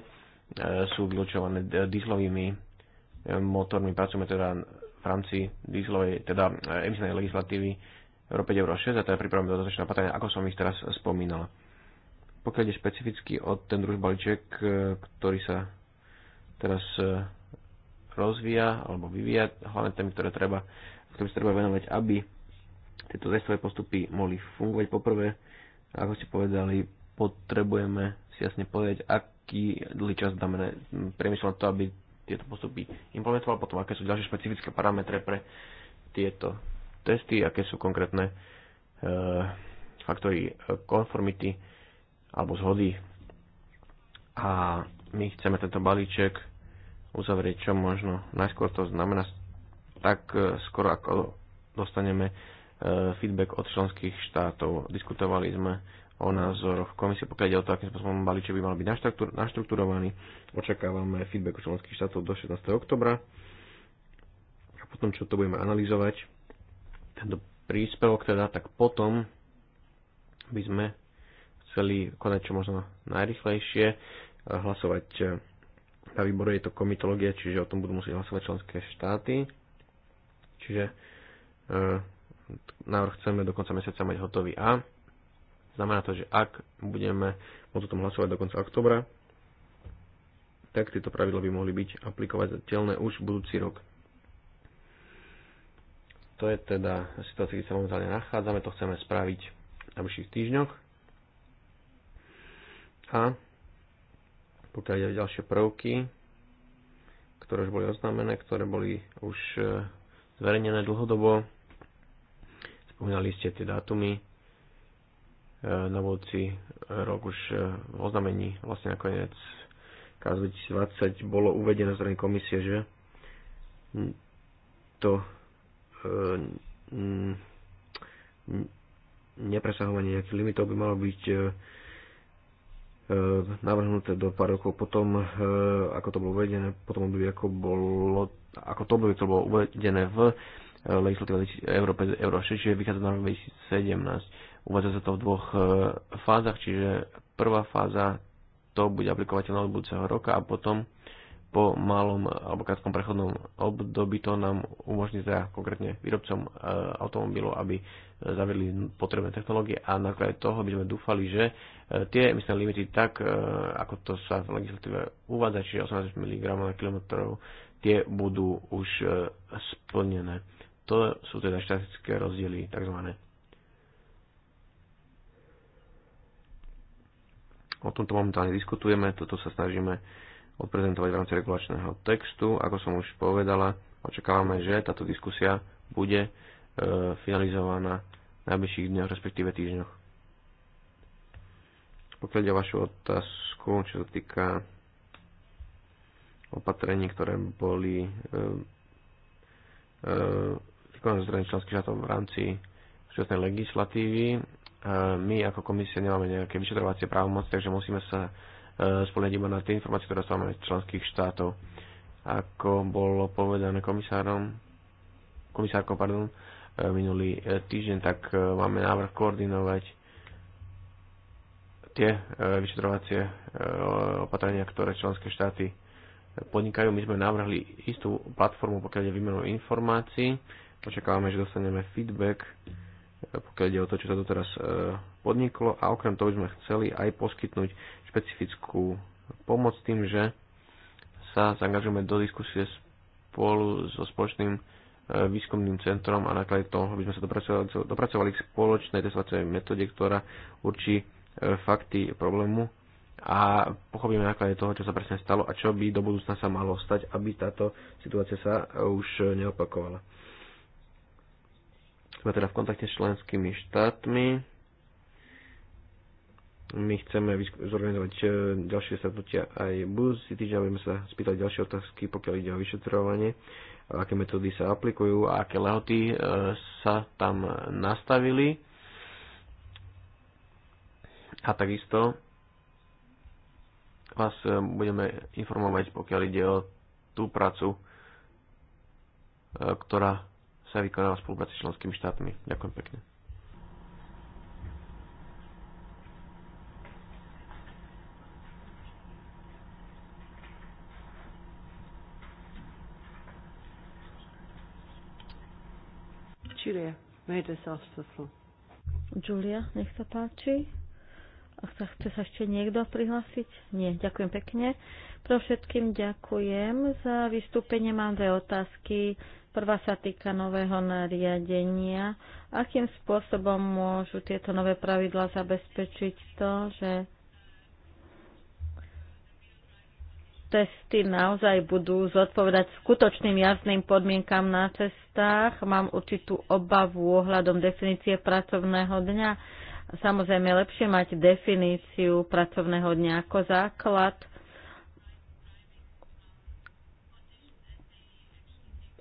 Speaker 3: sú vylučované e, motormi. Pracujeme teda v rámci dieslovej, teda e, emisnej legislatívy Euro 5 Euro 6 a teda pripravujeme dodatočné opatrenia, ako som ich teraz spomínal. Pokiaľ ide špecificky o ten druž balíček, e, ktorý sa teraz e, rozvíja alebo vyvíja, hlavne témy, ktoré treba, ktorým sa treba venovať, aby tieto testové postupy mohli fungovať. Poprvé, ako ste povedali, potrebujeme si jasne povedať, aký dlhý čas dáme priemysel na to, aby tieto postupy implementoval, potom aké sú ďalšie špecifické parametre pre tieto testy, aké sú konkrétne e, faktory e, konformity alebo zhody. A my chceme tento balíček uzavrieť čo možno najskôr, to znamená tak e, skoro ako dostaneme E, feedback od členských štátov. Diskutovali sme o názoroch komisie, pokiaľ ide o to, akým spôsobom balíček by mal byť naštrukturovaný. Očakávame feedback od členských štátov do 16. oktobra. A potom, čo to budeme analyzovať, tento príspevok teda, tak potom by sme chceli konať čo možno najrychlejšie, e, hlasovať e, na výbore je to komitológia, čiže o tom budú musieť hlasovať členské štáty. Čiže návrh chceme do konca mesiaca mať hotový a znamená to, že ak budeme o tom hlasovať do konca oktobra, tak tieto pravidla by mohli byť aplikovateľné už budúci rok. To je teda situácia, kde sa momentálne nachádzame, to chceme spraviť na bližších týždňoch. A pokiaľ ide ďalšie prvky, ktoré už boli oznámené, ktoré boli už eh, zverejnené dlhodobo, Spomínali ste tie dátumy. E, na budúci rok už e, v oznamení vlastne nakoniec KAS 2020 bolo uvedené zo strany komisie, že to e, nepresahovanie nejakých limitov by malo byť navrhnuté do pár rokov potom, ako to bolo uvedené, potom by ako, bolo, ako to by to bolo uvedené v legislatíva Európe, Euro 6, čiže vychádza na rok 2017. Uvádza sa to v dvoch e, fázach, čiže prvá fáza to bude aplikovateľné od budúceho roka a potom po malom alebo krátkom prechodnom období to nám umožní teda konkrétne výrobcom e, automobilov, aby e, zavedli potrebné technológie a na toho by sme dúfali, že e, tie emisné limity tak, e, ako to sa v legislatíve uvádza, čiže 18 mg na kilometrov, tie budú už e, splnené. To sú teda štatické rozdiely, takzvané. O tomto momentálne diskutujeme, toto sa snažíme odprezentovať v rámci regulačného textu. Ako som už povedala, očakávame, že táto diskusia bude e, finalizovaná v najbližších dňoch, respektíve týždňoch. Pokiaľ ide vašu otázku, čo sa týka opatrení, ktoré boli e, e výkonu zo strany členských štátov v rámci všetnej legislatívy. E, my ako komisia nemáme nejaké vyšetrovacie právomoci, takže musíme sa e, spoliať iba na tie informácie, ktoré dostávame z členských štátov. Ako bolo povedané komisárom, komisárkom pardon, e, minulý týždeň, tak máme návrh koordinovať tie vyšetrovacie opatrenia, ktoré členské štáty podnikajú. My sme navrhli istú platformu, pokiaľ je výmenu informácií Očakávame, že dostaneme feedback, eh, pokiaľ ide o to, čo sa doteraz eh, podniklo a okrem toho by sme chceli aj poskytnúť špecifickú pomoc tým, že sa zaangažujeme do diskusie spolu so spoločným eh, výskumným centrom a nakladne toho, aby sme sa dopracovali, dopracovali k spoločnej testovacej metóde, ktorá určí fakty problému a pochopíme nakladne toho, čo sa presne stalo a čo by do budúcna sa malo stať, aby táto situácia sa už neopakovala. Sme teda v kontakte s členskými štátmi. My chceme zorganizovať e, ďalšie stretnutia aj budúci týždeň, sme sa spýtať ďalšie otázky, pokiaľ ide o vyšetrovanie, aké metódy sa aplikujú a aké lehoty e, sa tam nastavili. A takisto vás e, budeme informovať, pokiaľ ide o tú prácu, ktorá sa vykonáva v spolupráci s členskými štátmi. Ďakujem pekne.
Speaker 1: Julia, may this
Speaker 4: Julia, nech sa páči. A sa, chce sa ešte niekto prihlásiť? Nie, ďakujem pekne. Pro všetkým ďakujem za vystúpenie. Mám dve otázky. Prvá sa týka nového nariadenia. Akým spôsobom môžu tieto nové pravidla zabezpečiť to, že testy naozaj budú zodpovedať skutočným jasným podmienkam na cestách. Mám určitú obavu ohľadom definície pracovného dňa. Samozrejme, lepšie mať definíciu pracovného dňa ako základ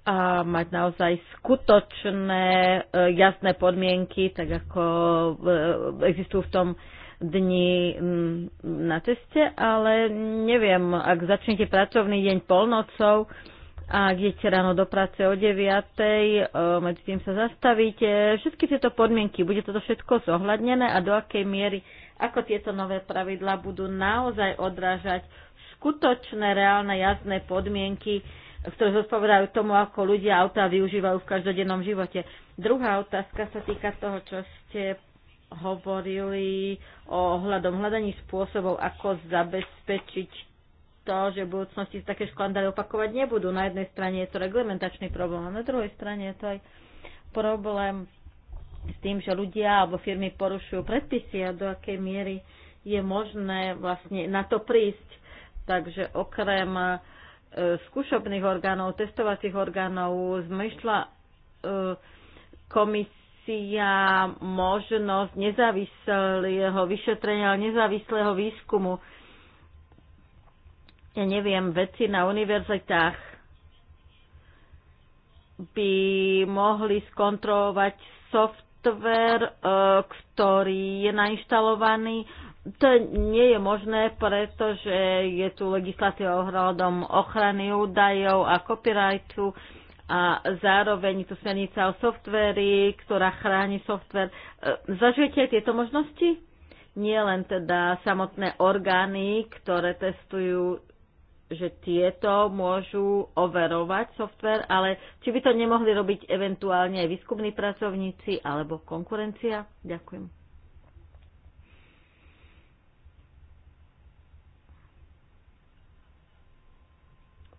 Speaker 4: a mať naozaj skutočné, e, jasné podmienky, tak ako e, existujú v tom dni na ceste, ale neviem, ak začnete pracovný deň polnocou a ak idete ráno do práce o 9, e, medzi tým sa zastavíte, všetky tieto podmienky, bude toto všetko zohľadnené a do akej miery, ako tieto nové pravidlá budú naozaj odrážať skutočné, reálne, jasné podmienky ktoré zodpovedajú tomu, ako ľudia autá využívajú v každodennom živote. Druhá otázka sa týka toho, čo ste hovorili o hľadom hľadaní spôsobov, ako zabezpečiť to, že v budúcnosti také škandály opakovať nebudú. Na jednej strane je to reglementačný problém a na druhej strane je to aj problém s tým, že ľudia alebo firmy porušujú predpisy a do akej miery je možné vlastne na to prísť. Takže okrem E, skúšobných orgánov, testovacích orgánov, zmyšľa e, komisia možnosť nezávislého vyšetrenia, ale nezávislého výskumu. Ja neviem, vedci na univerzitách by mohli skontrolovať software, e, ktorý je nainštalovaný to nie je možné, pretože je tu legislatíva ohľadom ochrany údajov a copyrightu a zároveň tu smernica o softvery, ktorá chráni softver. E, Zažujete aj tieto možnosti? Nie len teda samotné orgány, ktoré testujú že tieto môžu overovať software, ale či by to nemohli robiť eventuálne aj výskumní pracovníci alebo konkurencia? Ďakujem.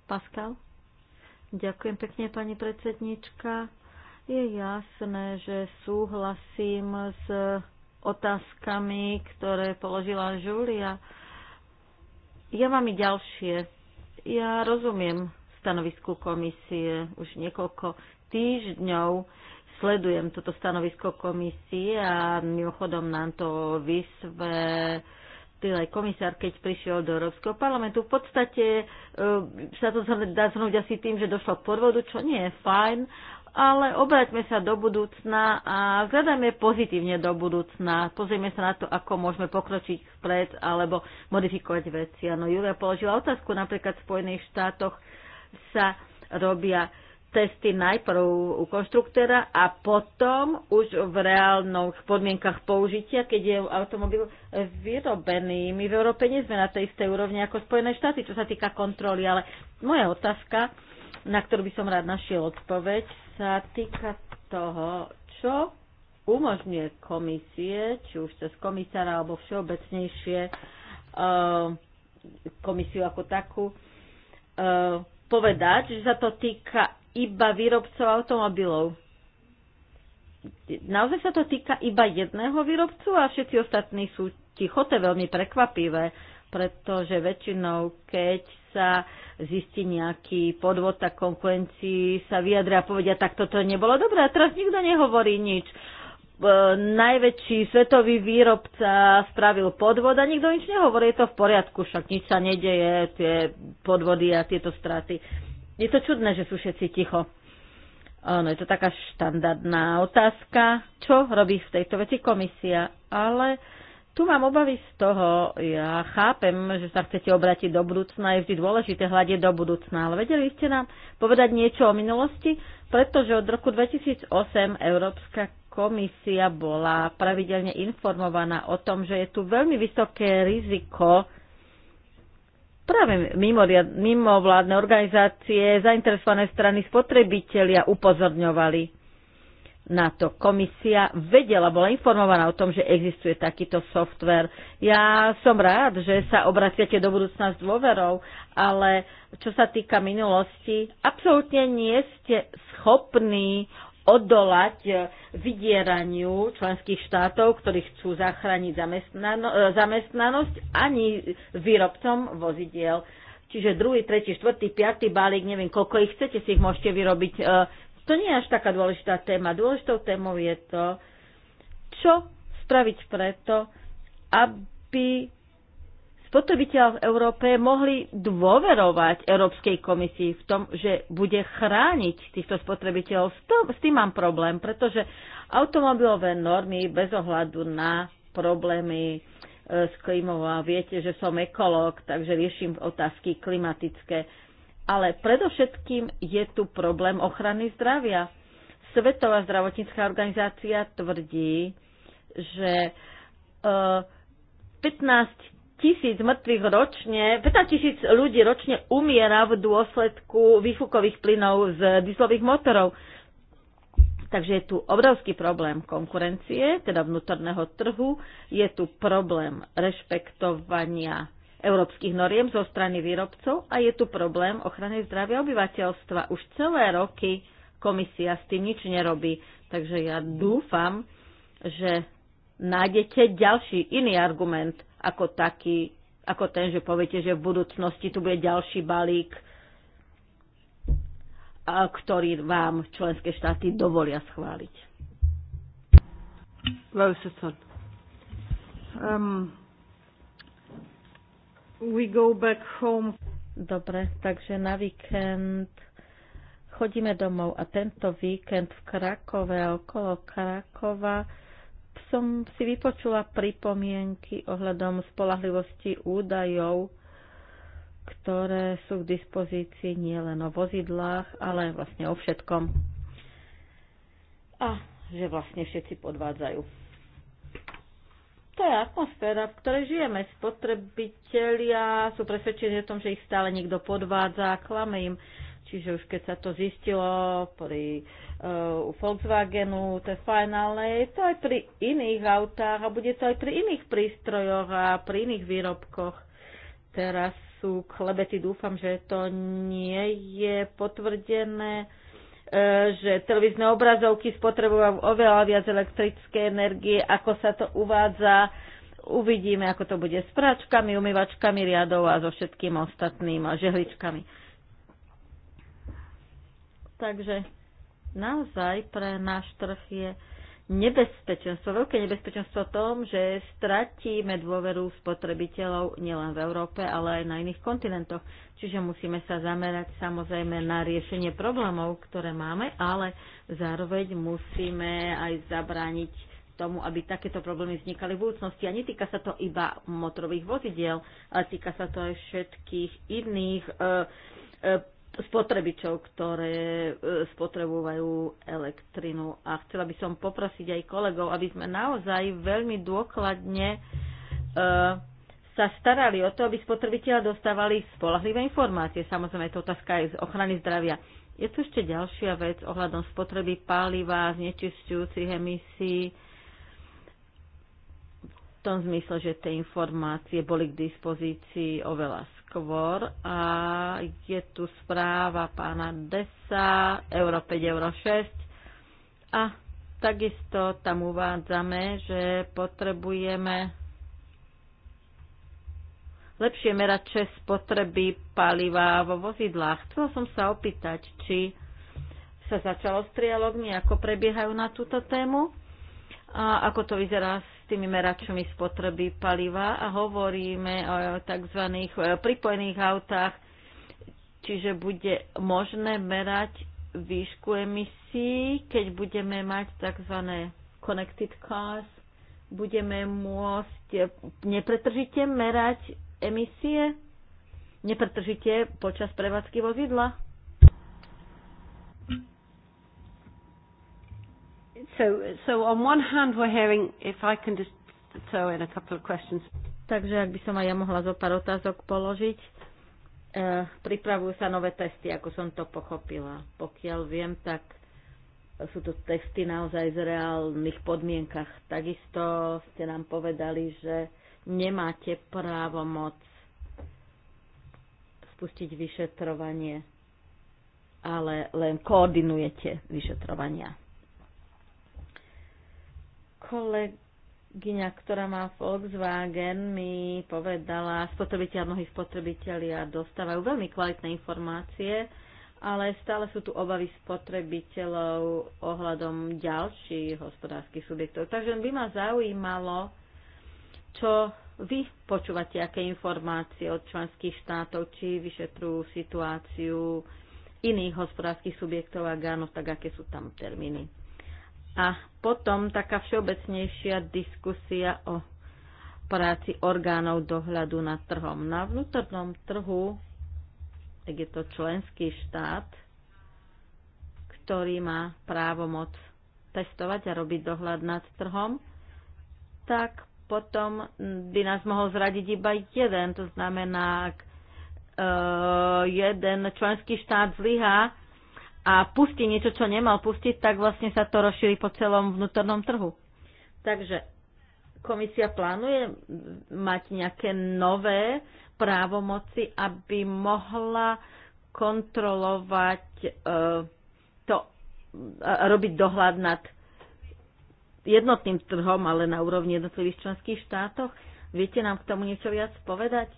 Speaker 4: Pascal? Ďakujem pekne, pani predsednička. Je jasné, že súhlasím s otázkami, ktoré položila Žulia. Ja mám i ďalšie. Ja rozumiem stanovisku komisie už niekoľko týždňov. Sledujem toto stanovisko komisie a mimochodom nám to vysvetlí aj komisár, keď prišiel do Európskeho parlamentu, v podstate e, sa to dá zhrnúť asi tým, že došlo k podvodu, čo nie je fajn, ale obraťme sa do budúcna a hľadajme pozitívne do budúcna. Pozrieme sa na to, ako môžeme pokročiť vpred alebo modifikovať veci. Ano, Julia položila otázku, napríklad v Spojených štátoch sa robia testy najprv u konštruktéra a potom už v reálnych podmienkach použitia, keď je automobil vyrobený. My v Európe nie sme na tej istej úrovni ako Spojené štáty, čo sa týka kontroly, ale moja otázka, na ktorú by som rád našiel odpoveď, sa týka toho, čo umožňuje komisie, či už cez komisára alebo všeobecnejšie e, komisiu ako takú, e, povedať, že sa to týka iba výrobcov automobilov. Naozaj sa to týka iba jedného výrobcu a všetci ostatní sú ticho, to je veľmi prekvapivé, pretože väčšinou, keď sa zistí nejaký podvod, tak konkurencii sa vyjadria a povedia, tak toto nebolo dobré. A teraz nikto nehovorí nič e, najväčší svetový výrobca spravil podvod a nikto nič nehovorí, je to v poriadku, však nič sa nedeje, tie podvody a tieto straty. Je to čudné, že sú všetci ticho. Áno, je to taká štandardná otázka, čo robí v tejto veci komisia, ale tu mám obavy z toho, ja chápem, že sa chcete obrátiť do budúcna, je vždy dôležité hľadiť do budúcna, ale vedeli ste nám povedať niečo o minulosti, pretože od roku 2008 Európska komisia bola pravidelne informovaná o tom, že je tu veľmi vysoké riziko práve mimovládne organizácie, zainteresované strany spotrebitelia upozorňovali na to. Komisia vedela, bola informovaná o tom, že existuje takýto softver. Ja som rád, že sa obraciate do budúcna s dôverou, ale čo sa týka minulosti, absolútne nie ste schopní odolať e, vydieraniu členských štátov, ktorí chcú zachrániť zamestnano- e, zamestnanosť, ani výrobcom vozidiel. Čiže druhý, tretí, štvrtý, piatý balík, neviem koľko ich chcete, si ich môžete vyrobiť. E, to nie je až taká dôležitá téma. Dôležitou témou je to, čo spraviť preto, aby spotrebiteľ v Európe mohli dôverovať Európskej komisii v tom, že bude chrániť týchto spotrebiteľov. S, tým mám problém, pretože automobilové normy bez ohľadu na problémy e, s klímou a viete, že som ekolog, takže riešim otázky klimatické. Ale predovšetkým je tu problém ochrany zdravia. Svetová zdravotnícká organizácia tvrdí, že 15 e, tisíc mŕtvych ročne, 15 tisíc ľudí ročne umiera v dôsledku výfukových plynov z dieslových motorov. Takže je tu obrovský problém konkurencie, teda vnútorného trhu, je tu problém rešpektovania európskych noriem zo strany výrobcov a je tu problém ochrany zdravia obyvateľstva. Už celé roky komisia s tým nič nerobí, takže ja dúfam, že nájdete ďalší iný argument ako taký, ako ten, že poviete, že v budúcnosti tu bude ďalší balík, ktorý vám členské štáty dovolia schváliť. Um, we go back home. Dobre, takže na víkend chodíme domov a tento víkend v Krakove a okolo Krakova som si vypočula pripomienky ohľadom spolahlivosti údajov, ktoré sú k dispozícii nielen o vozidlách, ale vlastne o všetkom. A že vlastne všetci podvádzajú. To je atmosféra, v ktorej žijeme. Spotrebitelia sú presvedčení o tom, že ich stále niekto podvádza a klame im. Čiže už keď sa to zistilo pri uh, Volkswagenu, to je fajn, ale je to aj pri iných autách a bude to aj pri iných prístrojoch a pri iných výrobkoch. Teraz sú klebety, dúfam, že to nie je potvrdené, eh, že televízne obrazovky spotrebujú oveľa viac elektrické energie, ako sa to uvádza uvidíme, ako to bude s práčkami, umývačkami riadov a so všetkým ostatným a žehličkami. Takže naozaj pre náš trh je nebezpečenstvo, veľké nebezpečenstvo o tom, že stratíme dôveru spotrebiteľov nielen v Európe, ale aj na iných kontinentoch. Čiže musíme sa zamerať samozrejme na riešenie problémov, ktoré máme, ale zároveň musíme aj zabrániť tomu, aby takéto problémy vznikali v budúcnosti. A netýka sa to iba motorových vozidiel, ale týka sa to aj všetkých iných e, e, spotrebičov, ktoré e, spotrebujú elektrinu. A chcela by som poprosiť aj kolegov, aby sme naozaj veľmi dôkladne e, sa starali o to, aby spotrebiteľa dostávali spolahlivé informácie. Samozrejme, je to otázka aj z ochrany zdravia. Je tu ešte ďalšia vec ohľadom spotreby paliva, znečistujúcich emisí, v tom zmysle, že tie informácie boli k dispozícii oveľa skôr a je tu správa pána Desa, euro 5, euro 6 a takisto tam uvádzame, že potrebujeme lepšie merať čas potreby paliva vo vozidlách. Chcel som sa opýtať, či sa začalo s trialogmi, ako prebiehajú na túto tému a ako to vyzerá s tými meračmi spotreby paliva a hovoríme o tzv. pripojených autách, čiže bude možné merať výšku emisí, keď budeme mať tzv. connected cars, budeme môcť nepretržite merať emisie, nepretržite počas prevádzky vozidla.
Speaker 1: So, so on one hand we're hearing, if
Speaker 4: I can just throw in a couple of questions. Takže ak by som aj ja mohla zo pár otázok položiť. Uh, pripravujú sa nové testy, ako som to pochopila. Pokiaľ viem, tak sú to testy naozaj z reálnych podmienkach. Takisto ste nám povedali, že nemáte právo moc spustiť vyšetrovanie, ale len koordinujete vyšetrovania. Kolegyňa, ktorá má Volkswagen, mi povedala, spotrebiteľ, mnohí spotrebitelia dostávajú veľmi kvalitné informácie, ale stále sú tu obavy spotrebiteľov ohľadom ďalších hospodárskych subjektov. Takže by ma zaujímalo, čo vy počúvate, aké informácie od členských štátov, či vyšetrujú situáciu iných hospodárskych subjektov a gánov, tak aké sú tam termíny. A potom taká všeobecnejšia diskusia o práci orgánov dohľadu nad trhom. Na vnútornom trhu, tak je to členský štát, ktorý má právomoc testovať a robiť dohľad nad trhom, tak potom by nás mohol zradiť iba jeden. To znamená, ak e, jeden členský štát zlyhá, a pustí niečo, čo nemal pustiť, tak vlastne sa to rozšíri po celom vnútornom trhu. Takže komisia plánuje mať nejaké nové právomoci, aby mohla kontrolovať e, to, a e, robiť dohľad nad jednotným trhom, ale na úrovni jednotlivých členských štátoch. Viete nám k tomu niečo viac povedať?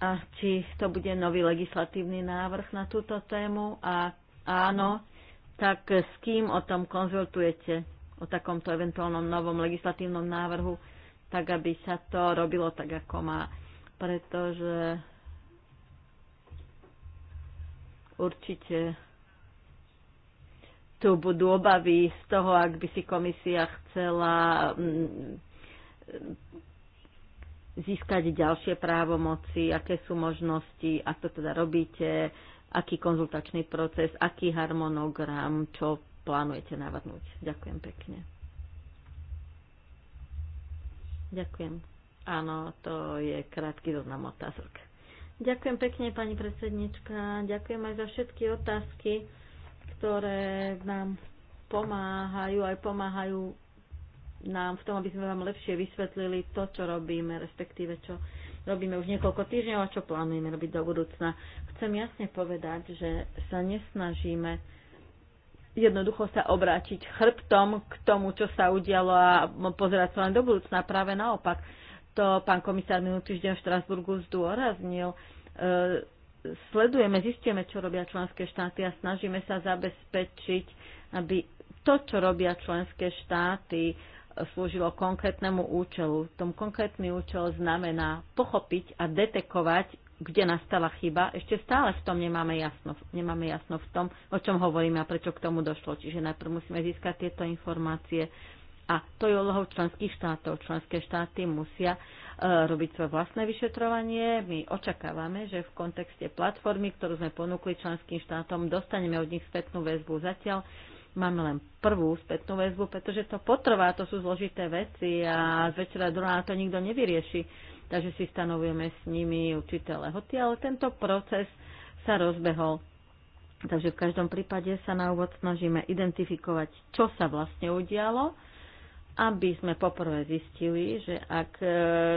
Speaker 4: A či to bude nový legislatívny návrh na túto tému a áno, tak s kým o tom konzultujete, o takomto eventuálnom novom legislatívnom návrhu, tak aby sa to robilo tak, ako má. Pretože určite tu budú obavy z toho, ak by si komisia chcela mm, získať ďalšie právomoci, aké sú možnosti, ak to teda robíte, aký konzultačný proces, aký harmonogram, čo plánujete navrhnúť. Ďakujem pekne. Ďakujem. Áno, to je krátky zoznam otázok. Ďakujem pekne, pani predsednička. Ďakujem aj za všetky otázky, ktoré nám pomáhajú, aj pomáhajú nám v tom, aby sme vám lepšie vysvetlili to, čo robíme, respektíve čo robíme už niekoľko týždňov a čo plánujeme robiť do budúcna. Chcem jasne povedať, že sa nesnažíme jednoducho sa obrátiť chrbtom k tomu, čo sa udialo a pozerať sa len do budúcna. Práve naopak, to pán komisár minulý týždeň v Štrasburgu zdôraznil. E, sledujeme, zistíme, čo robia členské štáty a snažíme sa zabezpečiť, aby to, čo robia členské štáty, slúžilo konkrétnemu účelu. V tom konkrétny účel znamená pochopiť a detekovať, kde nastala chyba. Ešte stále v tom nemáme jasno, nemáme jasno v tom, o čom hovoríme a prečo k tomu došlo. Čiže najprv musíme získať tieto informácie a to je úlohou členských štátov. Členské štáty musia e, robiť svoje vlastné vyšetrovanie. My očakávame, že v kontexte platformy, ktorú sme ponúkli členským štátom, dostaneme od nich spätnú väzbu. Zatiaľ máme len prvú spätnú väzbu, pretože to potrvá, to sú zložité veci a z večera druhá to nikto nevyrieši. Takže si stanovujeme s nimi určité lehoty, ale tento proces sa rozbehol. Takže v každom prípade sa na úvod snažíme identifikovať, čo sa vlastne udialo, aby sme poprvé zistili, že ak e,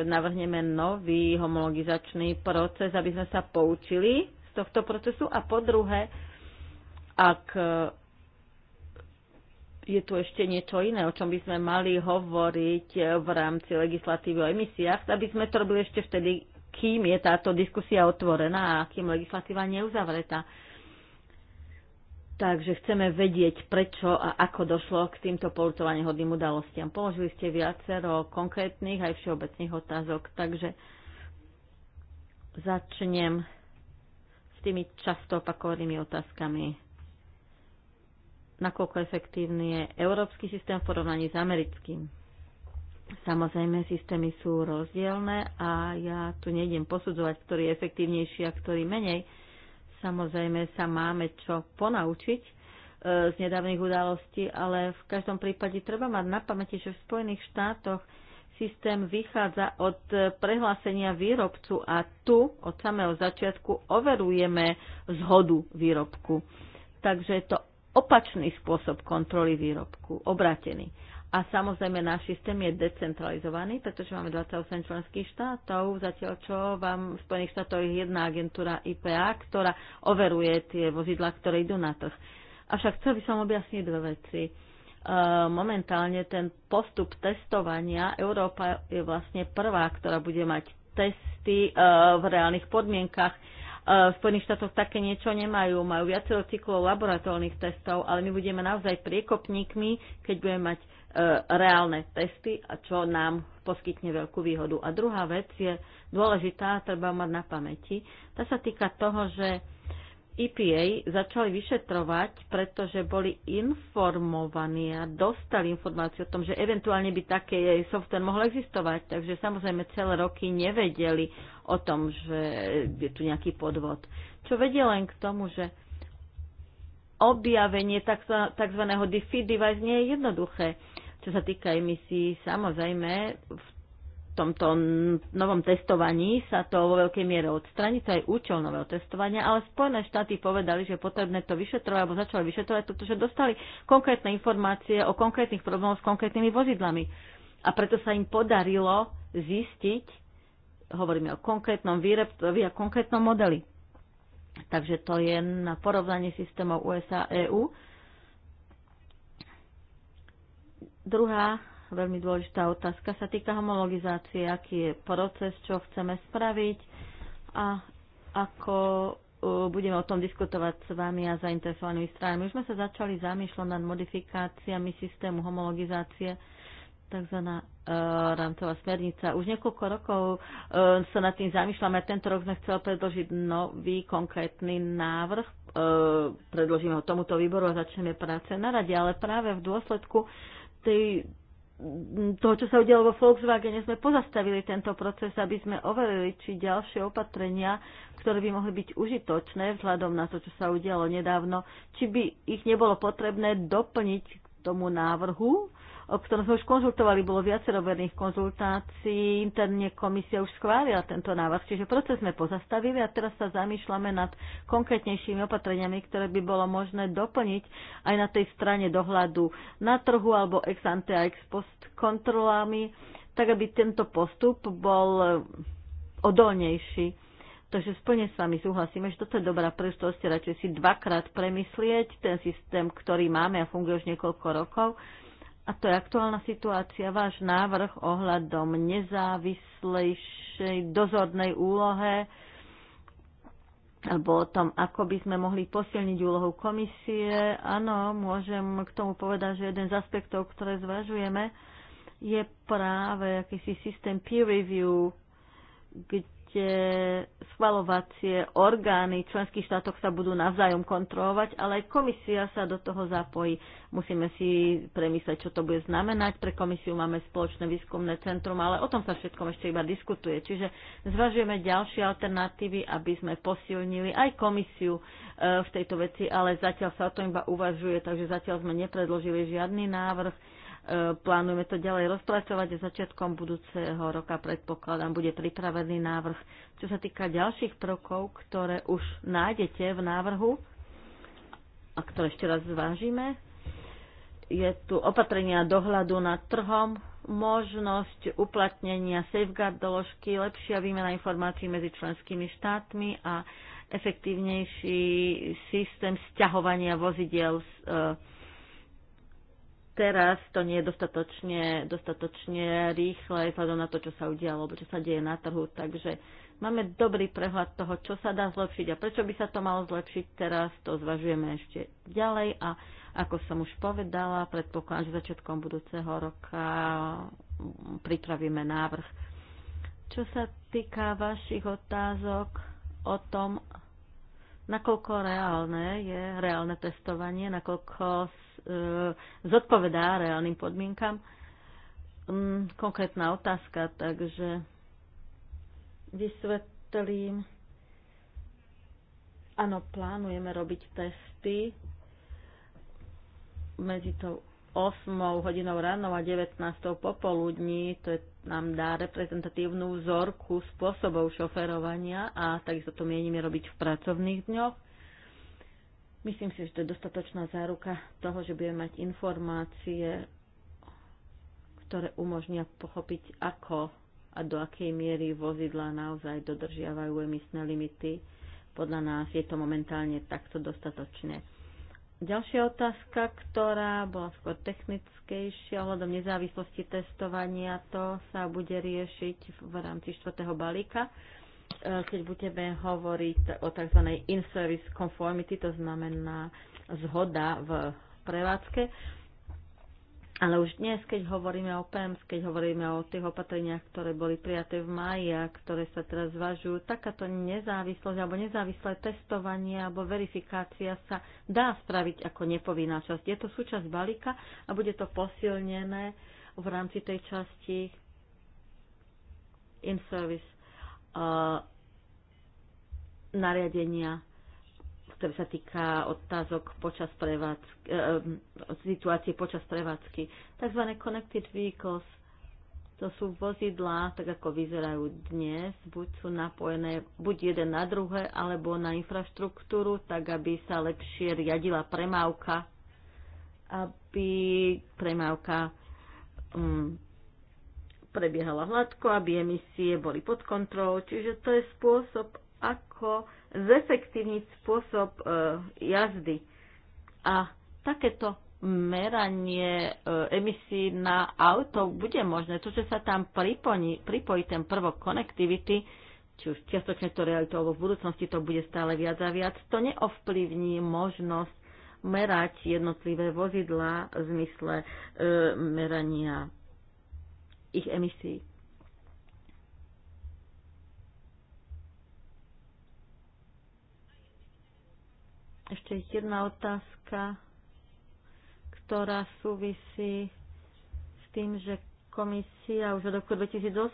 Speaker 4: navrhneme nový homologizačný proces, aby sme sa poučili z tohto procesu a po druhé, ak e, je tu ešte niečo iné, o čom by sme mali hovoriť v rámci legislatívy o emisiách, aby sme to robili ešte vtedy, kým je táto diskusia otvorená a kým legislatíva neuzavretá. Takže chceme vedieť, prečo a ako došlo k týmto hodným udalostiam. Položili ste viacero konkrétnych aj všeobecných otázok, takže začnem s tými často opakovanými otázkami nakoľko efektívny je európsky systém v porovnaní s americkým. Samozrejme, systémy sú rozdielne a ja tu nejdem posudzovať, ktorý je efektívnejší a ktorý menej. Samozrejme sa máme čo ponaučiť e, z nedávnych udalostí, ale v každom prípade treba mať na pamäti, že v Spojených štátoch systém vychádza od prehlásenia výrobcu a tu od samého začiatku overujeme zhodu výrobku. Takže je to opačný spôsob kontroly výrobku, obratený. A samozrejme náš systém je decentralizovaný, pretože máme 28 členských štátov, zatiaľ čo vám v Spojených štátoch je jedna agentúra IPA, ktorá overuje tie vozidla, ktoré idú na trh. Avšak chcel by som objasniť dve veci. E, momentálne ten postup testovania, Európa je vlastne prvá, ktorá bude mať testy e, v reálnych podmienkach v Spojených štátoch také niečo nemajú. Majú viacero cyklov laboratórnych testov, ale my budeme naozaj priekopníkmi, keď budeme mať e, reálne testy a čo nám poskytne veľkú výhodu. A druhá vec je dôležitá, treba mať na pamäti. Tá sa týka toho, že EPA začali vyšetrovať, pretože boli informovaní a dostali informáciu o tom, že eventuálne by také software mohol existovať. Takže samozrejme celé roky nevedeli o tom, že je tu nejaký podvod. Čo vedie len k tomu, že objavenie tzv. defeat device nie je jednoduché. Čo sa týka emisí, samozrejme, v tomto novom testovaní sa to vo veľkej miere odstraní, to je účel nového testovania, ale Spojené štáty povedali, že je potrebné to vyšetrovať, alebo začali vyšetrovať, pretože dostali konkrétne informácie o konkrétnych problémoch s konkrétnymi vozidlami. A preto sa im podarilo zistiť, hovoríme o konkrétnom výrobcovi a konkrétnom modeli. Takže to je na porovnanie systémov USA-EU. E Druhá veľmi dôležitá otázka sa týka homologizácie, aký je proces, čo chceme spraviť a ako e, budeme o tom diskutovať s vami a zainteresovanými stranami. Už sme sa začali zamýšľať nad modifikáciami systému homologizácie, tzv. E, rámcová smernica. Už niekoľko rokov e, sa nad tým zamýšľame. Tento rok sme chceli predložiť nový konkrétny návrh. Predložíme ho tomuto výboru a začneme práce na rade, ale práve v dôsledku tej toho, čo sa udialo vo Volkswagene, sme pozastavili tento proces, aby sme overili, či ďalšie opatrenia, ktoré by mohli byť užitočné vzhľadom na to, čo sa udialo nedávno, či by ich nebolo potrebné doplniť k tomu návrhu, o ktorom sme už konzultovali, bolo viacero verných konzultácií, interne komisia už schválila tento návrh, čiže proces sme pozastavili a teraz sa zamýšľame nad konkrétnejšími opatreniami, ktoré by bolo možné doplniť aj na tej strane dohľadu na trhu alebo ex ante a ex post kontrolami, tak aby tento postup bol odolnejší. Takže splne s vami súhlasíme, že toto je dobrá príležitosť radšej si dvakrát premyslieť ten systém, ktorý máme a funguje už niekoľko rokov, a to je aktuálna situácia, váš návrh ohľadom nezávislejšej dozornej úlohe alebo o tom, ako by sme mohli posilniť úlohu komisie. Áno, môžem k tomu povedať, že jeden z aspektov, ktoré zvažujeme, je práve akýsi systém peer review, kde proste schvalovacie orgány členských štátoch sa budú navzájom kontrolovať, ale aj komisia sa do toho zapojí. Musíme si premyslieť, čo to bude znamenať. Pre komisiu máme spoločné výskumné centrum, ale o tom sa všetkom ešte iba diskutuje. Čiže zvažujeme ďalšie alternatívy, aby sme posilnili aj komisiu e, v tejto veci, ale zatiaľ sa o tom iba uvažuje, takže zatiaľ sme nepredložili žiadny návrh Plánujeme to ďalej rozpracovať a začiatkom budúceho roka predpokladám bude pripravený návrh. Čo sa týka ďalších prvkov, ktoré už nájdete v návrhu a ktoré ešte raz zvážime, je tu opatrenia dohľadu nad trhom, možnosť uplatnenia safeguard doložky, lepšia výmena informácií medzi členskými štátmi a efektívnejší systém sťahovania vozidiel z e, teraz to nie je dostatočne, dostatočne rýchle, vzhľadom na to, čo sa udialo, alebo čo sa deje na trhu. Takže máme dobrý prehľad toho, čo sa dá zlepšiť a prečo by sa to malo zlepšiť teraz, to zvažujeme ešte ďalej a ako som už povedala, predpokladám, že začiatkom budúceho roka pripravíme návrh. Čo sa týka vašich otázok o tom, nakoľko reálne je reálne testovanie, nakoľko E, zodpovedá reálnym podmienkam. Mm, konkrétna otázka, takže vysvetlím. Áno, plánujeme robiť testy medzi tou 8 hodinou ráno a 19 popoludní. To je, nám dá reprezentatívnu vzorku spôsobov šoferovania a takisto to mienime robiť v pracovných dňoch. Myslím si, že to je dostatočná záruka toho, že budeme mať informácie, ktoré umožnia pochopiť, ako a do akej miery vozidla naozaj dodržiavajú emisné limity. Podľa nás je to momentálne takto dostatočné. Ďalšia otázka, ktorá bola skôr technickejšia ohľadom nezávislosti testovania, to sa bude riešiť v rámci štvrtého balíka. Eh, keď budeme hovoriť o tzv. in-service conformity, to znamená zhoda v prevádzke. Ale už dnes, keď hovoríme o PEMS, keď hovoríme o tých opatreniach, ktoré boli prijaté v maji a ktoré sa teraz zvažujú, takáto nezávislosť alebo nezávislé testovanie alebo verifikácia sa dá spraviť ako nepovinná časť. Je to súčasť balíka a bude to posilnené v rámci tej časti in-service uh, nariadenia, ktoré sa týka otázok počas prevádzky, e, e, situácie počas prevádzky. Takzvané connected vehicles, to sú vozidlá, tak ako vyzerajú dnes, buď sú napojené buď jeden na druhé, alebo na infraštruktúru, tak aby sa lepšie riadila premávka, aby premávka um, prebiehala hladko, aby emisie boli pod kontrolou. Čiže to je spôsob, ako zefektívniť spôsob e, jazdy. A takéto meranie e, emisí na auto bude možné. To, že sa tam pripojí, pripojí ten prvok konektivity, či už čiastočne to realitou, alebo v budúcnosti to bude stále viac a viac, to neovplyvní možnosť merať jednotlivé vozidlá v zmysle e, merania ich emisí. Ešte jedna otázka, ktorá súvisí s tým, že komisia už od roku 2008 eh,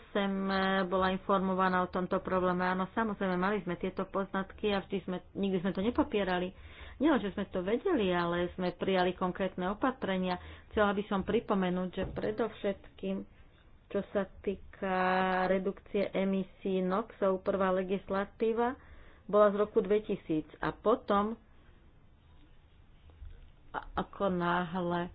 Speaker 4: bola informovaná o tomto probléme. Áno, samozrejme, mali sme tieto poznatky a vždy sme, nikdy sme to nepopierali. Nie, že sme to vedeli, ale sme prijali konkrétne opatrenia. Chcela by som pripomenúť, že predovšetkým, čo sa týka redukcie emisí NOXov, prvá legislatíva bola z roku 2000 a potom ako náhle e,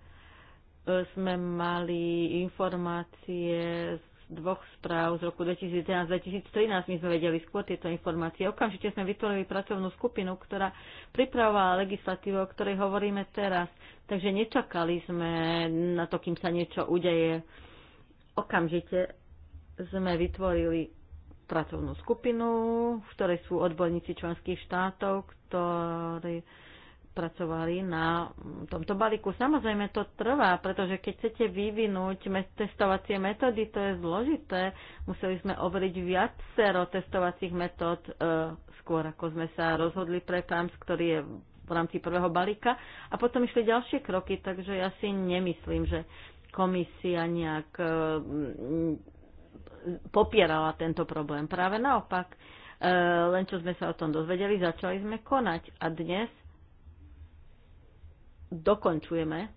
Speaker 4: sme mali informácie z dvoch správ z roku 2011-2013, my sme vedeli skôr tieto informácie. Okamžite sme vytvorili pracovnú skupinu, ktorá pripravovala legislatívu, o ktorej hovoríme teraz. Takže nečakali sme na to, kým sa niečo udeje. Okamžite sme vytvorili pracovnú skupinu, v ktorej sú odborníci členských štátov, ktorí pracovali na tomto balíku. Samozrejme to trvá, pretože keď chcete vyvinúť testovacie metódy, to je zložité. Museli sme overiť viacero testovacích metód e, skôr, ako sme sa rozhodli pre PAMS, ktorý je v rámci prvého balíka a potom išli ďalšie kroky, takže ja si nemyslím, že komisia nejak e, popierala tento problém. Práve naopak, e, len čo sme sa o tom dozvedeli, začali sme konať a dnes dokončujeme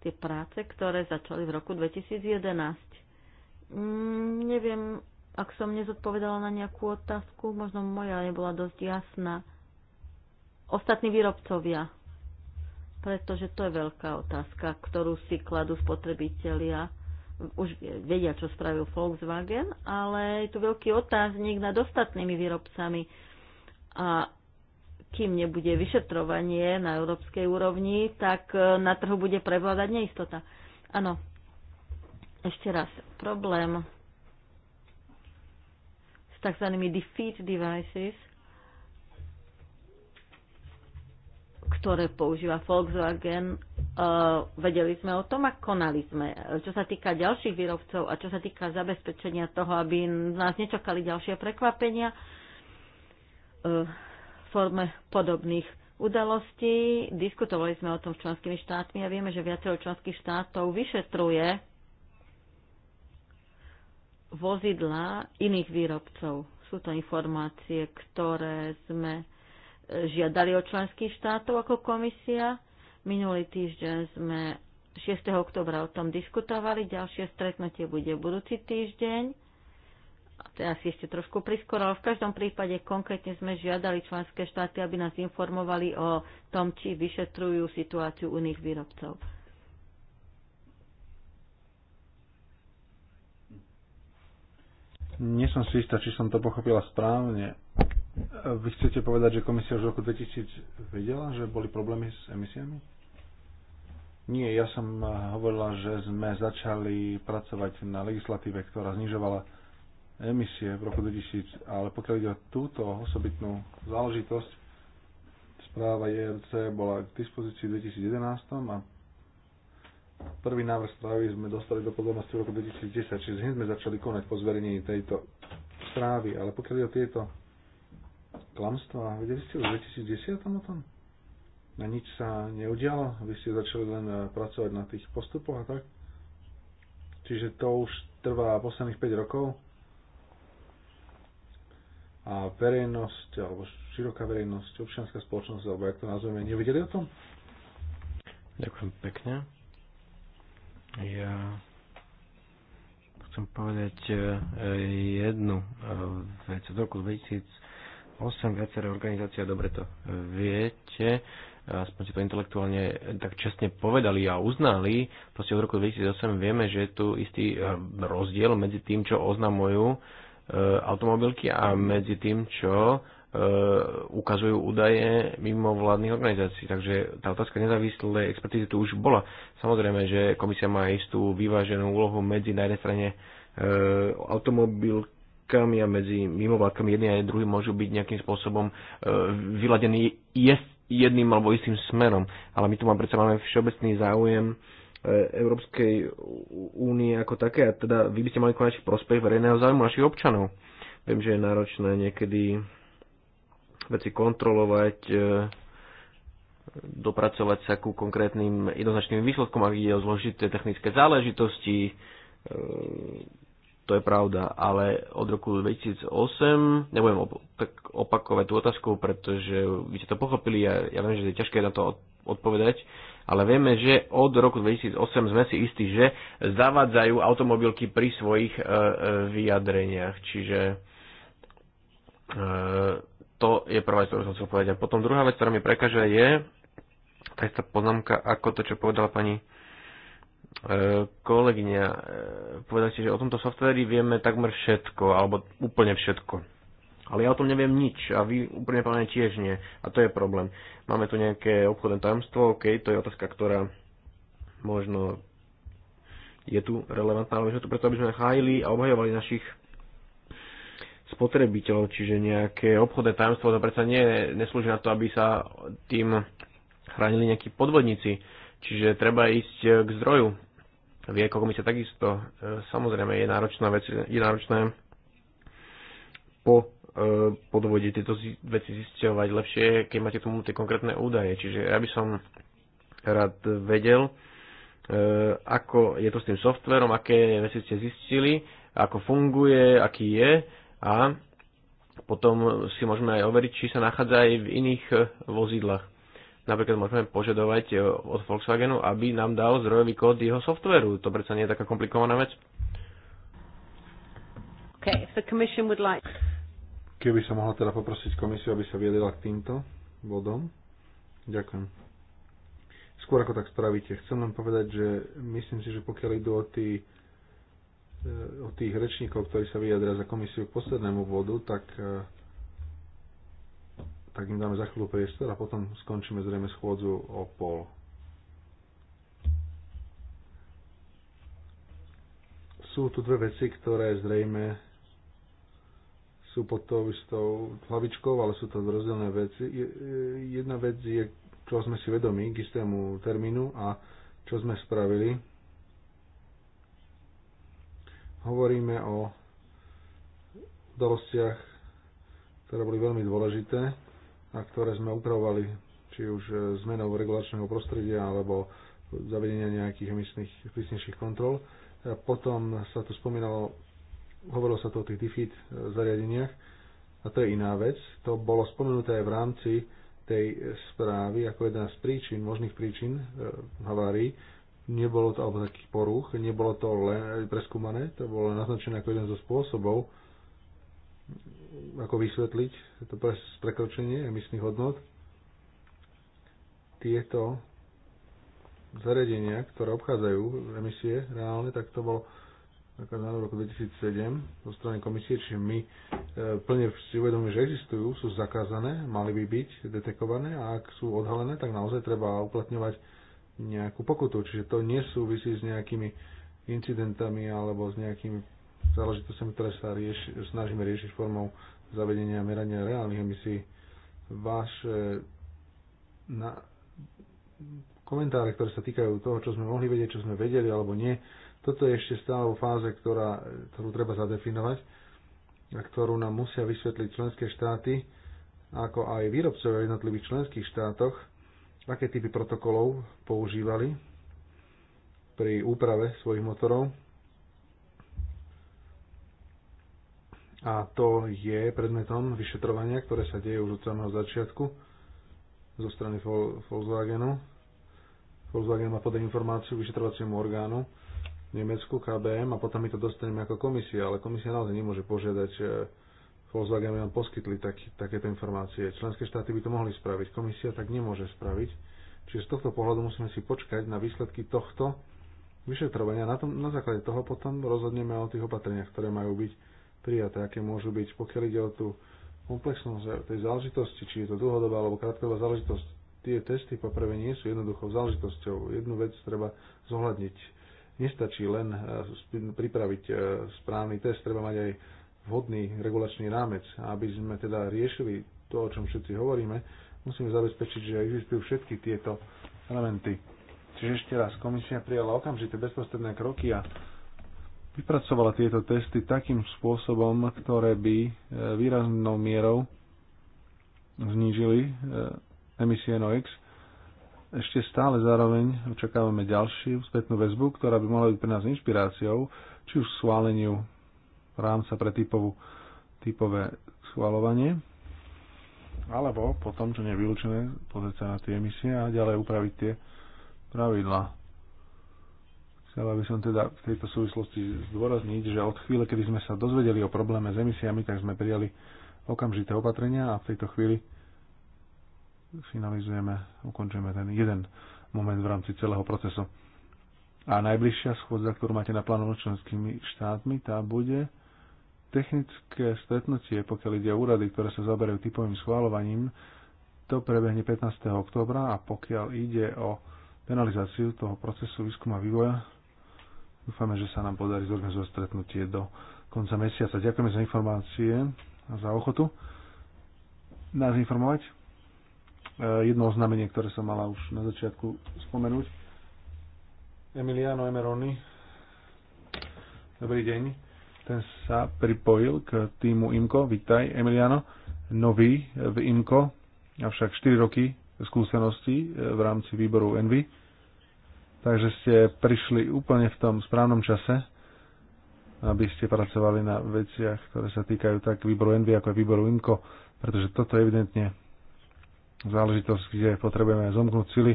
Speaker 4: tie práce, ktoré začali v roku 2011. Mm, neviem, ak som nezodpovedala na nejakú otázku, možno moja nebola dosť jasná. Ostatní výrobcovia, pretože to je veľká otázka, ktorú si kladú spotrebitelia. Už vedia, čo spravil Volkswagen, ale je tu veľký otáznik nad ostatnými výrobcami. A kým nebude vyšetrovanie na európskej úrovni, tak e, na trhu bude prevládať neistota. Áno, ešte raz, problém s tzv. defeat devices, ktoré používa Volkswagen, e, vedeli sme o tom a konali sme. Čo sa týka ďalších výrobcov a čo sa týka zabezpečenia toho, aby nás nečakali ďalšie prekvapenia, e, forme podobných udalostí. Diskutovali sme o tom s členskými štátmi a vieme, že viacero členských štátov vyšetruje vozidla iných výrobcov. Sú to informácie, ktoré sme e, žiadali od členských štátov ako komisia. Minulý týždeň sme 6. oktobra o tom diskutovali. Ďalšie stretnutie bude budúci týždeň asi ešte trošku priskoro, ale v každom prípade konkrétne sme žiadali členské štáty, aby nás informovali o tom, či vyšetrujú situáciu iných výrobcov.
Speaker 2: Nie som si istá, či som to pochopila správne. Vy chcete povedať, že komisia už v roku 2000 vedela, že boli problémy s emisiami? Nie, ja som eh, hovorila, že sme začali pracovať na legislatíve, ktorá znižovala emisie v roku 2000, ale pokiaľ ide o túto osobitnú záležitosť, správa ERC bola k dispozícii v 2011 a prvý návrh správy sme dostali do pozornosti v roku 2010, čiže hneď sme začali konať po zverejnení tejto správy, ale pokiaľ ide o tieto klamstvá, vedeli ste už v 2010 o tom? Na nič sa neudialo, vy ste začali len eh, pracovať na tých postupoch a tak? Čiže to už trvá posledných 5 rokov a verejnosť, alebo široká verejnosť, občianská spoločnosť, alebo ako to nazveme, nevedeli o tom?
Speaker 3: Ďakujem pekne. Ja chcem povedať e, jednu e, vec. Od roku 2008 viaceré organizácie, dobre to viete, e, aspoň si to intelektuálne tak čestne povedali a uznali, proste od roku 2008 vieme, že je tu istý rozdiel medzi tým, čo oznamujú E, automobilky a medzi tým, čo e, ukazujú údaje mimo vládnych organizácií. Takže tá otázka nezávislej expertízy tu už bola. Samozrejme, že komisia má istú vyváženú úlohu medzi na jednej strane e, automobilkami a medzi mimovládkami jedný a druhý môžu byť nejakým spôsobom vyladení jedným alebo istým smerom. Ale my tu máme predsa máme všeobecný záujem E, Európskej únie ako také a teda vy by ste mali konať prospech verejného záujmu našich občanov. Viem, že je náročné niekedy veci kontrolovať, e, dopracovať sa ku konkrétnym jednoznačným výsledkom, ak ide o zložité technické záležitosti, e, to je pravda, ale od roku 2008, nebudem op- tak opakovať tú otázku, pretože vy ste to pochopili a ja, ja viem, že je ťažké na to odpovedať, ale vieme, že od roku 2008 sme si istí, že zavadzajú automobilky pri svojich e, e, vyjadreniach. Čiže e, to je prvá vec, ktorú som chcel povedať. A potom druhá vec, ktorá mi prekáže, je tá istá poznámka, ako to, čo povedala pani e, kolegyňa, e, povedali ste, že o tomto softveri vieme takmer všetko, alebo úplne všetko ale ja o tom neviem nič a vy úplne pláne tiež nie. A to je problém. Máme tu nejaké obchodné tajomstvo, OK, to je otázka, ktorá možno je tu relevantná, ale my sme tu preto, aby sme chájili a obhajovali našich spotrebiteľov, čiže nejaké obchodné tajomstvo, to predsa nie, neslúži na to, aby sa tým chránili nejakí podvodníci. Čiže treba ísť e, k zdroju. Vie komisia takisto. E, samozrejme je náročná vec, je náročné po E, podvode tieto veci zisťovať lepšie, keď máte tomu tie konkrétne údaje. Čiže ja by som rád vedel, e, ako je to s tým softverom, aké veci ste zistili, ako funguje, aký je a potom si môžeme aj overiť, či sa nachádza aj v iných vozidlách. Napríklad môžeme požadovať e, od Volkswagenu, aby nám dal zdrojový kód jeho softveru. To predsa nie je taká komplikovaná vec.
Speaker 1: Okay, if the commission would like...
Speaker 3: Keby som mohla teda poprosiť
Speaker 2: komisiu, aby sa viedela k týmto bodom. Ďakujem. Skôr ako tak spravíte, chcem len povedať, že myslím si, že pokiaľ idú o, tý, e, o tých rečníkov, ktorí sa vyjadria za komisiu k poslednému bodu, tak, e, tak im dáme za chvíľu priestor a potom skončíme zrejme schôdzu o pol. Sú tu dve veci, ktoré zrejme sú pod tou istou hlavičkou, ale sú to rozdielne veci. E, jedna vec je, čo sme si vedomi k istému termínu a čo sme spravili. Hovoríme o udalostiach, ktoré boli veľmi dôležité a ktoré sme upravovali či už e, zmenou regulačného prostredia alebo zavedenia nejakých emisných prísnejších kontrol. Potom sa tu spomínalo Hovorilo sa to o tých DFID e, zariadeniach a to je iná vec. To bolo spomenuté aj v rámci tej správy ako jedna z príčin, možných príčin e, havárií. Nebolo to, alebo takých poruch, nebolo to len preskúmané, to bolo naznačené ako jeden zo spôsobov, ako vysvetliť to prekročenie emisných hodnot. Tieto zariadenia, ktoré obchádzajú emisie reálne, tak to bolo na roku 2007 zo strany komisie, či my e, plne si uvedomíme, že existujú, sú zakázané, mali by byť detekované a ak sú odhalené, tak naozaj treba uplatňovať nejakú pokutu. Čiže to nesúvisí s nejakými incidentami alebo s nejakými záležitostiami, ktoré sa rieši, snažíme riešiť formou zavedenia a merania reálnych emisí. Váš na, komentáre, ktoré sa týkajú toho, čo sme mohli vedieť, čo sme vedeli alebo nie, toto je ešte stále vo fáze, ktorá, ktorú treba zadefinovať a ktorú nám musia vysvetliť členské štáty, ako aj výrobcovia v jednotlivých členských štátoch, aké typy protokolov používali pri úprave svojich motorov. A to je predmetom vyšetrovania, ktoré sa deje už od samého začiatku zo strany Volkswagenu. Volkswagen má podať informáciu vyšetrovaciemu orgánu Nemecku, KBM, a potom my to dostaneme ako komisia, ale komisia naozaj nemôže požiadať Volkswagen, aby nám poskytli tak, takéto informácie. Členské štáty by to mohli spraviť, komisia tak nemôže spraviť. Čiže z tohto pohľadu musíme si počkať na výsledky tohto vyšetrovania. Na, tom, na základe toho potom rozhodneme o tých opatreniach, ktoré majú byť prijaté, aké môžu byť, pokiaľ ide o tú komplexnosť tej záležitosti, či je to dlhodobá alebo krátkodobá záležitosť. Tie testy poprvé nie sú jednoduchou záležitosťou. Jednu vec treba zohľadniť Nestačí len eh, pripraviť eh, správny test, treba mať aj vhodný regulačný rámec. Aby sme teda riešili to, o čom všetci hovoríme, musíme zabezpečiť, že existujú všetky tieto elementy. Čiže ešte raz, komisia prijala okamžite bezprostredné kroky a vypracovala tieto testy takým spôsobom, ktoré by eh, výraznou mierou znížili emisie NOx ešte stále zároveň očakávame ďalšiu spätnú väzbu, ktorá by mohla byť pre nás inšpiráciou, či už schváleniu rámca pre typovú, typové schvalovanie, alebo potom, čo nevylučené, pozrieť sa na tie emisie a ďalej upraviť tie pravidla. Chcela by som teda v tejto súvislosti zdôrazniť, že od chvíle, kedy sme sa dozvedeli o probléme s emisiami, tak sme prijali okamžité opatrenia a v tejto chvíli finalizujeme, ukončujeme ten jeden moment v rámci celého procesu. A najbližšia schôdza, ktorú máte na plánu členskými štátmi, tá bude technické stretnutie, pokiaľ ide o úrady, ktoré sa zaberajú typovým schváľovaním. To prebehne 15. oktobra a pokiaľ ide o penalizáciu toho procesu výskuma vývoja, dúfame, že sa nám podarí zorganizovať stretnutie do konca mesiaca. Ďakujeme za informácie a za ochotu nás informovať. Eh, jedno oznámenie, ktoré som mala už na začiatku spomenúť. Emiliano Emeroni, dobrý deň. Ten sa pripojil k týmu IMCO. Vítaj, Emiliano. Nový v IMCO, avšak 4 roky skúseností eh, v rámci výboru Envy. Takže ste prišli úplne v tom správnom čase, aby ste pracovali na veciach, ktoré sa týkajú tak výboru Envy ako aj výboru IMCO, pretože toto evidentne záležitosť, kde potrebujeme zomknúť sily.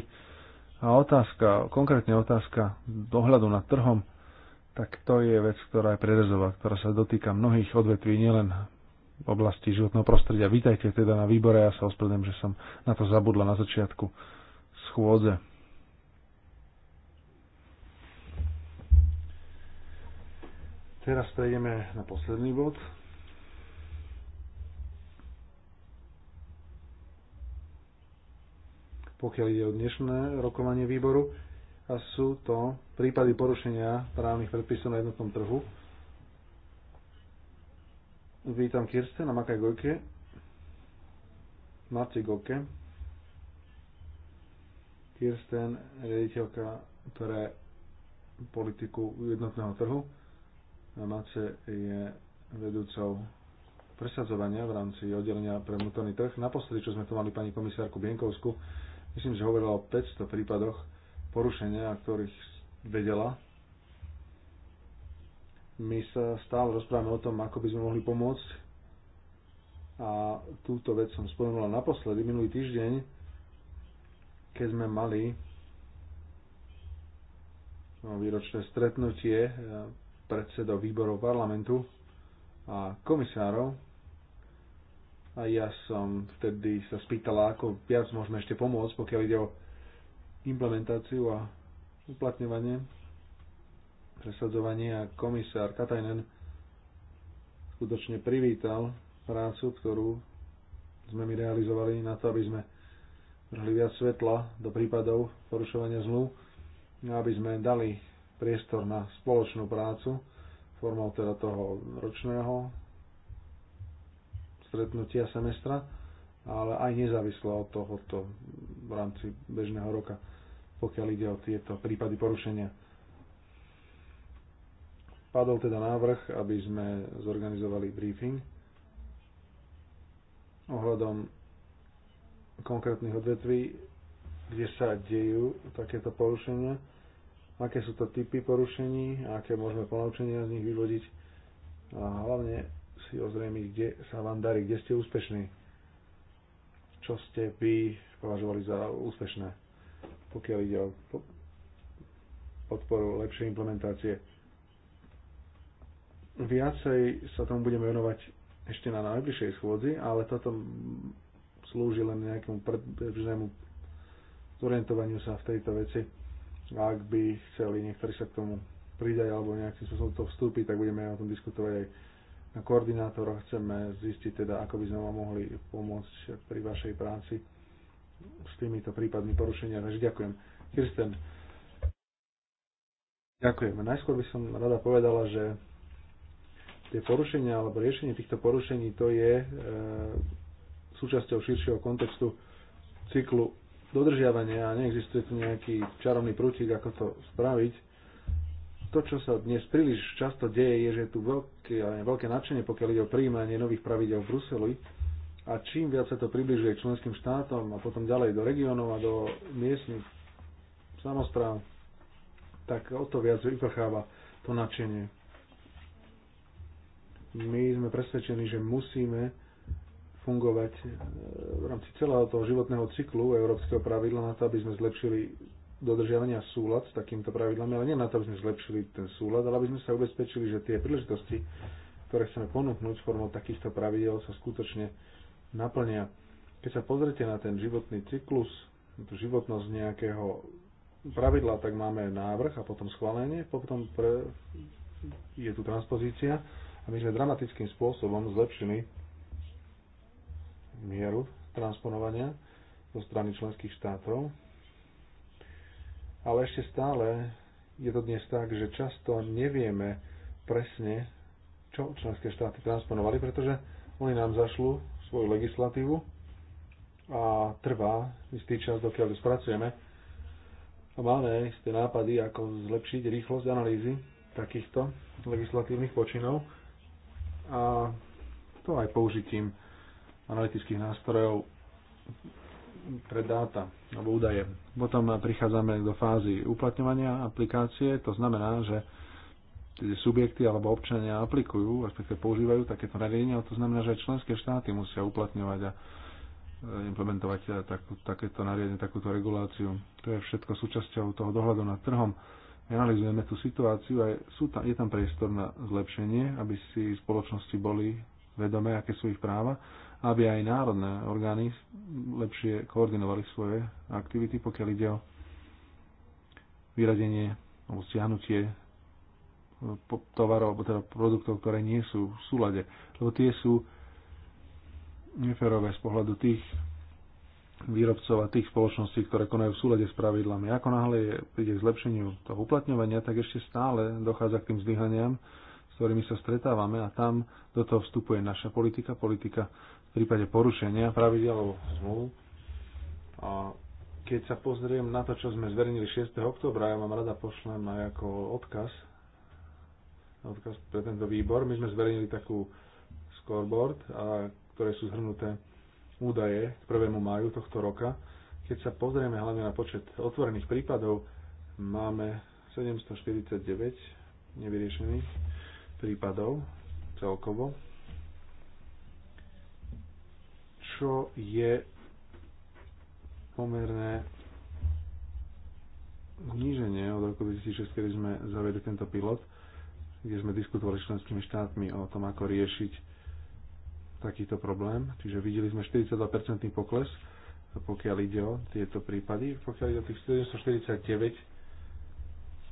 Speaker 2: A otázka, konkrétne otázka dohľadu nad trhom, tak to je vec, ktorá je prerezová, ktorá sa dotýka mnohých odvetví, nielen v oblasti životného prostredia. Vítajte teda na výbore, ja sa ospravedlňujem, že som na to zabudla na začiatku schôdze. Teraz prejdeme na posledný bod. pokiaľ ide o dnešné rokovanie výboru. A sú to prípady porušenia právnych predpisov na jednotnom trhu. Vítam Kirsten a Makaj Gojke. Marci Gojke. Kirsten, riaditeľka pre politiku jednotného trhu. A Mace je vedúcou presadzovania v rámci oddelenia pre vnútorný trh. Naposledy, čo sme tu mali pani komisárku Bienkovsku, Myslím, že hovorila o 500 prípadoch porušenia, ktorých vedela. My sa stále rozprávame o tom, ako by sme mohli pomôcť. A túto vec som spomenula naposledy, minulý týždeň, keď sme mali no, výročné stretnutie eh, predsedov výborov parlamentu a komisárov a ja som vtedy sa spýtala, ako viac môžeme ešte pomôcť, pokiaľ ide o implementáciu a uplatňovanie, presadzovanie a komisár Katajnen skutočne privítal prácu, ktorú sme my realizovali na to, aby sme vrhli viac svetla do prípadov porušovania zmluv, aby sme dali priestor na spoločnú prácu formou teda toho ročného stretnutia semestra, ale aj nezávislo od tohoto v rámci bežného roka, pokiaľ ide o tieto prípady porušenia. Padol teda návrh, aby sme zorganizovali briefing ohľadom konkrétnych odvetví, kde sa dejú takéto porušenia, aké sú to typy porušení, aké môžeme ponaučenia z nich vyvodiť a hlavne si ozrejmiť, kde sa vám darí, kde ste úspešní, čo ste vy považovali za úspešné, pokiaľ ide o podporu lepšej implementácie. Viacej sa tomu budeme venovať ešte na najbližšej schôdzi, ale toto slúži len nejakému predbežnému zorientovaniu sa v tejto veci. Ak by chceli niektorí sa k tomu pridať alebo nejakým spôsobom to vstúpiť, tak budeme o tom diskutovať aj koordinátoroch chceme zistiť teda, ako by sme vám mohli pomôcť pri vašej práci s týmito prípadmi porušenia. Takže ďakujem. Kirsten, ďakujem. Najskôr by som rada povedala, že tie porušenia alebo riešenie týchto porušení to je e, súčasťou širšieho kontextu cyklu dodržiavania a neexistuje tu nejaký čarovný prútik, ako to spraviť to, čo sa dnes príliš často deje, je, že je tu veľké, veľké nadšenie, pokiaľ ide o prijímanie nových pravidel v Bruseli. A čím viac sa to približuje k členským štátom a potom ďalej do regiónov a do miestnych samozpráv, tak o to viac vyprcháva to nadšenie. My sme presvedčení, že musíme fungovať eh, v rámci celého toho životného cyklu európskeho pravidla na to, aby sme zlepšili dodržiavania súlad s takýmto pravidlami, ale nie na to, aby sme zlepšili ten súlad, ale aby sme sa ubezpečili, že tie príležitosti, ktoré chceme ponúknuť formou takýchto pravidel, sa skutočne naplnia. Keď sa pozrite na ten životný cyklus, tú životnosť nejakého pravidla, tak máme návrh a potom schválenie, potom pre, je tu transpozícia a my sme dramatickým spôsobom zlepšili mieru transponovania zo strany členských štátov ale ešte stále je to dnes tak, že často nevieme presne, čo členské štáty transponovali, pretože oni nám zašlu svoju legislatívu a trvá istý čas, dokiaľ ju spracujeme. A máme isté nápady, ako zlepšiť rýchlosť analýzy takýchto legislatívnych počinov a to aj použitím analytických nástrojov pre dáta alebo údaje. Potom prichádzame do fázy uplatňovania aplikácie, to znamená, že subjekty alebo občania aplikujú, respektíve používajú takéto nariadenia, to znamená, že aj členské štáty musia uplatňovať a e, implementovať e, takú, takéto nariadenie, takúto reguláciu. To je všetko súčasťou toho dohľadu nad trhom. Analizujeme tú situáciu a je tam priestor na zlepšenie, aby si spoločnosti boli vedomé, aké sú ich práva aby aj národné orgány lepšie koordinovali svoje aktivity, pokiaľ ide o vyradenie alebo stiahnutie e, tovarov alebo teda produktov, ktoré nie sú v súlade. Lebo tie sú neferové z pohľadu tých výrobcov a tých spoločností, ktoré konajú v súlade s pravidlami. Ako náhle príde k zlepšeniu toho uplatňovania, tak ešte stále dochádza k tým zlyhaniam, s ktorými sa stretávame a tam do toho vstupuje naša politika, politika prípade porušenia pravidel alebo zmluv. A keď sa pozriem na to, čo sme zverejnili 6. oktobra, ja vám rada pošlem aj ako odkaz, odkaz pre tento výbor. My sme zverejnili takú scoreboard, a, ktoré sú zhrnuté údaje k 1. máju tohto roka. Keď sa pozrieme hlavne na počet otvorených prípadov, máme 749 nevyriešených prípadov celkovo čo je pomerné zníženie od roku 2006, kedy sme zavedli tento pilot, kde sme diskutovali s členskými štátmi o tom, ako riešiť takýto problém. Čiže videli sme 42-percentný pokles, pokiaľ ide o tieto prípady. Pokiaľ ide o tých 749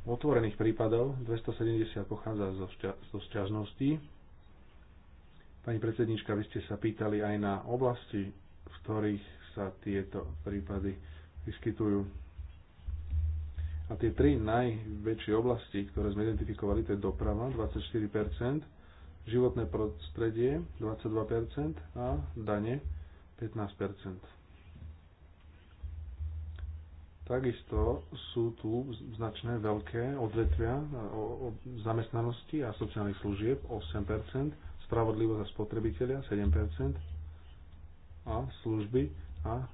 Speaker 2: otvorených prípadov, 270 pochádza zo, šťa- zo sťažností, Pani predsednička, vy ste sa pýtali aj na oblasti, v ktorých sa tieto prípady vyskytujú. A tie tri najväčšie oblasti, ktoré sme identifikovali, to je doprava 24%, životné prostredie 22% a dane 15%. Takisto sú tu značné veľké odvetvia zamestnanosti a sociálnych služieb 8%, spravodlivosť a spotrebitelia 7% a služby a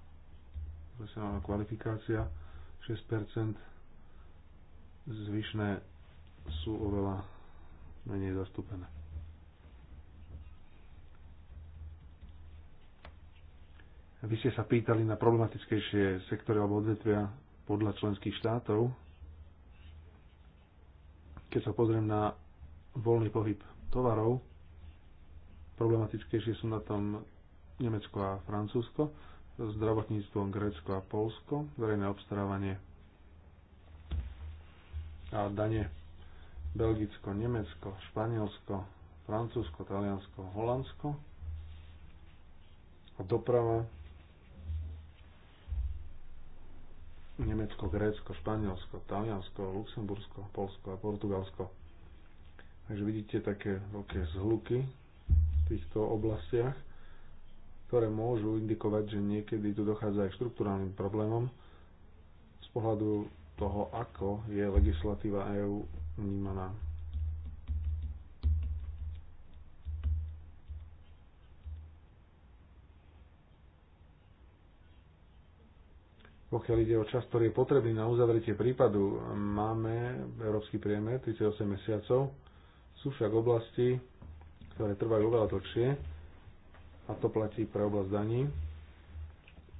Speaker 2: profesionálna kvalifikácia 6%. Zvyšné sú oveľa menej zastúpené. Vy ste sa pýtali na problematickejšie sektory alebo odvetvia podľa členských štátov. Keď sa pozriem na voľný pohyb tovarov, problematickejšie sú na tom Nemecko a Francúzsko, zdravotníctvo Grécko a Polsko, verejné obstarávanie a dane Belgicko, Nemecko, Španielsko, Francúzsko, Taliansko, Holandsko a doprava Nemecko, Grécko, Španielsko, Taliansko, Luxembursko, Polsko a Portugalsko. Takže vidíte také veľké zhluky týchto oblastiach, ktoré môžu indikovať, že niekedy tu dochádza aj k štruktúrálnym problémom z pohľadu toho, ako je legislatíva EÚ vnímaná. Pokiaľ ide o čas, ktorý je potrebný na uzavretie prípadu, máme európsky priemer 38 mesiacov. Sú však oblasti, ktoré trvajú oveľa dlhšie a to platí pre oblasť daní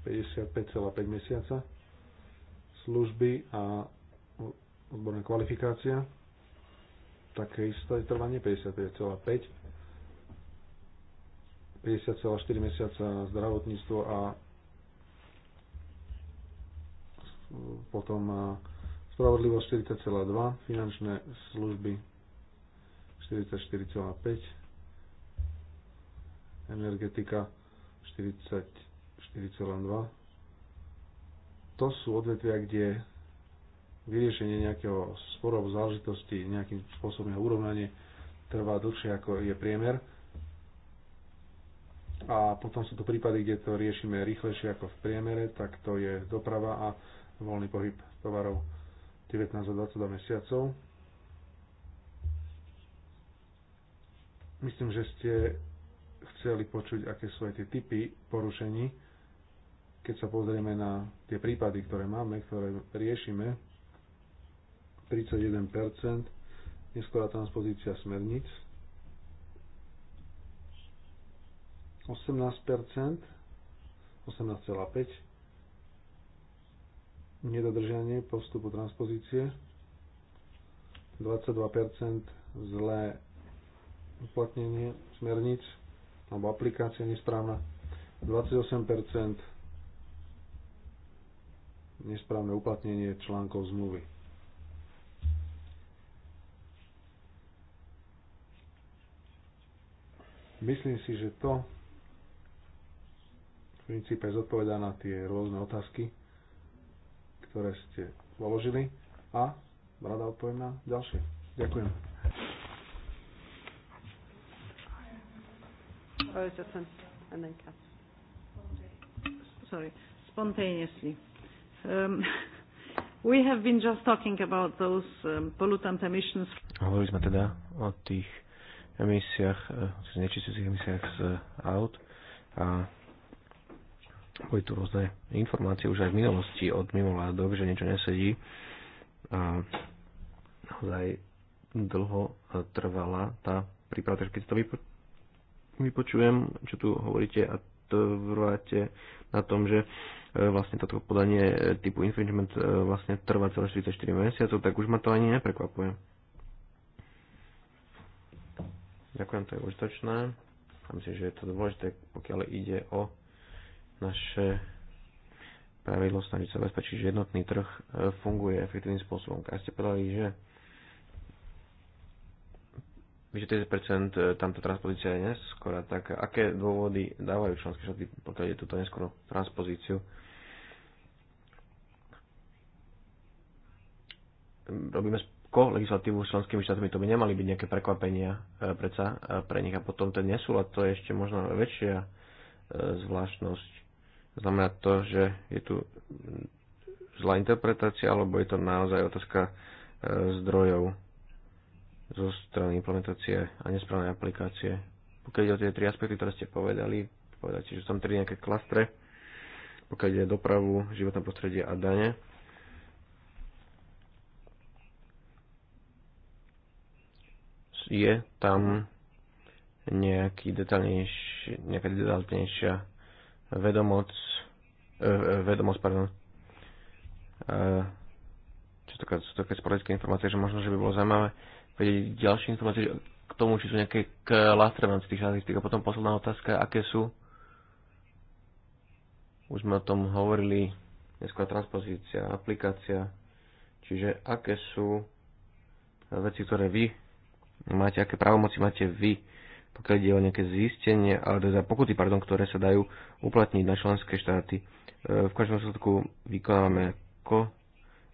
Speaker 2: 55,5 mesiaca, služby a odborná kvalifikácia také isté trvanie 55,5 50,4 mesiaca zdravotníctvo a potom spravodlivosť 40,2, finančné služby 44,5 energetika 44,2. To sú odvetvia, kde vyriešenie nejakého sporov záležitosti, nejakým spôsobom jeho urovnanie trvá dlhšie ako je priemer. A potom sú to prípady, kde to riešime rýchlejšie ako v priemere, tak to je doprava a voľný pohyb tovarov 19 a 22 mesiacov. Myslím, že ste chceli počuť, aké sú aj tie typy porušení. Keď sa pozrieme na tie prípady, ktoré máme, ktoré riešime, 31%, neskorá transpozícia smerníc, 18%, 18,5%, nedodržanie postupu transpozície, 22% zlé uplatnenie smerníc, alebo aplikácia nesprávna, 28% nesprávne uplatnenie článkov zmluvy. Myslím si, že to v princípe zodpovedá na tie rôzne otázky, ktoré ste položili a rada odpoviem na ďalšie. Ďakujem.
Speaker 1: Oh, Sorry, spontaneously. Um, [laughs] we have been just talking about those um, pollutant emissions.
Speaker 3: Hovorili sme teda o tých emisiách, e, znečistujúcich emisiách z e, aut a boli tu rôzne informácie už aj v minulosti od mimovládok, že niečo nesedí a naozaj dlho e, trvala tá príprava, keď to vypočujem, čo tu hovoríte a trváte na tom, že e, vlastne toto podanie e, typu infringement e, vlastne trvá celé 44 mesiacov, tak už ma to ani neprekvapuje. Ďakujem, to je užitočné. A myslím, že je to dôležité, pokiaľ ide o naše pravidlo snažiť sa bezpečiť, že jednotný trh funguje efektívnym spôsobom. Ak ste povedali, že vyše 30% e, tamto transpozícia je neskora, tak aké dôvody dávajú členské štáty, pokiaľ je túto neskorú transpozíciu? Robíme ko legislatívu s členskými štátmi, to by nemali byť nejaké prekvapenia e, predsa e, pre nich a potom ten nesúlad, to je ešte možno väčšia e, zvláštnosť. Znamená to, že je tu zlá interpretácia, alebo je to naozaj otázka e, zdrojov zo strany implementácie a nesprávnej aplikácie. Pokiaľ ide o tie tri aspekty, ktoré ste povedali, povedáte, že sú tam tri nejaké klastre, pokiaľ ide dopravu, životné prostredie a dane. Je tam nejaký detaľnejší, nejaká detaľnejšia vedomoc, e, e vedomoc, pardon, e, čo to, sú také sporadické informácie, že možno, že by bolo zaujímavé vedieť ďalšie informácie k tomu, či sú nejaké klastre v rámci tých štatistík. A potom posledná otázka, aké sú, už sme o tom hovorili, dneska transpozícia, aplikácia, čiže aké sú veci, ktoré vy máte, aké právomoci máte vy, pokiaľ ide o nejaké zistenie, ale teda pokuty, pardon, ktoré sa dajú uplatniť na členské štáty. E, v každom sledku vykonávame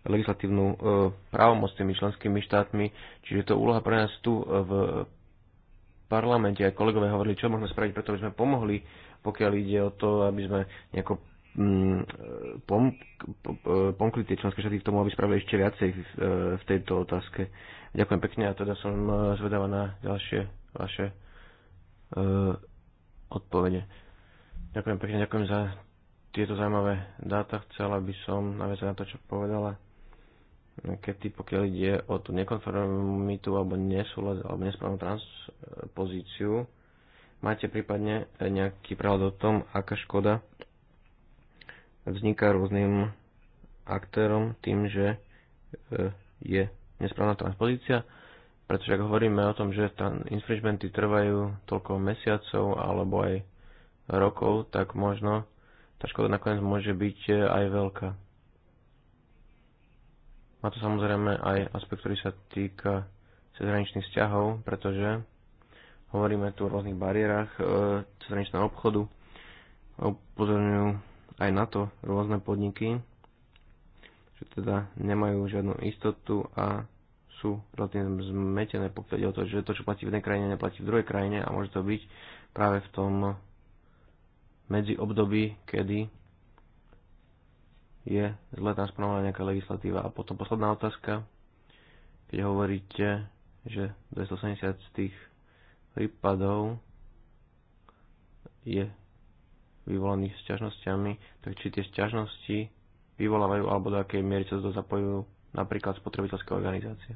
Speaker 3: legislatívnu e, právomoc tými členskými štátmi. Čiže to úloha pre nás tu e, v parlamente. Aj kolegovia hovorili, čo môžeme spraviť, preto by sme pomohli, pokiaľ ide o to, aby sme nejako mm, pom, pomkli tie členské štáty k tomu, aby spravili ešte viacej v, e, v tejto otázke. Ďakujem pekne a teda som zvedavá na ďalšie vaše uh, odpovede. Ďakujem pekne, ďakujem za tieto zaujímavé dáta. Chcela by som naviazať na to, čo povedala No, kedy pokiaľ ide o tú nekonformitu alebo nesúlad alebo nesprávnu transpozíciu, máte prípadne nejaký prehľad o tom, aká škoda vzniká rôznym aktérom tým, že e, je nesprávna transpozícia, pretože ak hovoríme o tom, že infringementy trvajú toľko mesiacov alebo aj rokov, tak možno tá škoda nakoniec môže byť e, aj veľká. Má to samozrejme aj aspekt, ktorý sa týka cezhraničných vzťahov, pretože hovoríme tu o rôznych bariérach e, cezhraničného obchodu. Upozorňujú aj na to rôzne podniky, že teda nemajú žiadnu istotu a sú relatívne zmetené, pokiaľ ide o to, že to, čo platí v jednej krajine, neplatí v druhej krajine a môže to byť práve v tom medzi období, kedy je zle transponovaná nejaká legislatíva. A potom posledná otázka, keď hovoríte, že 280 z tých prípadov je vyvolaných sťažnosťami, tak či tie sťažnosti vyvolávajú alebo do akej miery sa to zapojujú napríklad spotrebiteľské organizácie.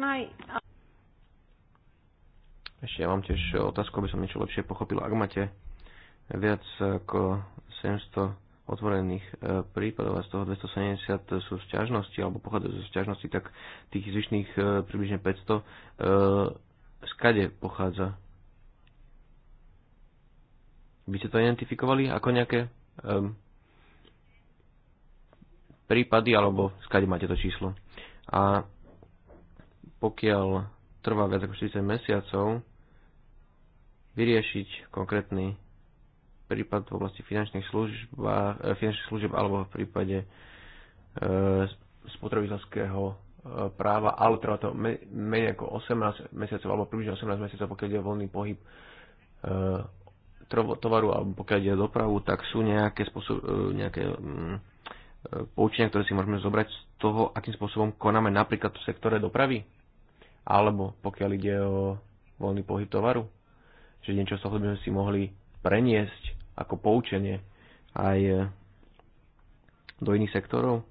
Speaker 3: can I... Ešte ja mám tiež otázku, aby som niečo lepšie pochopil. Ak máte viac ako 700 otvorených e, prípadov a z toho 270 sú sťažnosti alebo pochádzajú zo sťažnosti, tak tých zvyšných e, približne 500 e, skade pochádza? By ste to identifikovali ako nejaké prípady, alebo skade máte to číslo? A pokiaľ trvá viac ako 40 mesiacov, vyriešiť konkrétny prípad v oblasti finančných služieb, eh, finančných služieb alebo v prípade e, spotrebiteľského eh, práva, ale trvá to menej ako 18 mesiacov alebo približne 18 mesiacov, pokiaľ ide voľný pohyb e, tovaru alebo pokiaľ ide dopravu, tak sú nejaké, spôsob, nejaké mm, poučenia, ktoré si môžeme zobrať z toho, akým spôsobom konáme napríklad v sektore dopravy alebo pokiaľ ide o voľný pohyb tovaru. Že niečo z toho by sme si mohli preniesť ako poučenie aj eh, do iných sektorov.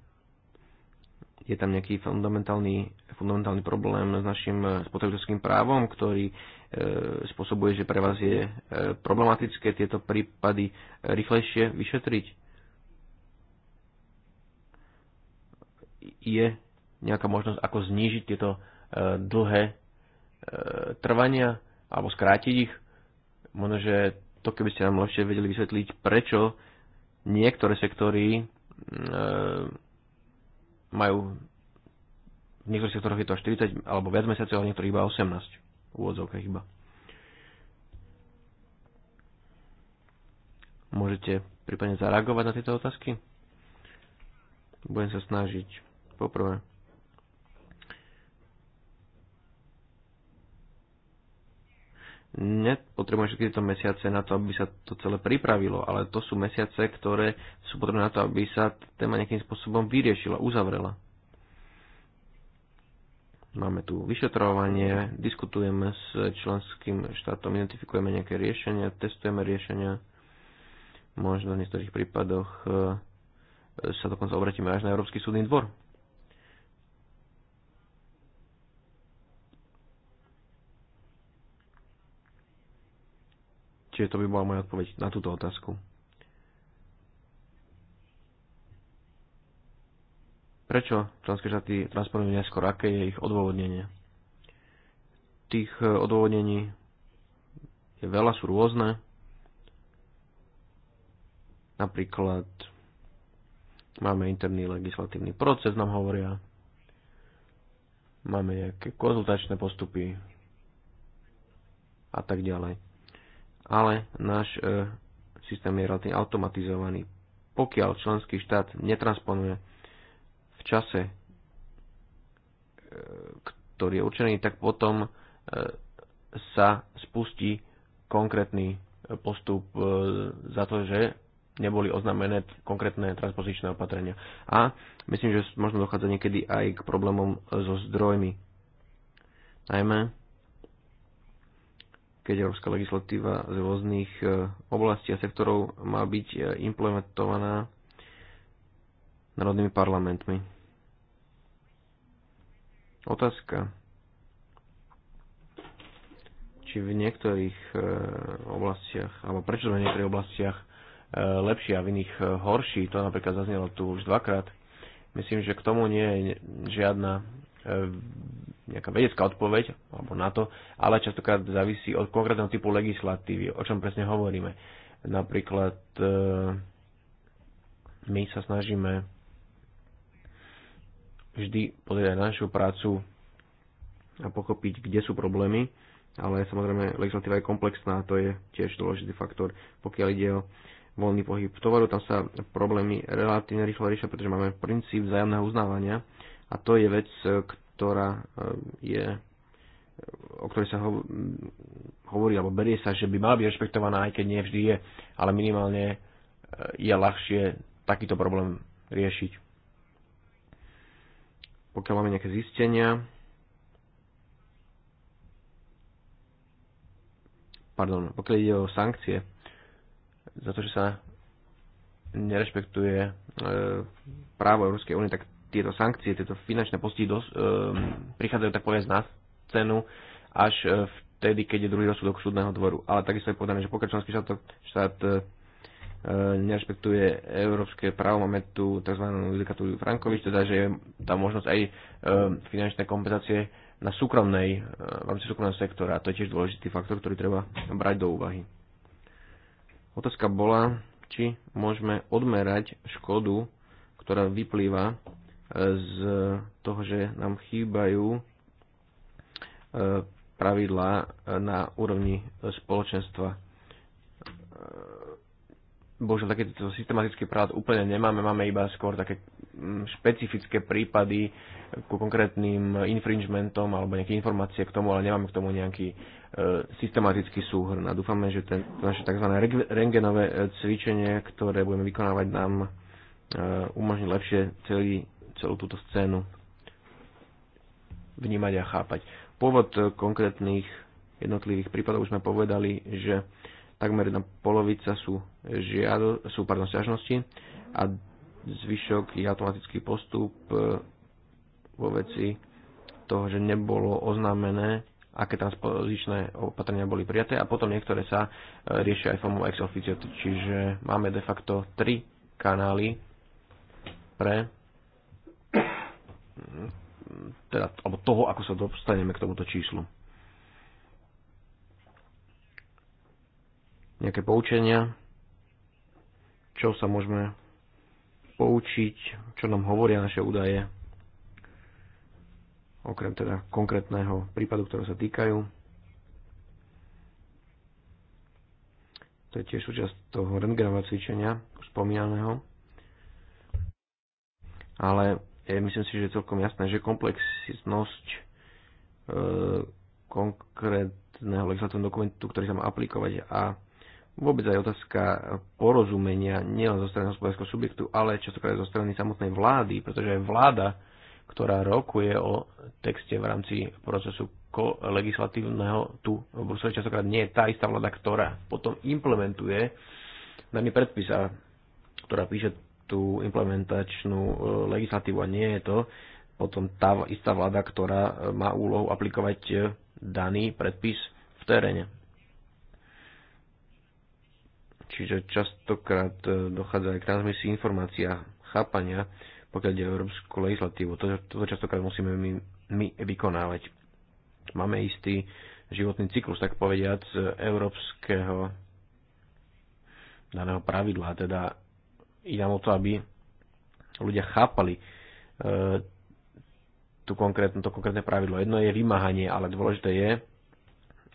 Speaker 3: Je tam nejaký fundamentálny, fundamentálny problém s našim eh, spotrebiteľským právom, ktorý e, spôsobuje, že pre vás je e, problematické tieto prípady rýchlejšie vyšetriť. Je nejaká možnosť, ako znížiť tieto dlhé e, trvania alebo skrátiť ich. Možno, že to keby ste nám lepšie vedeli vysvetliť, prečo niektoré sektory e, majú v niektorých sektoroch je to až 40 alebo viac mesiacov, ale niektorých iba 18 v úvodzovkách iba. Môžete prípadne zareagovať na tieto otázky? Budem sa snažiť. Poprvé, nepotrebujeme všetky tieto mesiace na to, aby sa to celé pripravilo, ale to sú mesiace, ktoré sú potrebné na to, aby sa téma nejakým spôsobom vyriešila, uzavrela. Máme tu vyšetrovanie, diskutujeme s členským štátom, identifikujeme nejaké riešenia, testujeme riešenia. Možno v niektorých prípadoch eh, sa dokonca obratíme až na Európsky súdny dvor. Čiže to by bola moja odpoveď na túto otázku. Prečo členské štáty transponujú neskôr? Aké je ich odôvodnenie? Tých eh, odôvodnení je veľa, sú rôzne. Napríklad máme interný legislatívny proces, nám hovoria. Máme nejaké konzultačné postupy a tak ďalej ale náš e, systém je relatívne automatizovaný. Pokiaľ členský štát netransponuje v čase, e, ktorý je určený, tak potom e, sa spustí konkrétny postup e, za to, že neboli oznamené konkrétne transpozičné opatrenia. A myslím, že možno dochádza niekedy aj k problémom e, so zdrojmi. Najmä keď európska legislatíva z rôznych e, oblastí a sektorov má byť e, implementovaná národnými parlamentmi. Otázka. Či v niektorých e, oblastiach, alebo prečo v niektorých oblastiach lepšie a v iných horší, to napríklad zaznelo tu už dvakrát. Myslím, že k tomu nie je žiadna nejaká vedecká odpoveď alebo na to, ale častokrát závisí od konkrétneho typu legislatívy, o čom presne hovoríme. Napríklad e, my sa snažíme vždy pozrieť aj našu prácu a pochopiť, kde sú problémy, ale samozrejme legislatíva je komplexná, to je tiež dôležitý faktor, pokiaľ ide o voľný pohyb tovaru, tam sa problémy relatívne rýchlo riešia, pretože máme princíp vzájomného uznávania a to je vec, ktorá eh, je o ktorej sa hovorí alebo berie sa, že by mala byť rešpektovaná, aj keď nie vždy je, ale minimálne eh, je ľahšie takýto problém riešiť. Pokiaľ máme nejaké zistenia, pardon, pokiaľ ide o sankcie, za to, že sa nerešpektuje eh, právo Európskej únie, tak tieto sankcie, tieto finančné postihy dos, e, prichádzajú tak povedať na cenu až e, vtedy, keď je druhý rozsudok súdneho dvoru. Ale takisto je povedané, že pokiaľ členský štát, štát e, e nerespektuje európske právo, máme tu tzv. judikatúru Frankovič, teda že je tá možnosť aj e, finančné kompenzácie na súkromnej, e, v rámci súkromného sektora. A to je tiež dôležitý faktor, ktorý treba brať do úvahy. Otázka bola, či môžeme odmerať škodu, ktorá vyplýva z toho, že nám chýbajú e, pravidlá na úrovni spoločenstva. E, Bože, takéto systematické práce úplne nemáme, máme iba skôr také mm, špecifické prípady ku konkrétnym infringementom alebo nejaké informácie k tomu, ale nemáme k tomu nejaký e, systematický súhrn. A dúfame, že ten, to naše tzv. rengenové cvičenie, ktoré budeme vykonávať, nám umožní lepšie celý celú túto scénu vnímať a chápať. Pôvod e, konkrétnych jednotlivých prípadov už sme povedali, že takmer na polovica sú, žiado, sú pardon, sťažnosti a zvyšok je automatický postup e, vo veci toho, že nebolo oznámené, aké transpozičné opatrenia boli prijaté a potom niektoré sa e, riešia aj formou ex officio, čiže máme de facto tri kanály pre teda, alebo toho, ako sa dostaneme k tomuto číslu. Nejaké poučenia, čo sa môžeme poučiť, čo nám hovoria naše údaje, okrem teda konkrétneho prípadu, ktorého sa týkajú. To je tiež súčasť toho rentgenového cvičenia, spomínaného. Ale myslím si, že je celkom jasné, že komplexnosť e, konkrétneho legislatívneho dokumentu, ktorý sa má aplikovať a vôbec aj otázka porozumenia nielen zo strany hospodárskeho subjektu, ale častokrát zo strany samotnej vlády, pretože aj vláda, ktorá rokuje o texte v rámci procesu legislatívneho tu v Bruseli častokrát nie je tá istá vláda, ktorá potom implementuje daný predpis a ktorá píše tú implementačnú e, legislatívu a nie je to potom tá istá vláda, ktorá e, má úlohu aplikovať e, daný predpis v teréne. Čiže častokrát dochádza aj k transmisii informácia, chápania, pokiaľ ide o európsku legislatívu. To toto častokrát musíme my, my vykonávať. Máme istý životný cyklus, tak povediať, z európskeho daného pravidla, teda Ide o to, aby ľudia chápali e, tú konkrétne, to konkrétne pravidlo. Jedno je vymáhanie, ale dôležité je,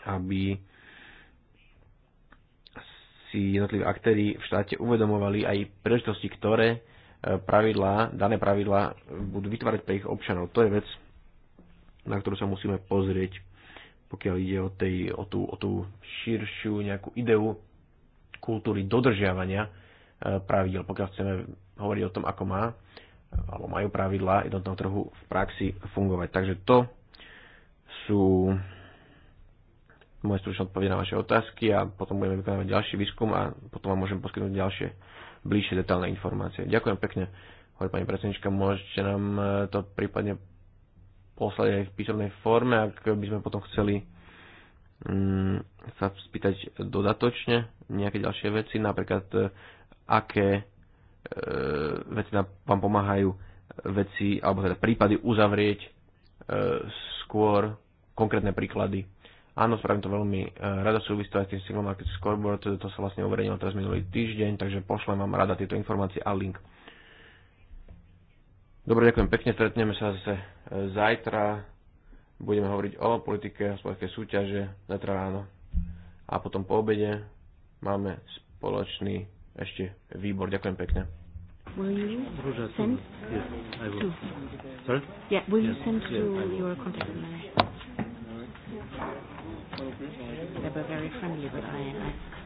Speaker 3: aby si jednotliví aktéry v štáte uvedomovali aj príležitosti, ktoré e, pravidlá, dané pravidlá budú vytvárať pre ich občanov. To je vec, na ktorú sa musíme pozrieť, pokiaľ ide o, tej, o, tú, o tú širšiu nejakú ideu kultúry dodržiavania Eh, pravidel, pokiaľ chceme hovoriť o tom, ako má eh, alebo majú pravidlá jednotného trhu v praxi fungovať. Takže to sú moje stručné odpovede na vaše otázky a potom budeme vykonávať ďalší výskum a potom vám môžem poskytnúť ďalšie bližšie detálne informácie. Ďakujem pekne. Hovorí pani predsednička, môžete nám eh, to prípadne poslať aj v písomnej forme, ak by sme potom chceli mm, sa spýtať dodatočne nejaké ďalšie veci, napríklad aké e, veci vám pomáhajú veci, alebo teda prípady uzavrieť e, skôr konkrétne príklady. Áno, spravím to veľmi e, rada súvisí aj s tým Single Market Scoreboard, to, to sa vlastne uverejnilo teraz minulý týždeň, takže pošlem vám rada tieto informácie a link. Dobre, ďakujem pekne, stretneme sa zase e, zajtra. Budeme hovoriť o politike a spoločnej súťaže, zajtra ráno. A potom po obede máme spoločný ešte výbor. Ďakujem pekne.
Speaker 1: Will you send? To. Sorry? Yeah, will you send to your contact They were very friendly, but I, I